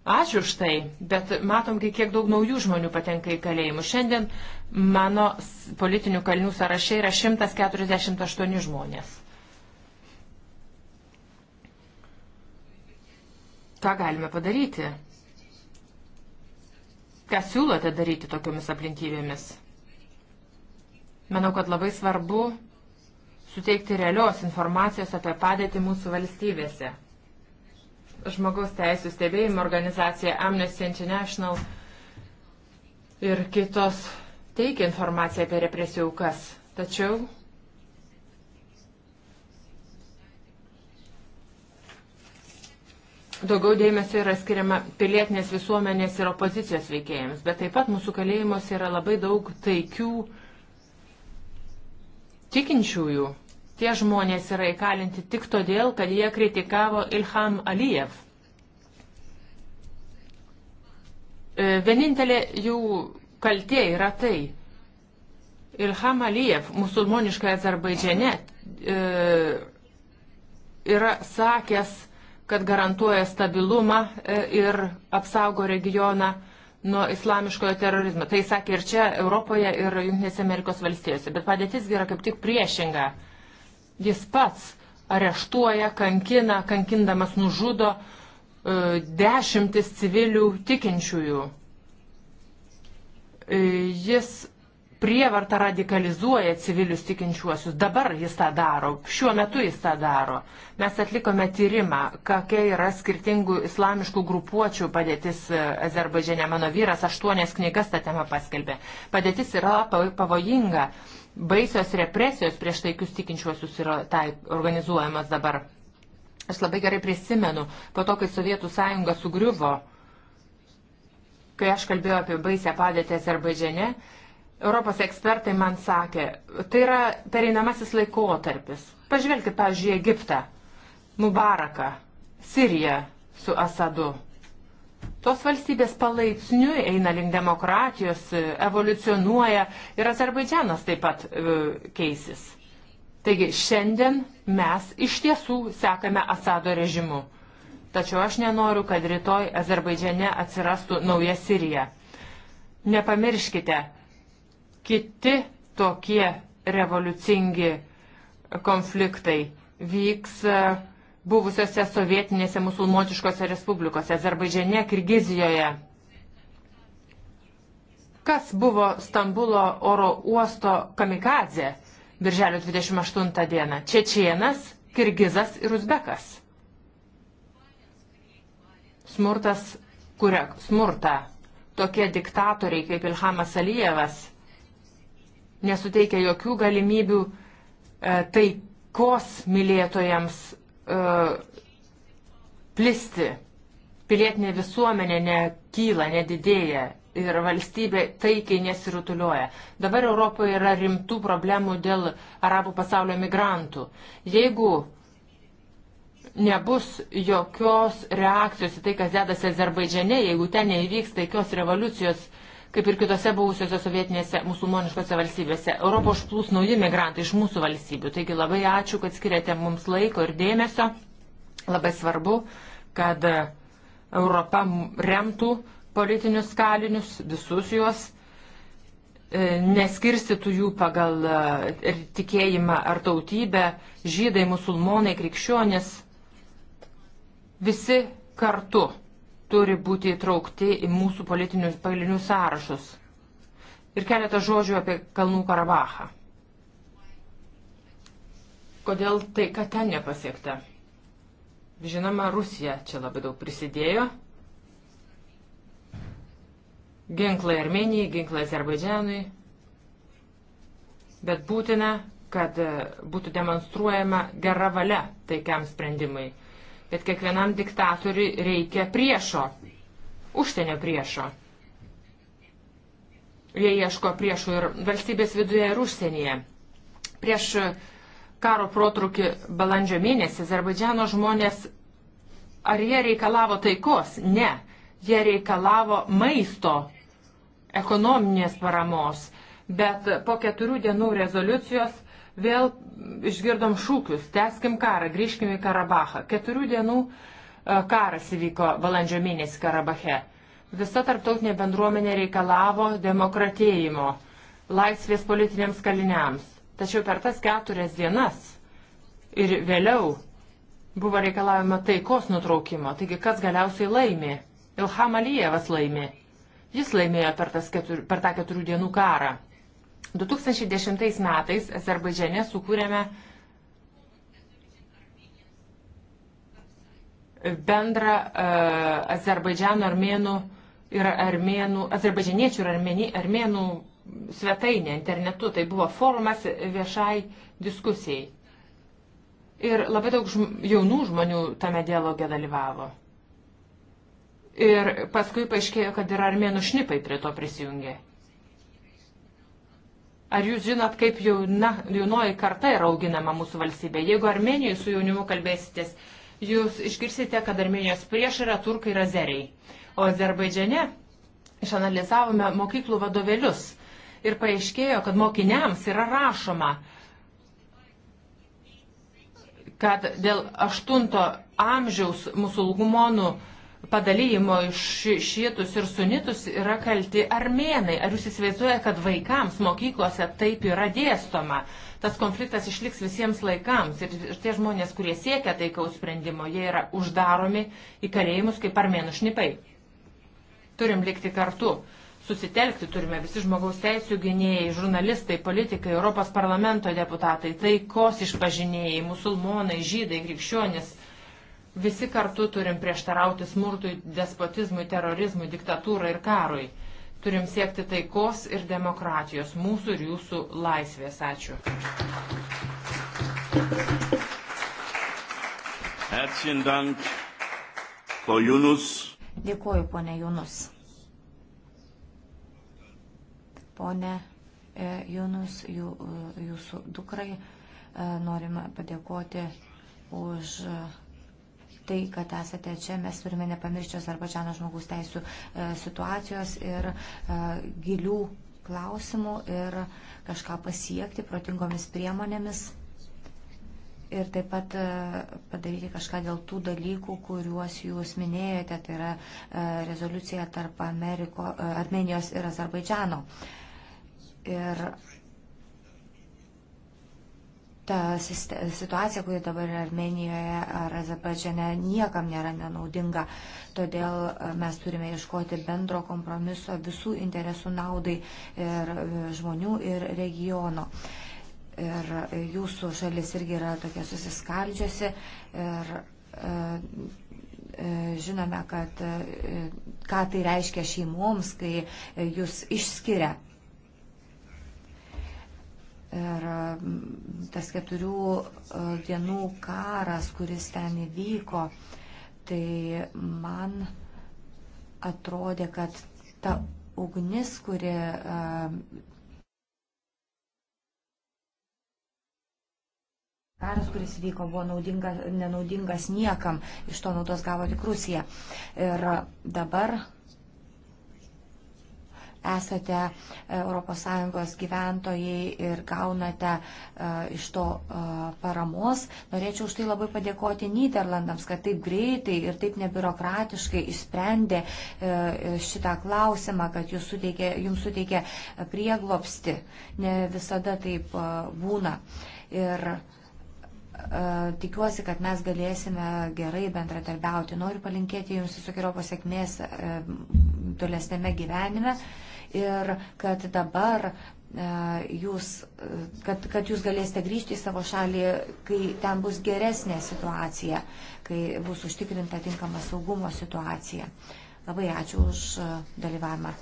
Ačiū už tai, bet matom, kai kiek daug naujų žmonių patenka į kalėjimus. Šiandien mano politinių kalinių sąraše yra 148 žmonės. Ką galime padaryti? Ką siūlote daryti tokiomis aplinkybėmis? Manau, kad labai svarbu suteikti realios informacijos apie padėtį mūsų valstybėse. Žmogaus teisų stebėjimo organizacija Amnesty International ir kitos teikia informaciją apie represijų aukas. Tačiau daugiau dėmesio yra skiriama pilietinės visuomenės ir opozicijos veikėjams, bet taip pat mūsų kalėjimuose yra labai daug taikių tikinčiųjų tie žmonės yra įkalinti tik todėl, kad jie kritikavo Ilham Aliyev. E, vienintelė jų kaltė yra tai. Ilham Aliyev musulmoniškai Azerbaidžiane e, yra sakęs, kad garantuoja stabilumą e, ir apsaugo regioną nuo islamiškojo terorizmo. Tai sakė ir čia Europoje, ir Junktinėse Amerikos valstijose. Bet padėtis yra kaip tik priešinga. Jis pats areštuoja, kankina, kankindamas nužudo e, dešimtis civilių tikinčiųjų. E, jis prievarta radikalizuoja civilius tikinčiuosius. Dabar jis tą daro, šiuo metu jis tą daro. Mes atlikome tyrimą, kokia yra skirtingų islamiškų grupuočių padėtis e, Azerbaidžiane. Mano vyras aštuonias knygas tą temą paskelbė. Padėtis yra pavojinga. Baisios represijos prieš taikius tikinčiuosius yra tai organizuojamas dabar. Aš labai gerai prisimenu, po to, kai Sovietų sąjunga sugriuvo, kai aš kalbėjau apie baisę padėtį Azerbaidžiane, Europos ekspertai man sakė, tai yra pereinamasis laikotarpis. Pažvelkit, pavyzdžiui, Egiptą, Mubaraką, Siriją su Asadu. Tos valstybės palaipsniui eina link demokratijos, evoliucionuoja ir Azerbaidžianas taip pat e, keisis. Taigi šiandien mes iš tiesų sekame Asado režimu. Tačiau aš nenoriu, kad rytoj Azerbaidžiane atsirastų nauja Sirija. Nepamirškite, kiti tokie revoliucingi konfliktai vyks e, buvusiose sovietinėse musulmoniškose respublikose, Azerbaidžiane, Kirgizijoje. Kas buvo Stambulo oro uosto kamikadze birželio 28 dieną? Čečienas, Kirgizas ir Uzbekas. Smurtas kuria smurtą. Tokie diktatoriai kaip Ilhamas Alijevas nesuteikia jokių galimybių e, taikos mylėtojams e, plisti. Pilietinė visuomenė nekyla, nedidėja ir valstybė taikiai nesirutuliuoja. Dabar Europoje yra rimtų problemų dėl arabų pasaulio migrantų. Jeigu nebus jokios reakcijos į tai, kas dedasi Azerbaidžiane, jeigu ten neįvyks taikios revoliucijos, kaip ir kitose buvusiose sovietinėse musulmoniškose valstybėse. Europos plūs nauji migrantai iš mūsų valstybių. Taigi labai ačiū, kad skiriate mums laiko ir dėmesio. Labai svarbu, kad Europa remtų politinius kalinius, visus juos, e, neskirstytų jų pagal e, tikėjimą ar tautybę, žydai, musulmonai, krikščionis, visi kartu turi būti įtraukti į mūsų politinius pagrindinius sąrašus. Ir keletą žodžių apie Kalnų Karabachą. Kodėl tai, kad ten nepasiekta? Žinoma, Rusija čia labai daug prisidėjo. Ginklai Armenijai, ginklai Azerbaidžianui. Bet būtina, kad būtų demonstruojama gera valia taikiam sprendimai bet kiekvienam diktatoriui reikia priešo, užsienio priešo. Jie ieško priešų ir valstybės viduje, ir užsienyje. Prieš karo protrukį balandžio mėnesį Azerbaidžiano žmonės, ar jie reikalavo taikos? Ne, jie reikalavo maisto, ekonominės paramos. Bet po keturių dienų rezoliucijos Vėl išgirdom šūkius, teskim karą, grįžkim į Karabachą. Keturių dienų e, karas įvyko balandžio mėnesį Karabache. Visa tarptautinė bendruomenė reikalavo demokratėjimo, laisvės politiniams kaliniams. Tačiau per tas keturias dienas ir vėliau buvo reikalavimo taikos nutraukimo. Taigi kas galiausiai laimi? Ilham Alijevas laimi. Jis laimėjo per, ketur, per tą keturių dienų karą. 2010 metais Azerbaidžiane sukūrėme bendrą uh, e, Azerbaidžiano armėnų ir armėnų, azerbaidžianiečių ir armeni, armėnų svetainė internetu. Tai buvo forumas viešai diskusijai. Ir labai daug žm jaunų žmonių tame dialoge dalyvavo. Ir paskui paaiškėjo, kad ir armėnų šnipai prie to prisijungė. Ar jūs žinot, kaip jauna, jaunoji karta yra auginama mūsų valstybė? Jeigu Armenijoje su jaunimu kalbėsitės, jūs išgirsite, kad Armenijos prieš yra turkai ir azeriai. O Azerbaidžiane išanalizavome mokyklų vadovėlius ir paaiškėjo, kad mokiniams yra rašoma, kad dėl 8 amžiaus musulmonų padalyjimo iš šietus ir sunitus yra kalti armėnai. Ar jūs įsivaizduojate, kad vaikams mokyklose taip yra dėstoma? Tas konfliktas išliks visiems laikams ir, ir tie žmonės, kurie siekia taikaus sprendimo, jie yra uždaromi į kalėjimus kaip armėnų šnipai. Turim likti kartu. Susitelkti turime visi žmogaus teisų gynėjai, žurnalistai, politikai, Europos parlamento deputatai, taikos išpažinėjai, musulmonai, žydai, krikščionis Visi kartu turim prieštarauti smurtui, despotizmui, terorizmui, diktatūrai ir karui. Turim siekti taikos ir demokratijos, mūsų ir jūsų laisvės. Ačiū. Dėkuoju, ponė Junus. Pone Junus, e, jū, e, jūsų dukrai e, norime padėkoti už tai, kad esate čia. Mes turime nepamiršti Azerbaidžiano žmogaus teisų e, situacijos ir e, gilių klausimų ir kažką pasiekti protingomis priemonėmis. Ir taip pat e, padaryti kažką dėl tų dalykų, kuriuos jūs minėjote, tai yra rezoliucija tarp Ameriko, Armenijos ir Azerbaidžiano. Ir ta situacija, kuri dabar yra Armenijoje ar Azerbaidžiane, niekam nėra nenaudinga. Todėl e, mes turime ieškoti bendro kompromiso visų interesų naudai ir e, žmonių ir regiono. Ir e, jūsų šalis irgi yra tokia susiskaldžiusi ir žinome, kad ką tai reiškia šeimoms, kai jūs išskiria Ir mm, tas keturių e, dienų karas, kuris ten įvyko, tai man atrodė, kad ta ugnis, kuri e, karas, kuris vyko, buvo naudinga, nenaudingas niekam, iš to naudos gavo tik Rusija. Ir dabar esate ES gyventojai ir gaunate e, iš to e, paramos. Norėčiau už tai labai padėkoti Niderlandams, kad taip greitai ir taip nebiurokratiškai išsprendė e, šitą klausimą, kad jūs suteikė, jums suteikė prieglopsti. Ne visada taip būna. Ir tikiuosi, kad mes galėsime gerai bendradarbiauti. Noriu palinkėti Jums visokiojo pasiekmės tolesnėme gyvenime ir kad dabar e, jūs, e, kad, kad jūs galėsite grįžti į savo šalį, kai ten bus geresnė situacija, kai bus užtikrinta tinkama saugumo situacija. Labai ačiū už e, dalyvavimą.